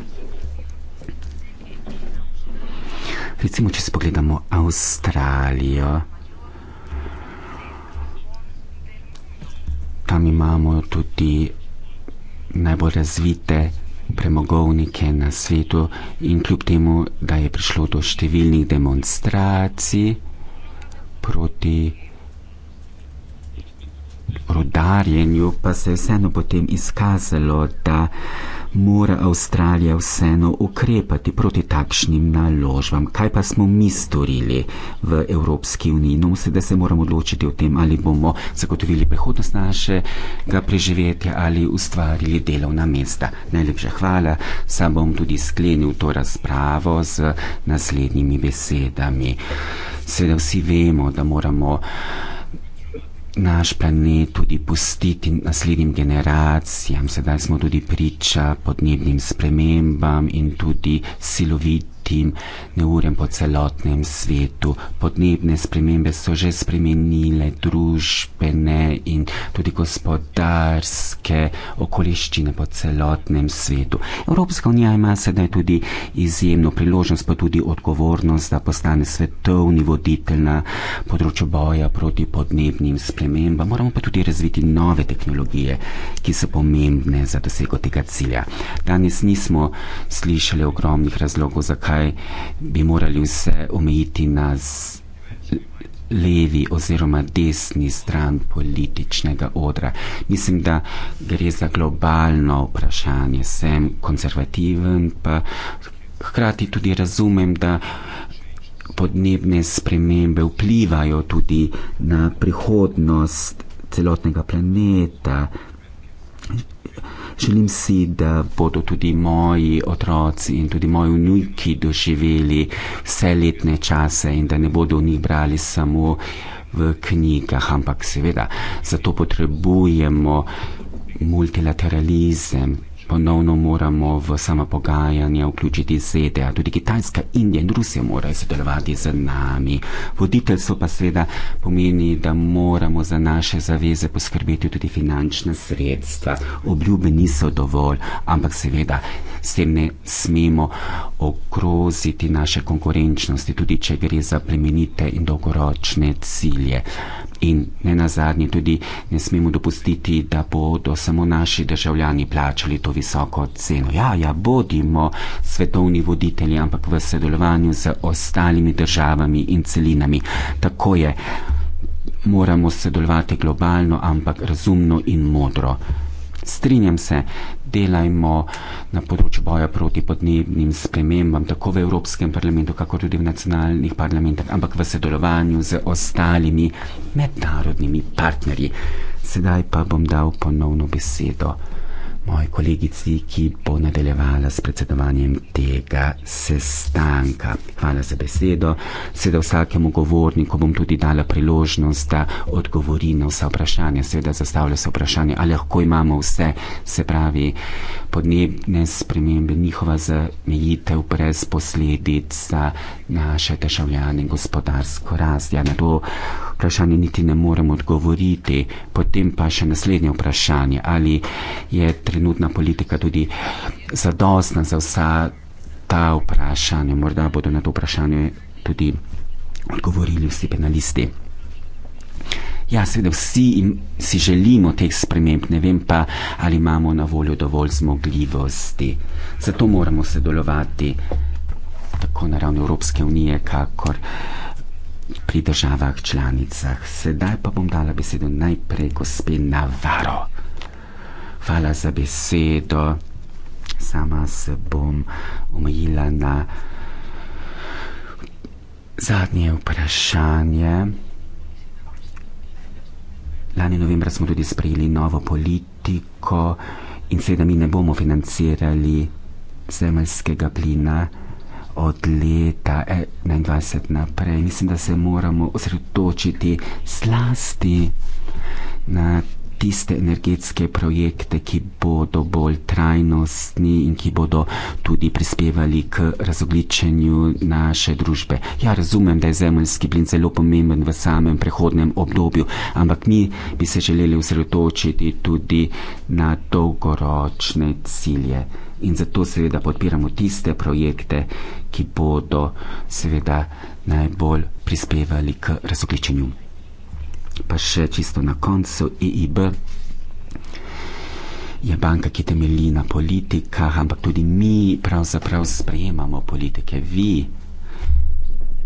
S2: Recimo, če spogledamo Avstralijo. tam imamo tudi najbolj razvite premogovnike na svetu in kljub temu, da je prišlo do številnih demonstracij proti rudarjenju, pa se je vseeno potem izkazalo, da mora Avstralija vseeno ukrepati proti takšnim naložbam. Kaj pa smo mi storili v Evropski uniji? No, sedaj se moramo odločiti o tem, ali bomo zagotovili prihodnost našega preživetja ali ustvarili delovna mesta. Najlepša hvala. Sam bom tudi sklenil to razpravo z naslednjimi besedami. Sedaj vsi vemo, da moramo naš planet tudi pustiti naslednjim generacijam. Sedaj smo tudi priča podnebnim spremembam in tudi silovit Latin, neurjem po celotnem svetu. Podnebne spremembe so že spremenile družbene in tudi gospodarske okoliščine po celotnem svetu. Evropska unija ima sedaj tudi izjemno priložnost, pa tudi odgovornost, da postane svetovni voditelj na področju boja proti podnebnim spremembam. Moramo pa tudi razviti nove tehnologije, ki so pomembne za dosego tega cilja. Danes nismo slišali ogromnih razlogov, zakaj zakaj bi morali vse omejiti na levi oziroma desni stran političnega odra. Mislim, da gre za globalno vprašanje. Sem konzervativen, pa hkrati tudi razumem, da podnebne spremembe vplivajo tudi na prihodnost celotnega planeta. Želim si, da bodo tudi moji otroci in tudi moji vnuki doživeli vse letne čase in da ne bodo v njih brali samo v knjigah, ampak seveda zato potrebujemo multilateralizem, ponovno moramo v sama pogajanja vključiti ZDA, tudi Kitajska, Indija in Rusija morajo sodelovati z nami. Voditeljstvo pa seveda pomeni, da moramo za naše zaveze poskrbeti tudi finančna sredstva. Obljube niso dovolj, ampak seveda s tem ne smemo okroziti naše konkurenčnosti, tudi če gre za premenite in dolgoročne cilje in ne nazadnje tudi ne smemo dopustiti, da bodo samo naši državljani plačali to visoko ceno. Ja, ja, bodimo svetovni voditelji, ampak v sodelovanju z ostalimi državami in celinami. Tako je, moramo sodelovati globalno, ampak razumno in modro strinjam se, delajmo na področju boja proti podnebnim spremembam, tako v Evropskem parlamentu, kako tudi v nacionalnih parlamentih, ampak v sodelovanju z ostalimi mednarodnimi partnerji. Sedaj pa bom dal ponovno besedo moji kolegici, ki bo nadaljevala s predsedovanjem tega sestanka. Hvala za besedo. Seveda vsakemu govorniku bom tudi dala priložnost, da odgovori na vsa vprašanja. Seveda zastavlja se vprašanje, ali lahko imamo vse, se pravi podnebne spremembe, njihova zamejitev brez posledic naše državljane in gospodarsko rast. Ja, na to vprašanje niti ne morem odgovoriti. Potem pa še naslednje vprašanje, ali je trenutna politika tudi zadostna za vsa ta vprašanja. Morda bodo na to vprašanje tudi odgovorili vsi penalisti. Ja, seveda vsi im, si želimo teh sprememb, ne vem pa, ali imamo na voljo dovolj zmogljivosti. Zato moramo sodelovati tako na ravni Evropske unije, kakor pri državah članicah. Sedaj pa bom dala besedo najprej gospe Navaro. Hvala za besedo. Sama se bom omejila na zadnje vprašanje. Lani novembra smo tudi sprejeli novo politiko in seveda mi ne bomo financirali zemljskega plina od leta 21 eh, naprej. Mislim, da se moramo osredotočiti zlasti na to, tiste energetske projekte, ki bodo bolj trajnostni in ki bodo tudi prispevali k razogličenju naše družbe. Ja, razumem, da je zemljski plin zelo pomemben v samem prehodnem obdobju, ampak mi bi se želeli usredotočiti tudi na dolgoročne cilje. In zato seveda podpiramo tiste projekte, ki bodo seveda najbolj prispevali k razogličenju pa še čisto na koncu EIB. Je banka, ki temelji na politikah, ampak tudi mi pravzaprav sprejemamo politike. Vi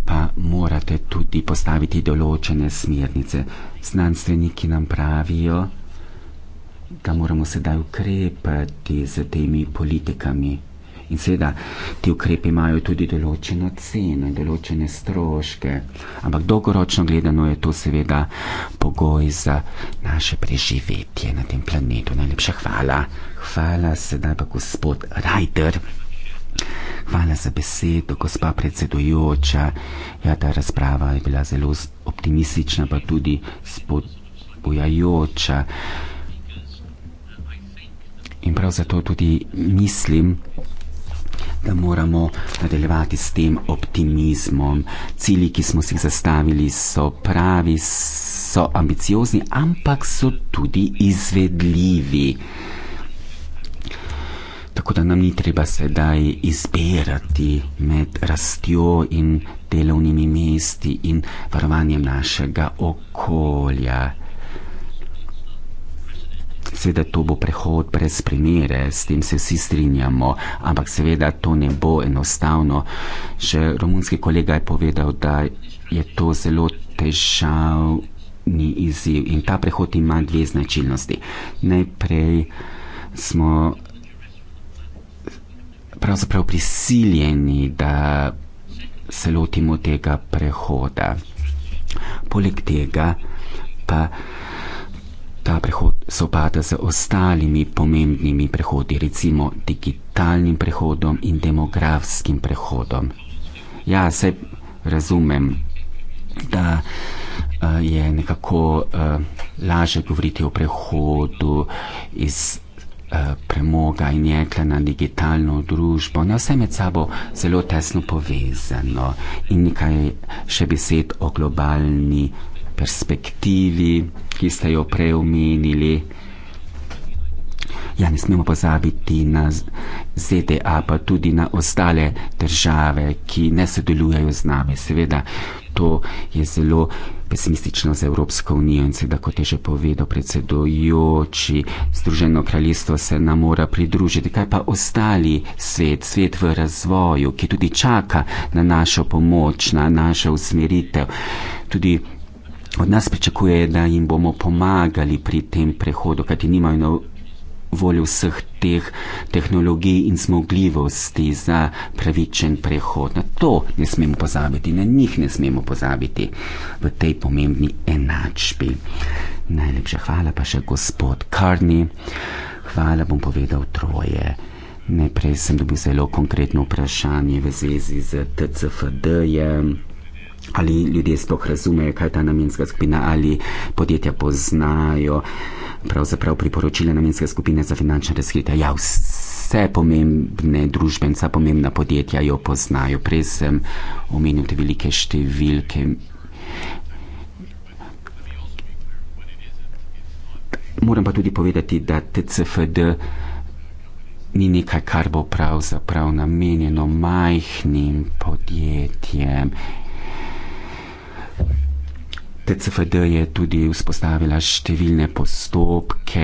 S2: pa morate tudi postaviti določene smernice. Znanstveniki nam pravijo, da moramo sedaj ukrepati z temi politikami. In seveda ti ukrepi imajo tudi določeno ceno in določene stroške, ampak dolgoročno gledano je to seveda pogoj za naše preživetje na tem planetu. Najlepša hvala. Hvala sedaj pa gospod Rajder. Hvala za besedo, gospa predsedujoča. Ja, ta razprava je bila zelo optimistična, pa tudi spodbujajoča. In prav zato tudi mislim, da moramo nadaljevati s tem optimizmom. Cili, ki smo si jih zastavili, so pravi, so ambiciozni, ampak so tudi izvedljivi. Tako da nam ni treba sedaj izbirati med rastjo in delovnimi mesti in varovanjem našega okolja. Seveda to bo prehod brez primere, s tem se vsi strinjamo, ampak seveda to ne bo enostavno. Še romunski kolega je povedal, da je to zelo težavni izziv in ta prehod ima dve značilnosti. Najprej smo pravzaprav prisiljeni, da se lotimo tega prehoda. Poleg tega pa ta prehod sopada z ostalimi pomembnimi prehodi, recimo digitalnim prehodom in demografskim prehodom. Ja, se razumem, da uh, je nekako uh, lažje govoriti o prehodu iz eh, premoga in jekla na digitalno družbo. Na no, vse med sabo zelo tesno povezano in nekaj še besed o globalni perspektivi, ki ste jo prej omenili. Ja, ne smemo pozabiti na ZDA, pa tudi na ostale države, ki ne sodelujejo z nami. Seveda, to je zelo pesimistično za Evropsko unijo in seveda, kot je že povedal predsedujoči, Združeno kraljestvo se nam mora pridružiti. Kaj pa ostali svet, svet v razvoju, ki tudi čaka na našo pomoč, na našo usmeritev? Tudi od nas pričakuje, da jim bomo pomagali pri tem prehodu, kajti nimajo na voljo vseh teh tehnologij in zmogljivosti za pravičen prehod. Na to ne smemo pozabiti, na njih ne smemo pozabiti v tej pomembni enačbi. Najlepša hvala pa še gospod Karni. Hvala bom povedal troje. Najprej sem dobil zelo konkretno vprašanje v zvezi z TCFD-jem ali ljudje sploh razumejo, kaj ta namenska skupina ali podjetja poznajo, pravzaprav priporočila namenske skupine za finančne razkritja. Ja, vse pomembne družbene, vsa pomembna podjetja jo poznajo. Prej sem omenil te velike številke. Moram pa tudi povedati, da TCFD ni nekaj, kar bo pravzaprav namenjeno majhnim podjetjem. TCFD je tudi vzpostavila številne postopke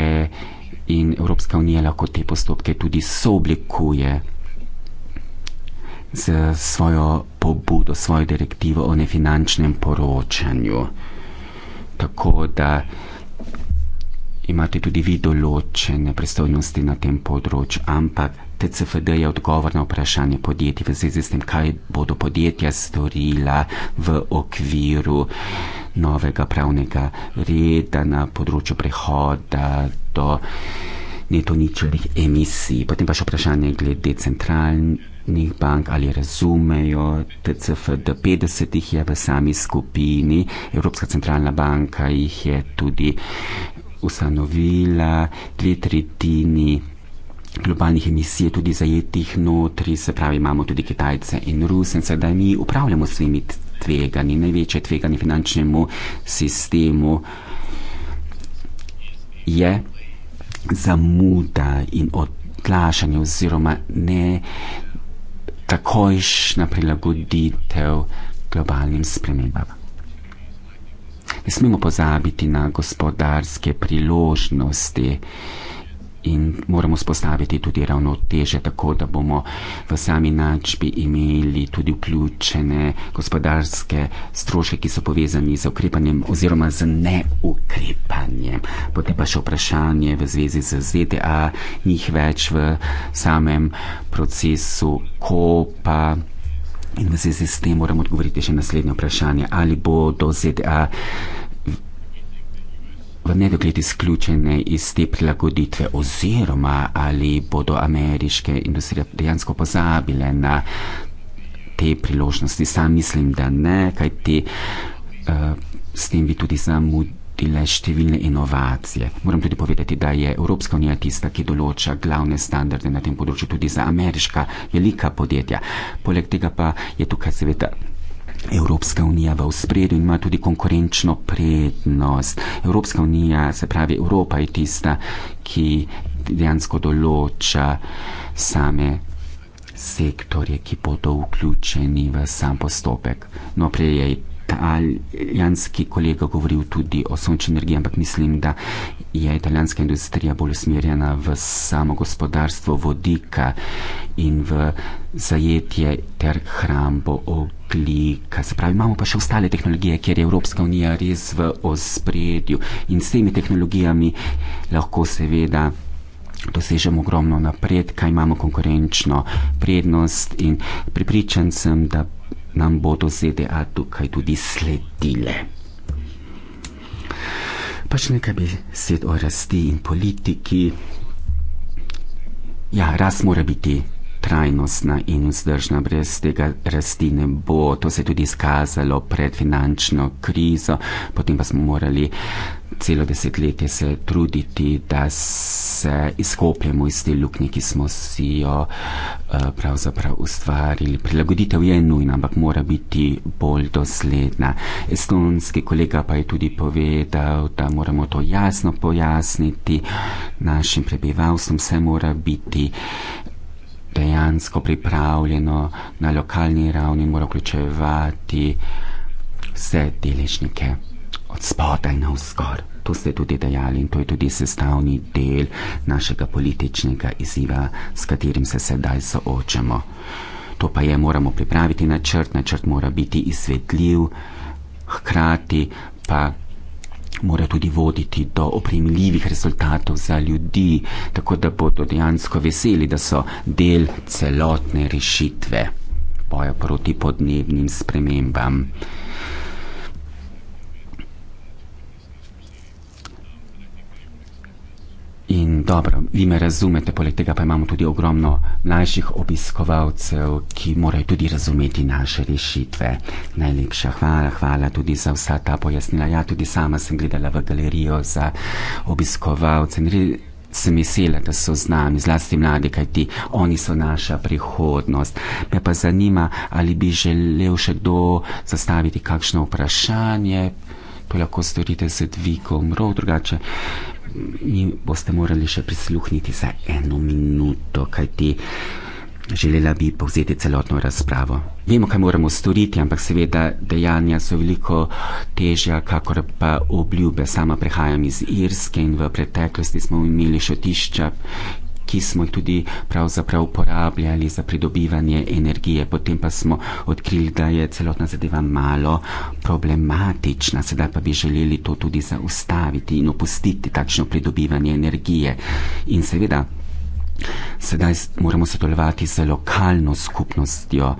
S2: in Evropska unija lahko te postopke tudi sooblikuje z svojo pobudo, svojo direktivo o nefinančnem poročanju. Tako da imate tudi vi določene pristojnosti na tem področju, ampak TCFD je odgovor na vprašanje podjetij v zvezi s tem, kaj bodo podjetja storila v okviru novega pravnega reda na področju prehoda do neto ničelih emisij. Potem pa še vprašanje glede centralnih bank, ali razumejo TCFD 50 jih je v sami skupini, Evropska centralna banka jih je tudi ustanovila, dve tretjini globalnih emisij je tudi zajetih notri, se pravi, imamo tudi Kitajce in Ruse in sedaj mi upravljamo s temi tvegani, največje tvegani finančnemu sistemu je zamuda in odlašanje oziroma ne takojšna prilagoditev globalnim spremembam. Ne smemo pozabiti na gospodarske priložnosti in moramo spostaviti tudi ravnoteže, tako da bomo v sami načbi imeli tudi vključene gospodarske stroške, ki so povezani z ukrepanjem oziroma z neukrepanjem. Potem pa še vprašanje v zvezi z ZDA, njih več v samem procesu kopa. In v zvezi s tem moram odgovoriti še naslednje vprašanje, ali bodo ZDA v nedogled izključene iz te prilagoditve oziroma ali bodo ameriške industrije dejansko pozabile na te priložnosti. Sam mislim, da ne, kaj ti uh, eh, s tem bi tudi zamudile številne inovacije. Moram tudi povedati, da je Evropska unija tista, ki določa glavne standarde na tem področju tudi za ameriška velika podjetja. Poleg tega pa je tukaj seveda Evropska unija v spredju ima tudi konkurenčno prednost. Evropska unija, se pravi Evropa, je tista, ki dejansko določa same sektorje, ki bodo vključeni v sam postopek. No, prej je italijanski kolega govoril tudi o sončni energiji, ampak mislim, da je italijanska industrija bolj usmerjena v samo gospodarstvo vodika in v zajetje ter hrambo oglika. Se pravi, imamo pa še ostale tehnologije, kjer je Evropska unija res v ospredju in s temi tehnologijami lahko seveda dosežemo ogromno napredka, imamo konkurenčno prednost in pripričan sem, da nam bodo ZDA tukaj tudi sledile. Pač nekaj besed o rasti in politiki. Ja, rast mora biti trajnostna in vzdržna. Brez tega rasti ne bo. To se je tudi izkazalo pred finančno krizo, potem pa smo morali celo desetletje se truditi, da se izkopljemo iz te luknje, ki smo si jo eh, pravzaprav ustvarili. Prilagoditev je nujna, ampak mora biti bolj dosledna. Estonski kolega pa je tudi povedal, da moramo to jasno pojasniti našim prebivalstvom. Vse mora biti dejansko pripravljeno na lokalni ravni, mora vključevati vse deležnike od spodaj na vzgor. To ste tudi dejali in to je tudi sestavni del našega političnega izziva, s katerim se sedaj soočamo. To pa je, moramo pripraviti načrt, načrt mora biti izvedljiv, hkrati pa mora tudi voditi do opremljivih rezultatov za ljudi, tako da bodo dejansko veseli, da so del celotne rešitve boja proti podnebnim spremembam. In dobro, vi me razumete, poleg tega pa imamo tudi ogromno mlajših obiskovalcev, ki morajo tudi razumeti naše rešitve. Najlepša hvala, hvala tudi za vsa ta pojasnila. Ja, tudi sama sem gledala v galerijo za obiskovalce in sem vesela, da so z nami, zlasti mladi, kajti oni so naša prihodnost. Me pa zanima, ali bi želel še kdo zastaviti kakšno vprašanje. To lahko storite z dvigom rok, drugače mi boste morali še prisluhniti za eno minuto, kajti želela bi povzeti celotno razpravo. Vemo, kaj moramo storiti, ampak seveda dejanja so veliko težja, kakor pa obljube. Sama prehajam iz Irske in v preteklosti smo imeli šotišča, ki smo jih tudi pravzaprav uporabljali za pridobivanje energije. Potem pa smo odkrili, da je celotna zadeva malo problematična. Sedaj pa bi želeli to tudi zaustaviti in opustiti takšno pridobivanje energije. In seveda, sedaj moramo sodelovati z lokalno skupnostjo.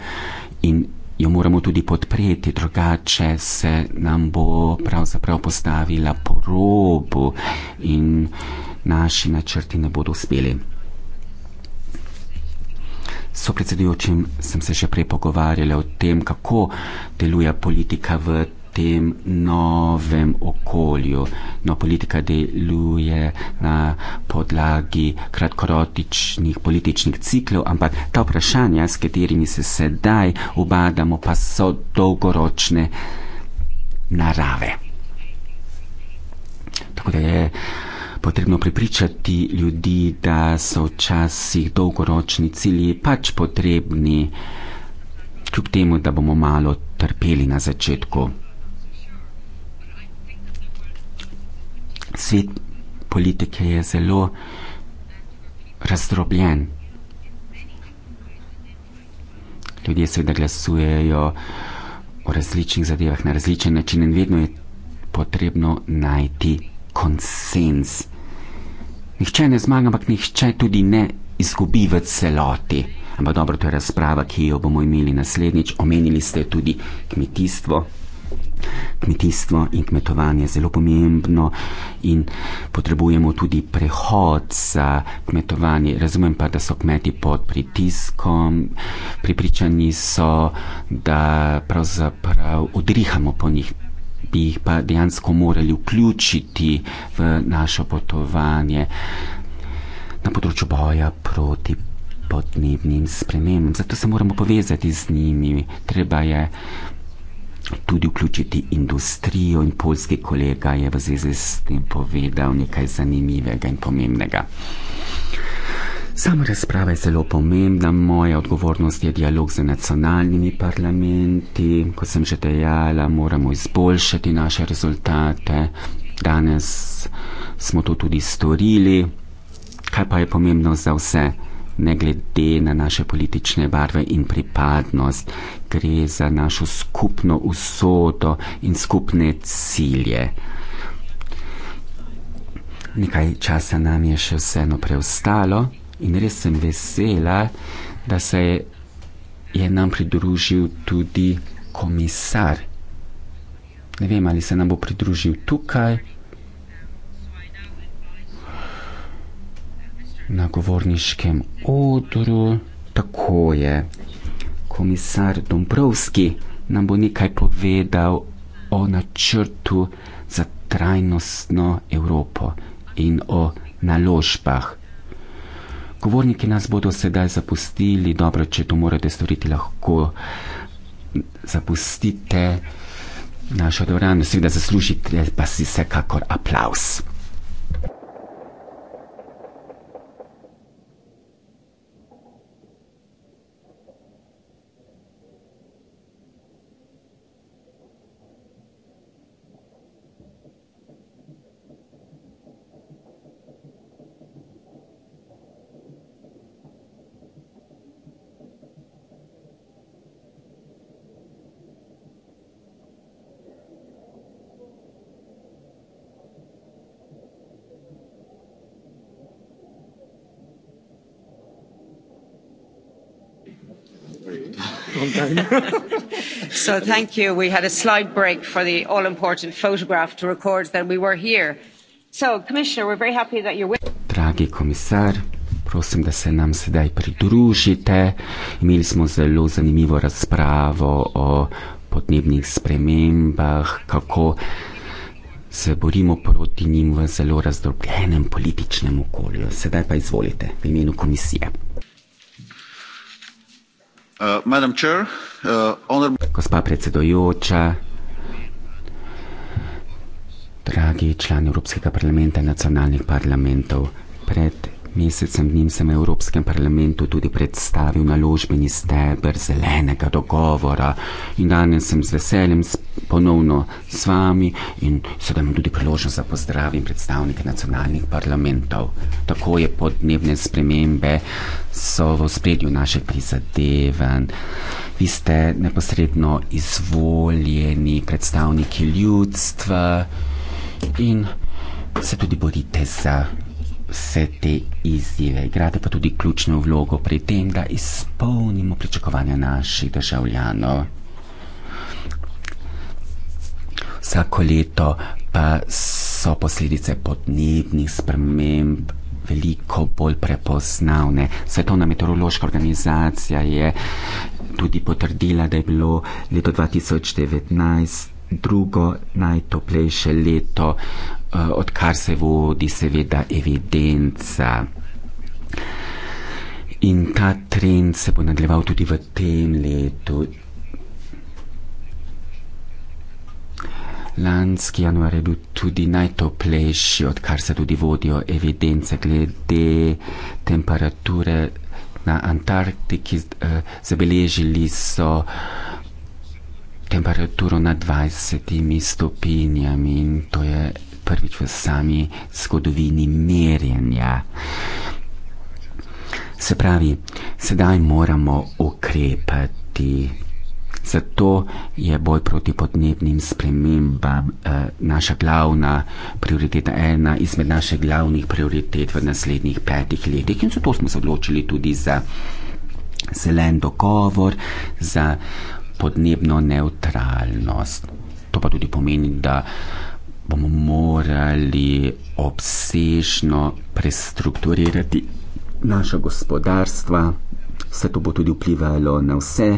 S2: Jo moramo tudi podpreti, drugače se nam bo pravzaprav postavila po robu in naši načrti ne bodo uspeli so predsedujočim sem se še prej pogovarjala o tem, kako deluje politika v tem novem okolju. No, politika deluje na podlagi kratkoročnih političnih ciklov, ampak ta vprašanja, s katerimi se sedaj ubadamo, pa so dolgoročne narave. Tako da je potrebno prepričati ljudi, da so včasih dolgoročni cilji pač potrebni, kljub temu, da bomo malo trpeli na začetku. Svet politike je zelo razdrobljen. Ljudje seveda glasujejo o različnih zadevah na različen način in vedno je potrebno najti konsens. Nihče ne zmaga, ampak nihče tudi ne izgubi v celoti. Ampak dobro, to je razprava, ki jo bomo imeli naslednjič. Omenili ste tudi kmetijstvo. Kmetijstvo in kmetovanje je zelo pomembno in potrebujemo tudi prehod za kmetovanje. Razumem pa, da so kmeti pod pritiskom, pripričani so, da pravzaprav odrihamo po njih bi jih pa dejansko morali vključiti v naše potovanje na področju boja proti podnebnim spremembam. Zato se moramo povezati z njimi. Treba je tudi vključiti industrijo in polski kolega je v zvezi s tem povedal nekaj zanimivega in pomembnega. Sama razprava je zelo pomembna, moja odgovornost je dialog z nacionalnimi parlamenti. Kot sem že dejala, moramo izboljšati naše rezultate. Danes smo to tudi storili. Kaj pa je pomembno za vse, ne glede na naše politične barve in pripadnost, gre za našo skupno usodo in skupne cilje. Nekaj časa nam je še vseeno preostalo in res sem vesela, da se je, je nam pridružil tudi komisar. Ne vem, ali se nam bo pridružil tukaj, na govorniškem odru, tako je. Komisar Dombrovski nam bo nekaj povedal o načrtu za trajnostno Evropo in o naložbah. Govorniki nas bodo sedaj zapustili, dobro, če to morate storiti, lahko zapustite našo dvorano, seveda zaslužite pa si vsekakor aplaus.
S3: so thank you. We had a slight break for the all important photograph to record that we were here. So, Commissioner, we're very happy that you're with
S2: Dragi komisar, prosim, da se nam sedaj pridružite. Imeli smo zelo zanimivo razpravo o podnebnih spremembah, kako se borimo proti njim v zelo razdrobljenem političnem okolju. Sedaj pa izvolite v imenu komisije.
S3: Uh, uh,
S2: Gospa predsedujoča, dragi člani Evropskega parlamenta in nacionalnih parlamentov, pred Mesecem dnim sem v Evropskem parlamentu tudi predstavil naložbeni stebr zelenega dogovora in danes sem z veseljem ponovno z vami in sedaj imam tudi priložnost, da pozdravim predstavnike nacionalnih parlamentov. Tako je podnebne spremembe so v spredju naše prizadevanj. Vi ste neposredno izvoljeni predstavniki ljudstva in se tudi borite za vse te izzive. Igrate pa tudi ključno vlogo pri tem, da izpolnimo pričakovanja naših državljanov. Vsako leto pa so posledice podnebnih sprememb veliko bolj prepoznavne. Svetovna meteorološka organizacija je tudi potrdila, da je bilo leto 2019 drugo najtoplejše leto, eh, odkar se vodi seveda evidenca. In ta trend se bo nadaljeval tudi v tem letu. Lanski januar je bil tudi najtoplejši, odkar se tudi vodijo evidence glede temperature na Antarktiki. Eh, zabeležili so temperaturo nad 20 stopinjami in to je prvič v sami zgodovini merjenja. Se pravi, sedaj moramo ukrepati. Zato je boj proti podnebnim spremembam eh, naša glavna prioriteta, ena izmed naših glavnih prioritet v naslednjih petih letih. In zato smo se odločili tudi za zelen dogovor, za podnebno neutralnost. To pa tudi pomeni, da bomo morali obsežno prestrukturirati naše gospodarstva. Vse to bo tudi vplivalo na vse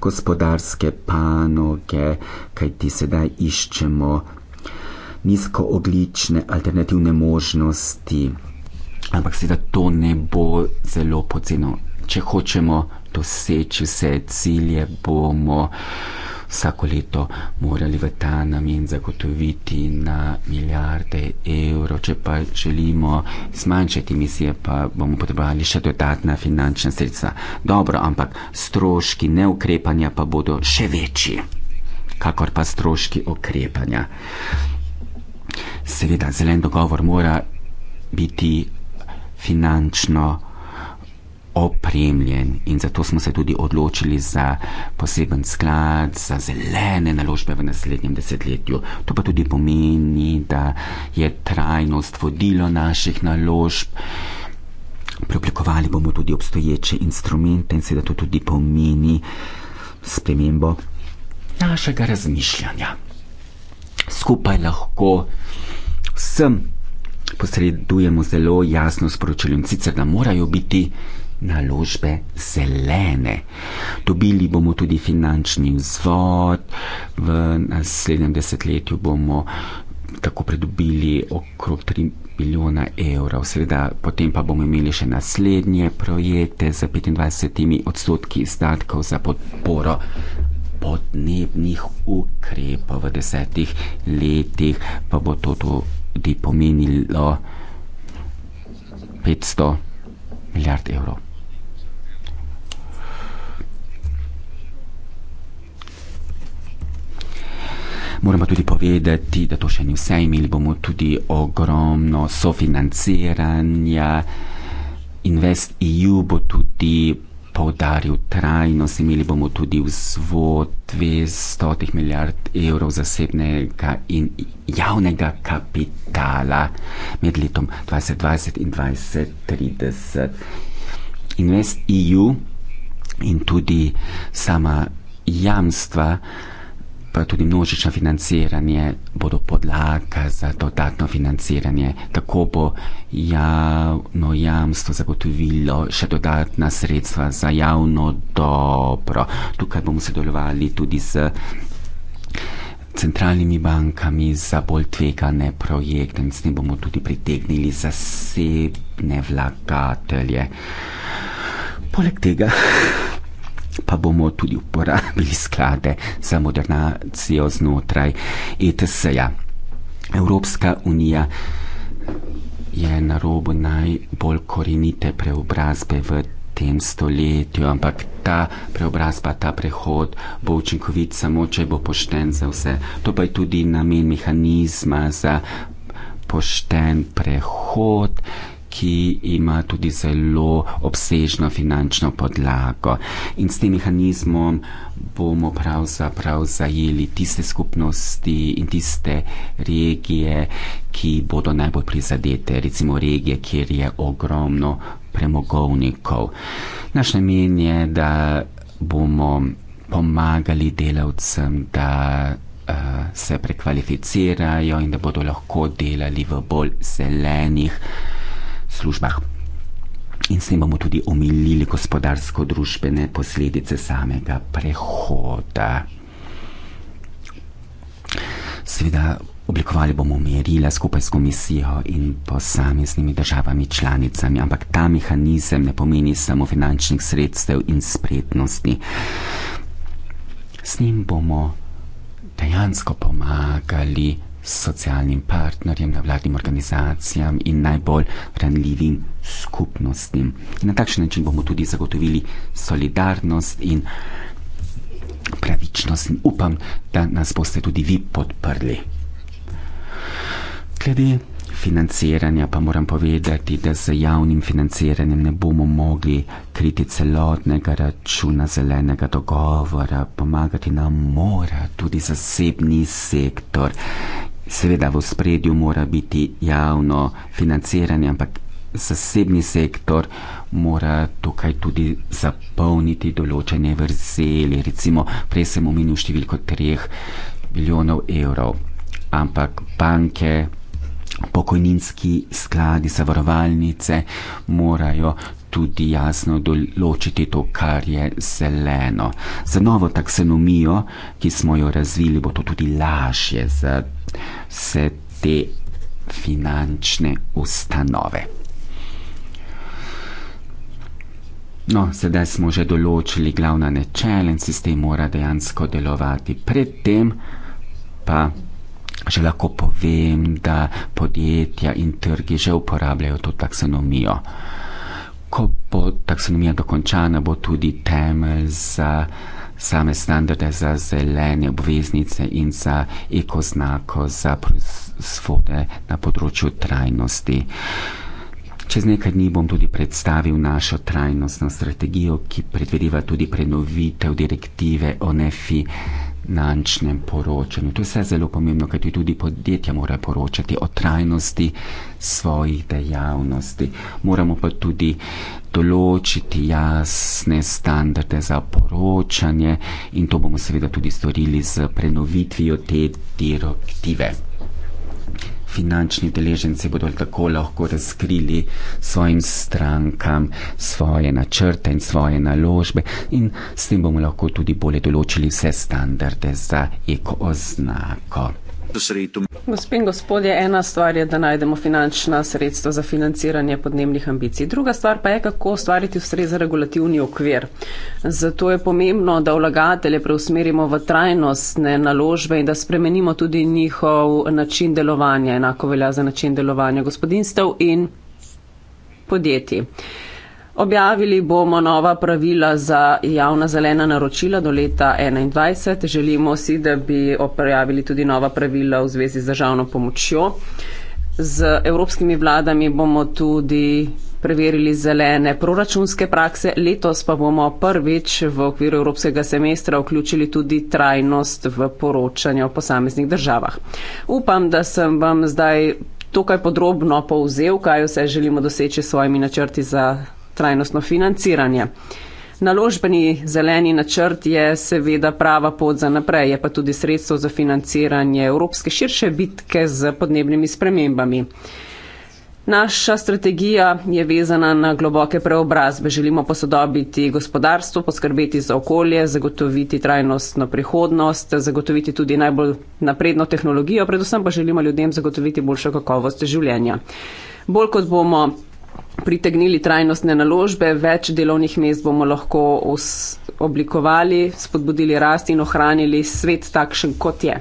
S2: gospodarske panoge, kajti sedaj iščemo nizkooglične alternativne možnosti. Ampak seveda to ne bo zelo poceno. Če hočemo doseči vse cilje, bomo vsako leto morali v ta namen zagotoviti na milijarde evrov. Če pa želimo zmanjšati emisije, pa bomo potrebovali še dodatna finančna sredstva. Dobro, ampak stroški neukrepanja pa bodo še večji, kakor pa stroški okrepanja. Seveda, zelen dogovor mora biti finančno opremljen in zato smo se tudi odločili za poseben sklad za zelene naložbe v naslednjem desetletju. To pa tudi pomeni, da je trajnost vodilo naših naložb. Preoblikovali bomo tudi obstoječe instrumente in seveda to tudi pomeni spremembo našega razmišljanja. Skupaj lahko vsem posredujemo zelo jasno sporočilo in sicer, da morajo biti naložbe zelene. Dobili bomo tudi finančni vzvod, v naslednjem desetletju bomo tako pridobili okrog 3 milijona evrov. Seveda, potem pa bomo imeli še naslednje projekte z 25 odstotki izdatkov za podporo podnebnih ukrepov v desetih letih, pa bo to tudi pomenilo 500 milijard evrov. Moramo tudi povedati, da to še ni vse. Imeli bomo tudi ogromno sofinanciranja. Invest EU bo tudi povdaril trajnost. Imeli bomo tudi vzvod 200 milijard evrov zasebnega in javnega kapitala med letom 2020 in 2030. Invest EU in tudi sama jamstva pa tudi množično financiranje bodo podlaga za dodatno financiranje. Tako bo javno jamstvo zagotovilo še dodatna sredstva za javno dobro. Tukaj bomo sodelovali tudi z centralnimi bankami za bolj tvegane projekte in s tem bomo tudi pritegnili zasebne vlagatelje. Poleg tega pa bomo tudi uporabili sklade za modernacijo znotraj ETS-ja. Evropska unija je na robu najbolj korenite preobrazbe v tem stoletju, ampak ta preobrazba, ta prehod bo učinkovit samo, če bo pošten za vse. To pa je tudi namen mehanizma za pošten prehod ki ima tudi zelo obsežno finančno podlago. In s tem mehanizmom bomo pravzaprav zajeli tiste skupnosti in tiste regije, ki bodo najbolj prizadete, recimo regije, kjer je ogromno premogovnikov. Naš namen je, da bomo pomagali delavcem, da uh, se prekvalificirajo in da bodo lahko delali v bolj zelenih službah. In s tem bomo tudi omilili gospodarsko-družbene posledice samega prehoda. Seveda oblikovali bomo merila skupaj s komisijo in posameznimi državami članicami, ampak ta mehanizem ne pomeni samo finančnih sredstev in spretnosti. S njim bomo dejansko pomagali socialnim partnerjem, nevladnim organizacijam in najbolj ranljivim skupnostim. In na takšen način bomo tudi zagotovili solidarnost in pravičnost in upam, da nas boste tudi vi podprli. Glede financiranja pa moram povedati, da z javnim financiranjem ne bomo mogli kriti celotnega računa zelenega dogovora. Pomagati nam mora tudi zasebni sektor seveda v spredju mora biti javno financiranje, ampak zasebni sektor mora tukaj tudi zapolniti določene vrzeli. Recimo, prej sem omenil številko 3 milijonov evrov, ampak banke, pokojninski skladi, zavarovalnice morajo tudi jasno določiti to, kar je zeleno. Za novo taksonomijo, ki smo jo razvili, bo to tudi lažje za vse te finančne ustanove. No, sedaj smo že določili glavna načela in sistem mora dejansko delovati. Predtem pa že lahko povem, da podjetja in trgi že uporabljajo to taksonomijo. Uh, ko bo taksonomija dokončana, bo tudi temelj za same standarde za zelene obveznice in za ekoznako za proizvode na področju trajnosti. Čez nekaj dni bom tudi predstavil našo trajnostno strategijo, ki predvideva tudi prenovitev direktive o nefi finančnem poročanju. To je vse zelo pomembno, kajti tudi podjetja morajo poročati o trajnosti svojih dejavnosti. Moramo pa tudi določiti jasne standarde za poročanje in to bomo seveda tudi storili z prenovitvijo te direktive finančni udeleženci bodo tako lahko razkrili svojim strankam svoje načrte in svoje naložbe, in s tem bomo lahko tudi bolje določili vse standarde za eko oznako.
S1: Gospe
S3: in gospodje, ena stvar je, da najdemo finančna sredstva za financiranje podnebnih ambicij. Druga stvar pa je, kako ustvariti ustrezen regulativni okvir. Zato je pomembno, da vlagatelje preusmerimo v trajnostne naložbe in da spremenimo tudi njihov način delovanja. Enako velja za način delovanja gospodinstv in podjetij. Objavili bomo nova pravila za javna zelena naročila do leta 2021. Želimo si, da bi opravili tudi nova pravila v zvezi z državno pomočjo. Z evropskimi vladami bomo tudi preverili zelene proračunske prakse. Letos pa bomo prvič v okviru evropskega semestra vključili tudi trajnost v poročanje o posameznih državah. Upam, da sem vam zdaj. To, kaj podrobno povzel, kaj vse želimo doseči s svojimi načrti za trajnostno financiranje. Naložbeni zeleni načrt je seveda prava pot za naprej, je pa tudi sredstvo za financiranje evropske širše bitke z podnebnimi spremembami. Naša strategija je vezana na globoke preobrazbe. Želimo posodobiti gospodarstvo, poskrbeti za okolje, zagotoviti trajnostno prihodnost, zagotoviti tudi najbolj napredno tehnologijo, predvsem pa želimo ljudem zagotoviti boljšo kakovost življenja. Bolj kot bomo pritegnili trajnostne naložbe, več delovnih mest bomo lahko oblikovali, spodbudili rast in ohranili svet takšen, kot je.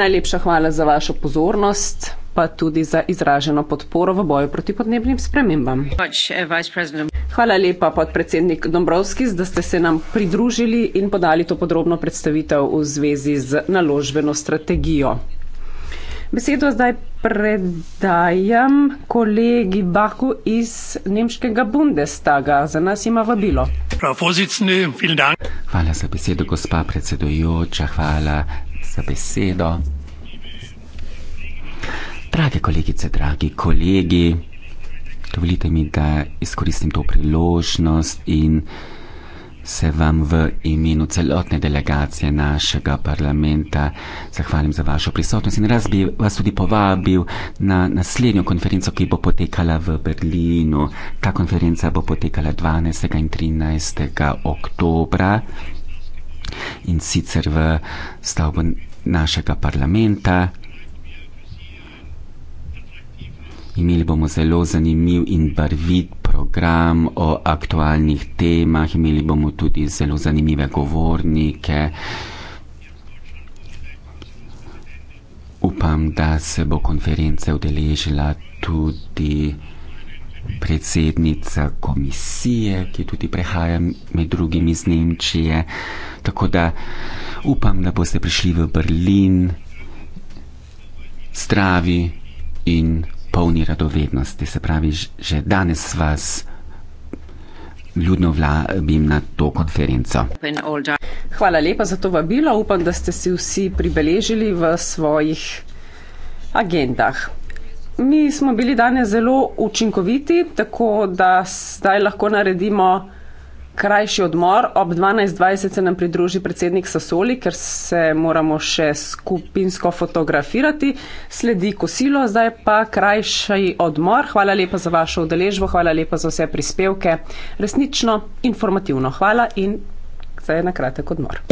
S3: Najlepša hvala za vašo pozornost, pa tudi za izraženo podporo v boju proti podnebnim spremembam. Hvala lepa, podpredsednik Dombrovski, da ste se nam pridružili in podali to podrobno predstavitev v zvezi z naložbeno strategijo. Besedo zdaj predajam kolegi Baku iz nemškega Bundestaga. Za nas ima vabilo.
S2: Hvala za besedo, gospa predsedujoča. Hvala za besedo. Drage kolegice, dragi kolegi, dovolite mi, da izkoristim to priložnost in se vam v imenu celotne delegacije našega parlamenta zahvalim za vašo prisotnost in raz bi vas tudi povabil na naslednjo konferenco, ki bo potekala v Berlinu. Ta konferenca bo potekala 12. in 13. oktobra in sicer v stavbu našega parlamenta. Imeli bomo zelo zanimiv in barvit program o aktualnih temah, imeli bomo tudi zelo zanimive govornike. Upam, da se bo konference udeležila tudi predsednica komisije, ki tudi prehaja med drugim iz Nemčije. Tako da upam, da boste prišli v Berlin zdravi in polni radovednosti. Se pravi, že danes vas ljudno vlabim na to konferenco.
S3: Hvala lepa za to vabilo. Upam, da ste si vsi pribeležili v svojih agendah. Mi smo bili danes zelo učinkoviti, tako da zdaj lahko naredimo krajši odmor. Ob 12.20 se nam pridruži predsednik Sasoli, ker se moramo še skupinsko fotografirati. Sledi kosilo, zdaj pa krajši odmor. Hvala lepa za vašo udeležbo, hvala lepa za vse prispevke. Resnično informativno. Hvala in zdaj na kratek odmor.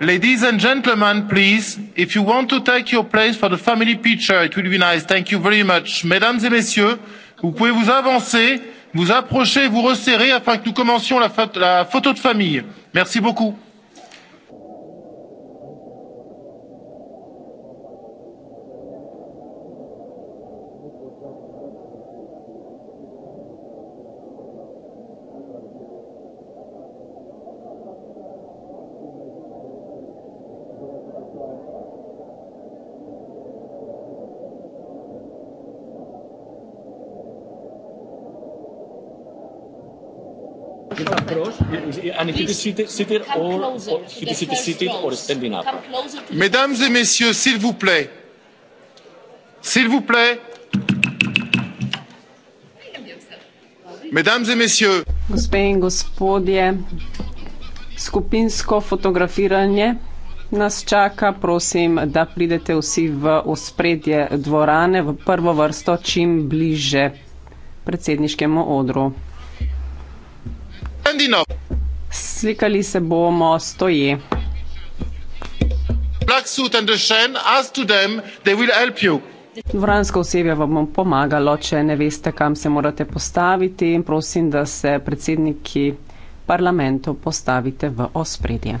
S1: ladies and gentlemen please if you want to take your place for the family picture it will be nice thank you very much mesdames et messieurs vous pouvez vous avancer vous approcher vous resserrer afin que nous commencions la photo de famille
S4: merci beaucoup.
S1: and if you could sit, sit it or, closer, or if you could sit, sit it or standing up. Mesdames et messieurs, s'il vous plaît, s'il vous plaît.
S3: Gospe in gospodje, skupinsko fotografiranje nas čaka. Prosim, da pridete vsi v ospredje dvorane, v prvo vrsto, čim bliže predsedniškemu odru.
S1: Standing up. Slikali
S3: se bomo stoji. Vransko osebje vam bo pomagalo, če ne veste, kam se morate postaviti in prosim, da se predsedniki parlamentov postavite v ospredje.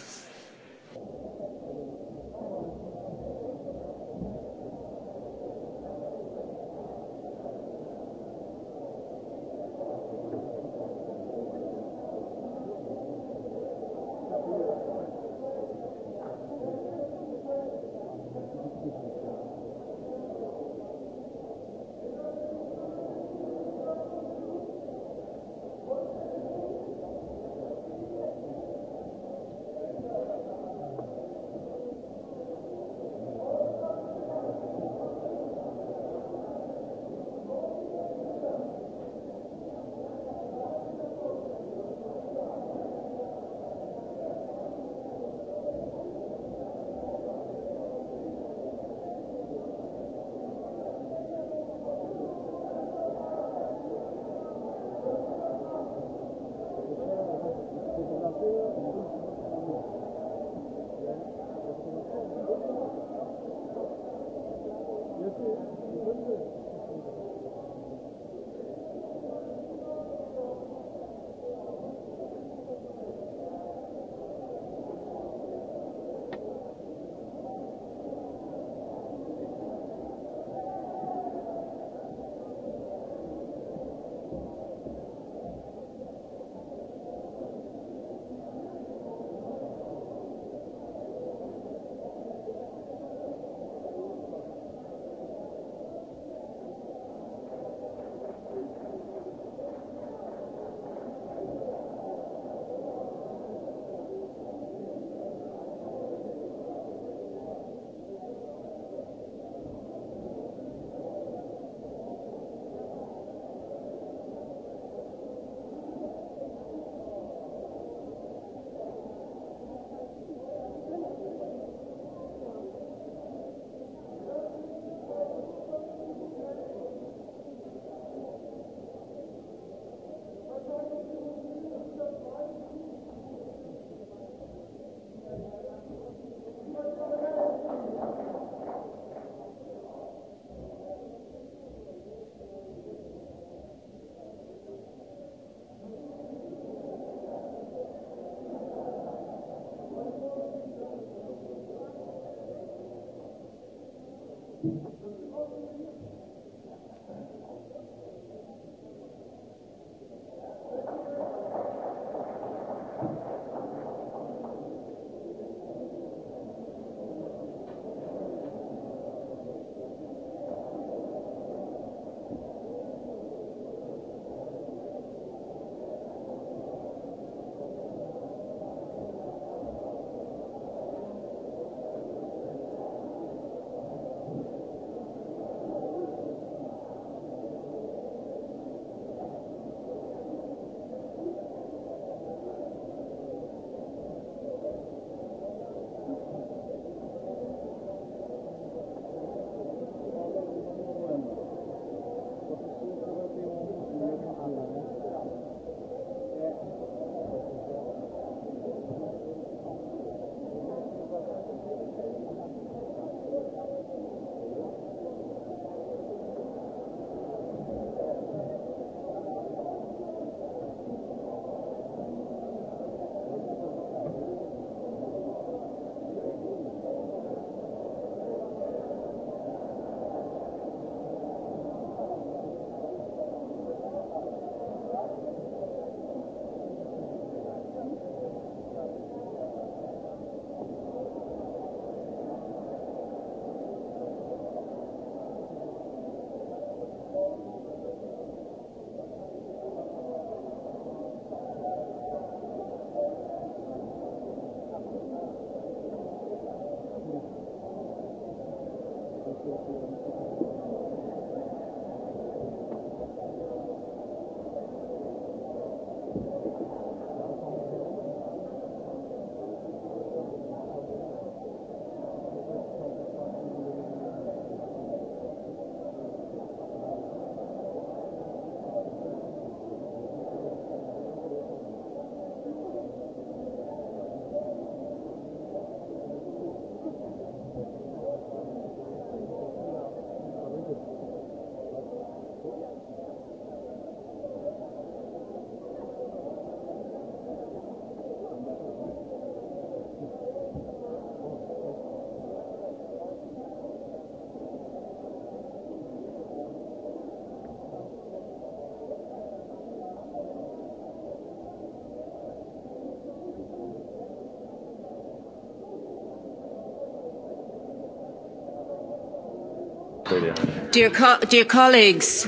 S3: Dear, co dear colleagues,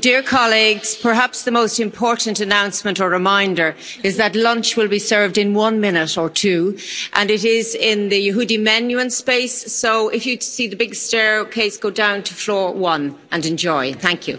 S3: dear colleagues, perhaps the most important announcement or reminder is that lunch will be served in one minute or two, and it is in the Yehudi Menuhin space. So if you see the big staircase, go down to floor one and enjoy. Thank you.